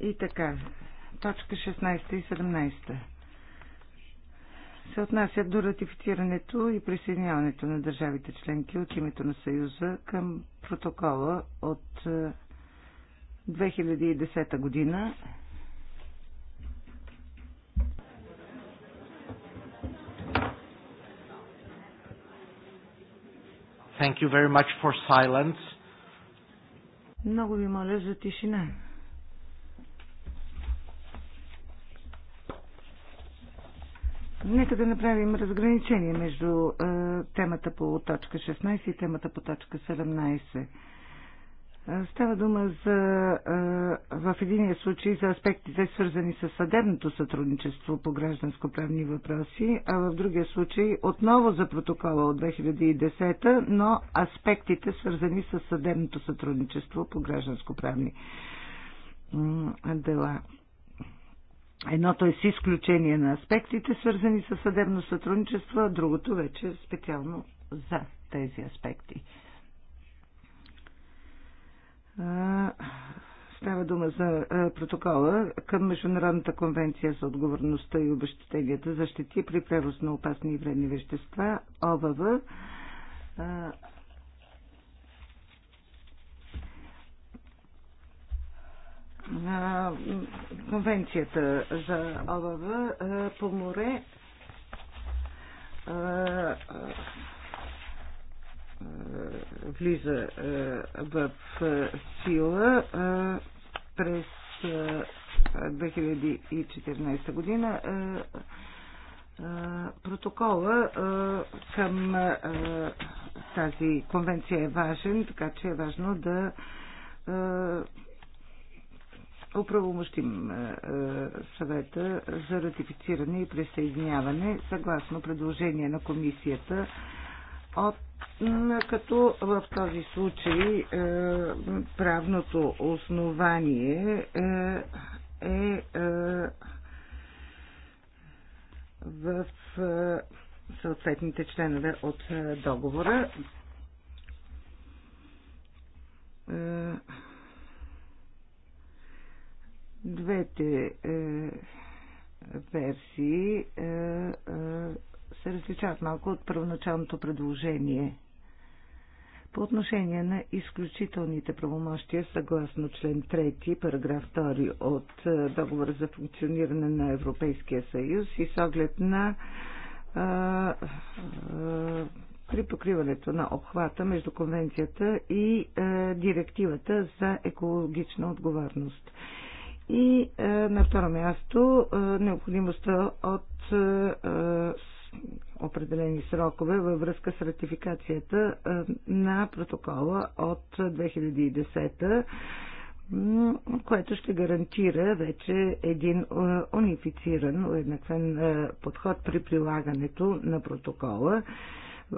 И така, точка 16 и 17 се отнасят до ратифицирането и присъединяването на държавите членки от името на Съюза към протокола от 2010 е, година
Thank you very much for silence.
Много ви моля за тишина. Нека да направим разграничение между е, темата по точка 16 и темата по точка 17. Е, става дума за, е, в единия случай за аспектите свързани с съдебното сътрудничество по гражданско-правни въпроси, а в другия случай отново за протокола от 2010, но аспектите свързани с съдебното сътрудничество по гражданско-правни дела. Едното е с изключение на аспектите, свързани с съдебно сътрудничество, а другото вече е специално за тези аспекти. Става дума за протокола към Международната конвенция за отговорността и обещетенията за щети при превоз на опасни и вредни вещества, ОВВ. конвенцията за ОВВ по море влиза в сила през 2014 година. Протокола към тази конвенция е важен, така че е важно да оправомощим е, е, съвета за ратифициране и присъединяване съгласно предложение на комисията от като в този случай е, правното основание е в съответните членове от договора. Двете е, версии е, е, се различават малко от първоначалното предложение. По отношение на изключителните правомощия, съгласно член 3, параграф 2 от е, Договора за функциониране на Европейския съюз и с оглед на е, е, припокриването на обхвата между конвенцията и а, директивата за екологична отговорност. И е, на второ място е, необходимостта от е, е определени срокове във връзка с ратификацията е, на протокола от 2010 което ще гарантира вече един е, унифициран, уеднаквен подход при прилагането на протокола е,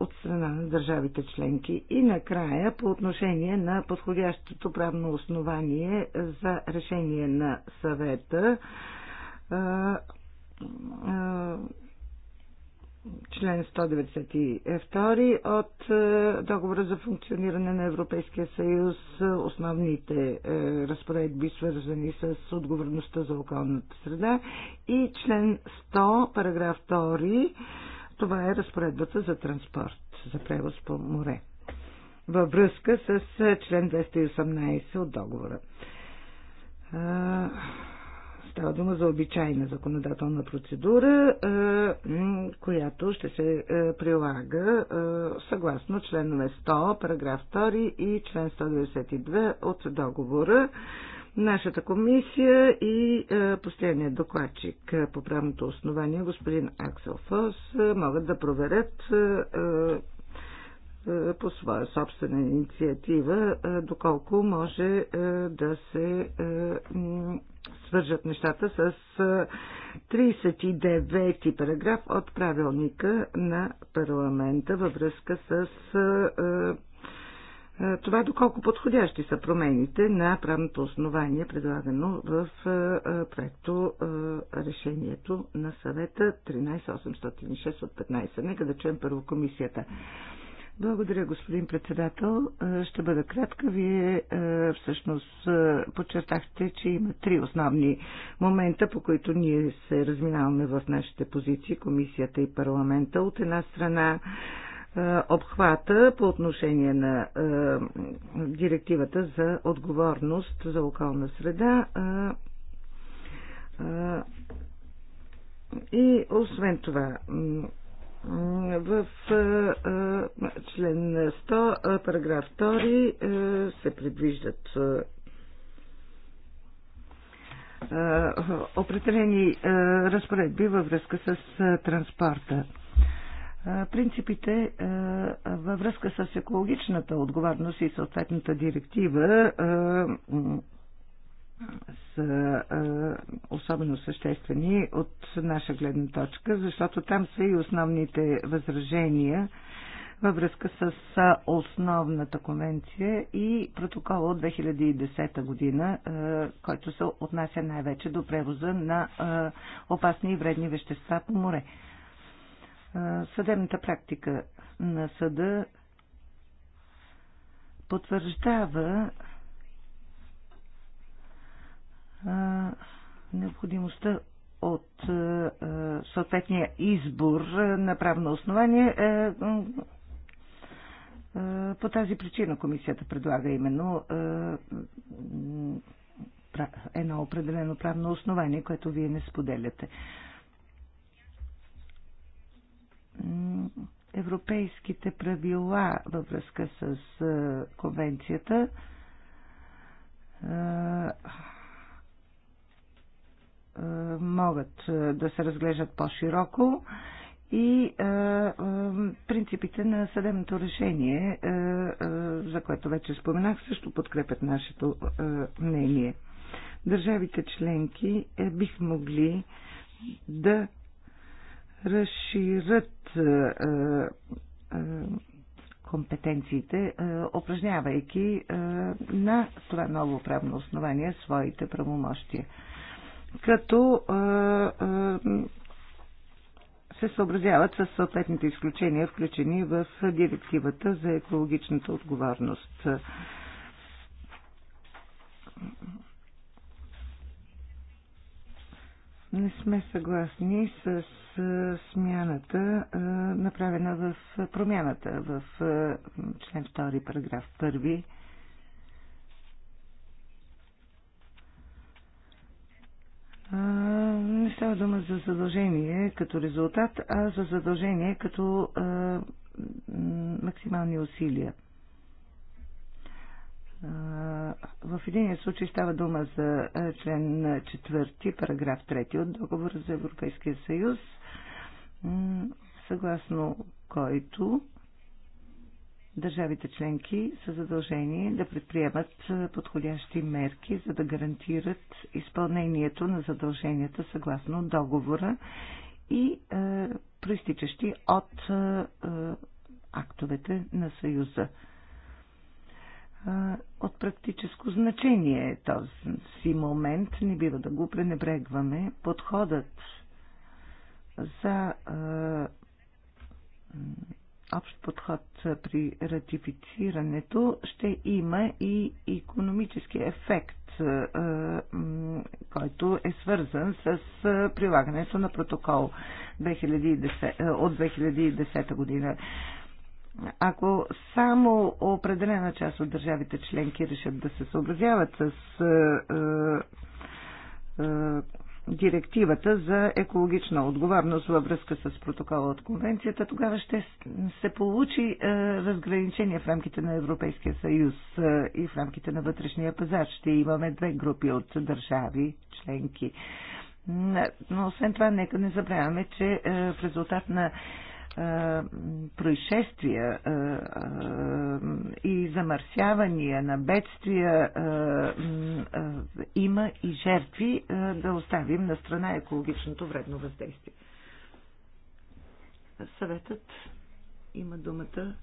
от страна на държавите членки. И накрая, по отношение на подходящото правно основание за решение на съвета, е, е, член 192 от Договора за функциониране на Европейския съюз, основните разпоредби, свързани с отговорността за околната среда и член 100, параграф 2 това е разпоредбата за транспорт, за превоз по море, във връзка с е, член 218 от договора. Става дума за обичайна законодателна процедура, която ще се е, прилага съгласно членове 100, параграф 2 и член 192 от договора нашата комисия и е, последният докладчик е, по правното основание, господин Аксел Фос, е, могат да проверят по своя собствена инициатива, доколко може да се свържат нещата с 39 ти параграф от правилника на парламента във връзка с това доколко подходящи са промените на правното основание, предлагано в проекто решението на съвета 13806 от 15. Нека да чуем първо комисията. Благодаря, господин председател. Ще бъда кратка. Вие всъщност подчертахте, че има три основни момента, по които ние се разминаваме в нашите позиции, комисията и парламента. От една страна е, обхвата по отношение на е, директивата за отговорност за околна среда. Е, и освен това, в член 100, параграф 2 се предвиждат определени разпоредби във връзка с транспорта принципите във връзка с екологичната отговорност и съответната директива са особено съществени от наша гледна точка, защото там са и основните възражения във връзка с основната конвенция и протокола от 2010 година, който се отнася най-вече до превоза на опасни и вредни вещества по море съдебната практика на съда потвърждава необходимостта от съответния избор на правно основание. Е, е, по тази причина комисията предлага именно е, едно определено правно основание, което вие не споделяте европейските правила във връзка с конвенцията могат да се разглеждат по-широко и а, а, принципите на съдебното решение, а, а, за което вече споменах, също подкрепят нашето а, мнение. Държавите членки е, бих могли да разширят е, е, компетенциите, е, упражнявайки на това ново правно основание своите правомощия. Като се съобразяват с съответните изключения, включени в директивата за екологичната отговорност. не сме съгласни с смяната, направена в промяната в член 2, параграф 1. Не става дума за задължение като резултат, а за задължение като максимални усилия. В един случай става дума за член 4, параграф 3 от договора за Европейския съюз, съгласно който държавите членки са задължени да предприемат подходящи мерки, за да гарантират изпълнението на задълженията съгласно договора и е, проистичащи от е, актовете на Съюза от практическо значение е този си момент. Не бива да го пренебрегваме. Подходът за общ подход при ратифицирането ще има и економически ефект, който е свързан с прилагането на протокол от 2010 година. Ако само определена част от държавите членки решат да се съобразяват с е, е, е, директивата за екологична отговорност във връзка с протокола от конвенцията, тогава ще се получи разграничение в рамките на Европейския съюз и в рамките на вътрешния пазар. Ще имаме две групи от държави членки. Но освен това, нека не забравяме, че в резултат на происшествия и замърсявания, на бедствия има и жертви, да оставим на страна екологичното вредно въздействие. Съветът има думата.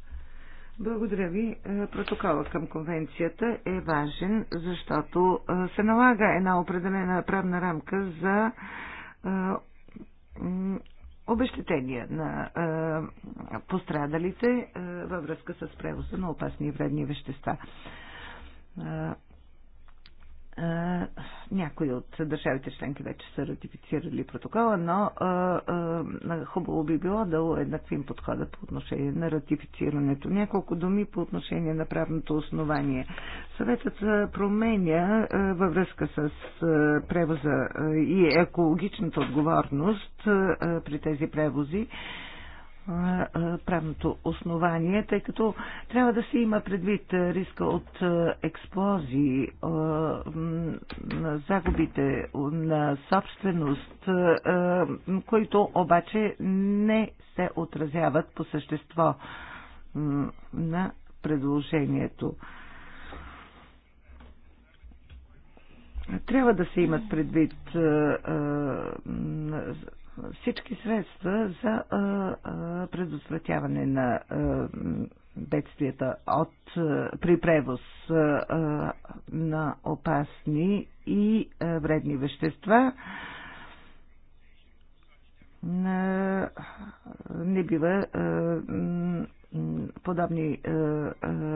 Благодаря ви. Протокола към конвенцията е важен, защото се налага една определена правна рамка за обещетения на е, пострадалите е, във връзка с превоза на опасни и вредни вещества. Е, някои от държавите членки вече са ратифицирали протокола, но а, а, хубаво би било да уеднаквим подхода по отношение на ратифицирането. Няколко думи по отношение на правното основание. Съветът променя а, във връзка с а, превоза а, и екологичната отговорност а, при тези превози. А, правното основание, тъй като трябва да се има предвид риска от експлозии, загубите на собственост, които обаче не се отразяват по същество на предложението. Трябва да се имат предвид всички средства за предотвратяване на бедствията от, при превоз на опасни и вредни вещества не бива подобни е, е,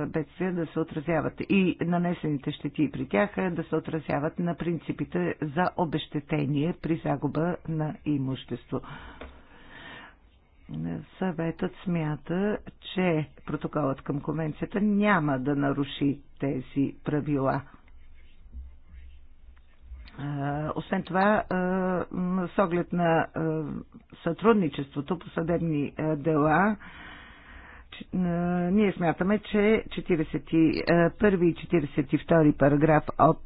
бедствия да се отразяват и нанесените щети при тях е, да се отразяват на принципите за обещетение при загуба на имущество. Съветът смята, че протоколът към конвенцията няма да наруши тези правила. Освен това, с оглед на сътрудничеството по съдебни дела, ние смятаме, че 41 и 42 параграф от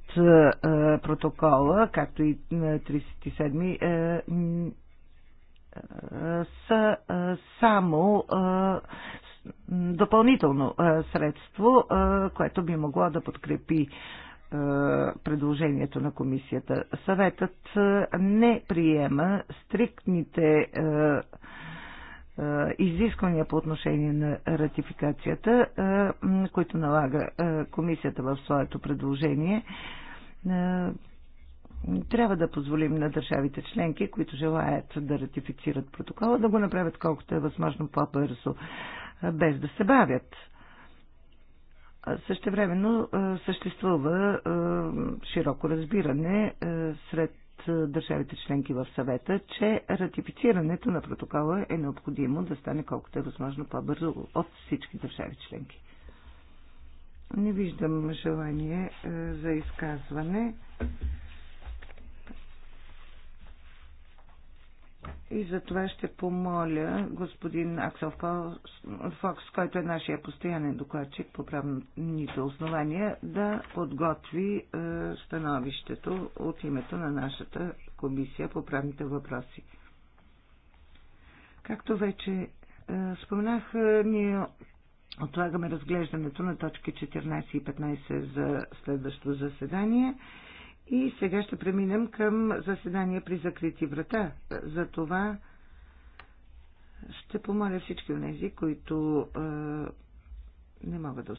протокола, както и 37 е, са само допълнително средство, което би могло да подкрепи предложението на комисията. Съветът не приема стриктните е, изисквания по отношение на ратификацията, е, които налага е, комисията в своето предложение. Трябва да позволим на държавите членки, които желаят да ратифицират протокола, да го направят колкото е възможно по-бързо, без да се бавят. Същевременно съществува широко разбиране сред държавите членки в съвета, че ратифицирането на протокола е необходимо да стане колкото е възможно по-бързо от всички държави членки. Не виждам желание е, за изказване. И за това ще помоля господин Аксел Фокс, който е нашия постоянен докладчик по правните основания, да подготви е, становището от името на нашата комисия по правните въпроси. Както вече е, споменах, е, ние отлагаме разглеждането на точки 14 и 15 за следващото заседание. И сега ще преминем към заседание при закрити врата. За това ще помоля всички от тези, които е, не могат да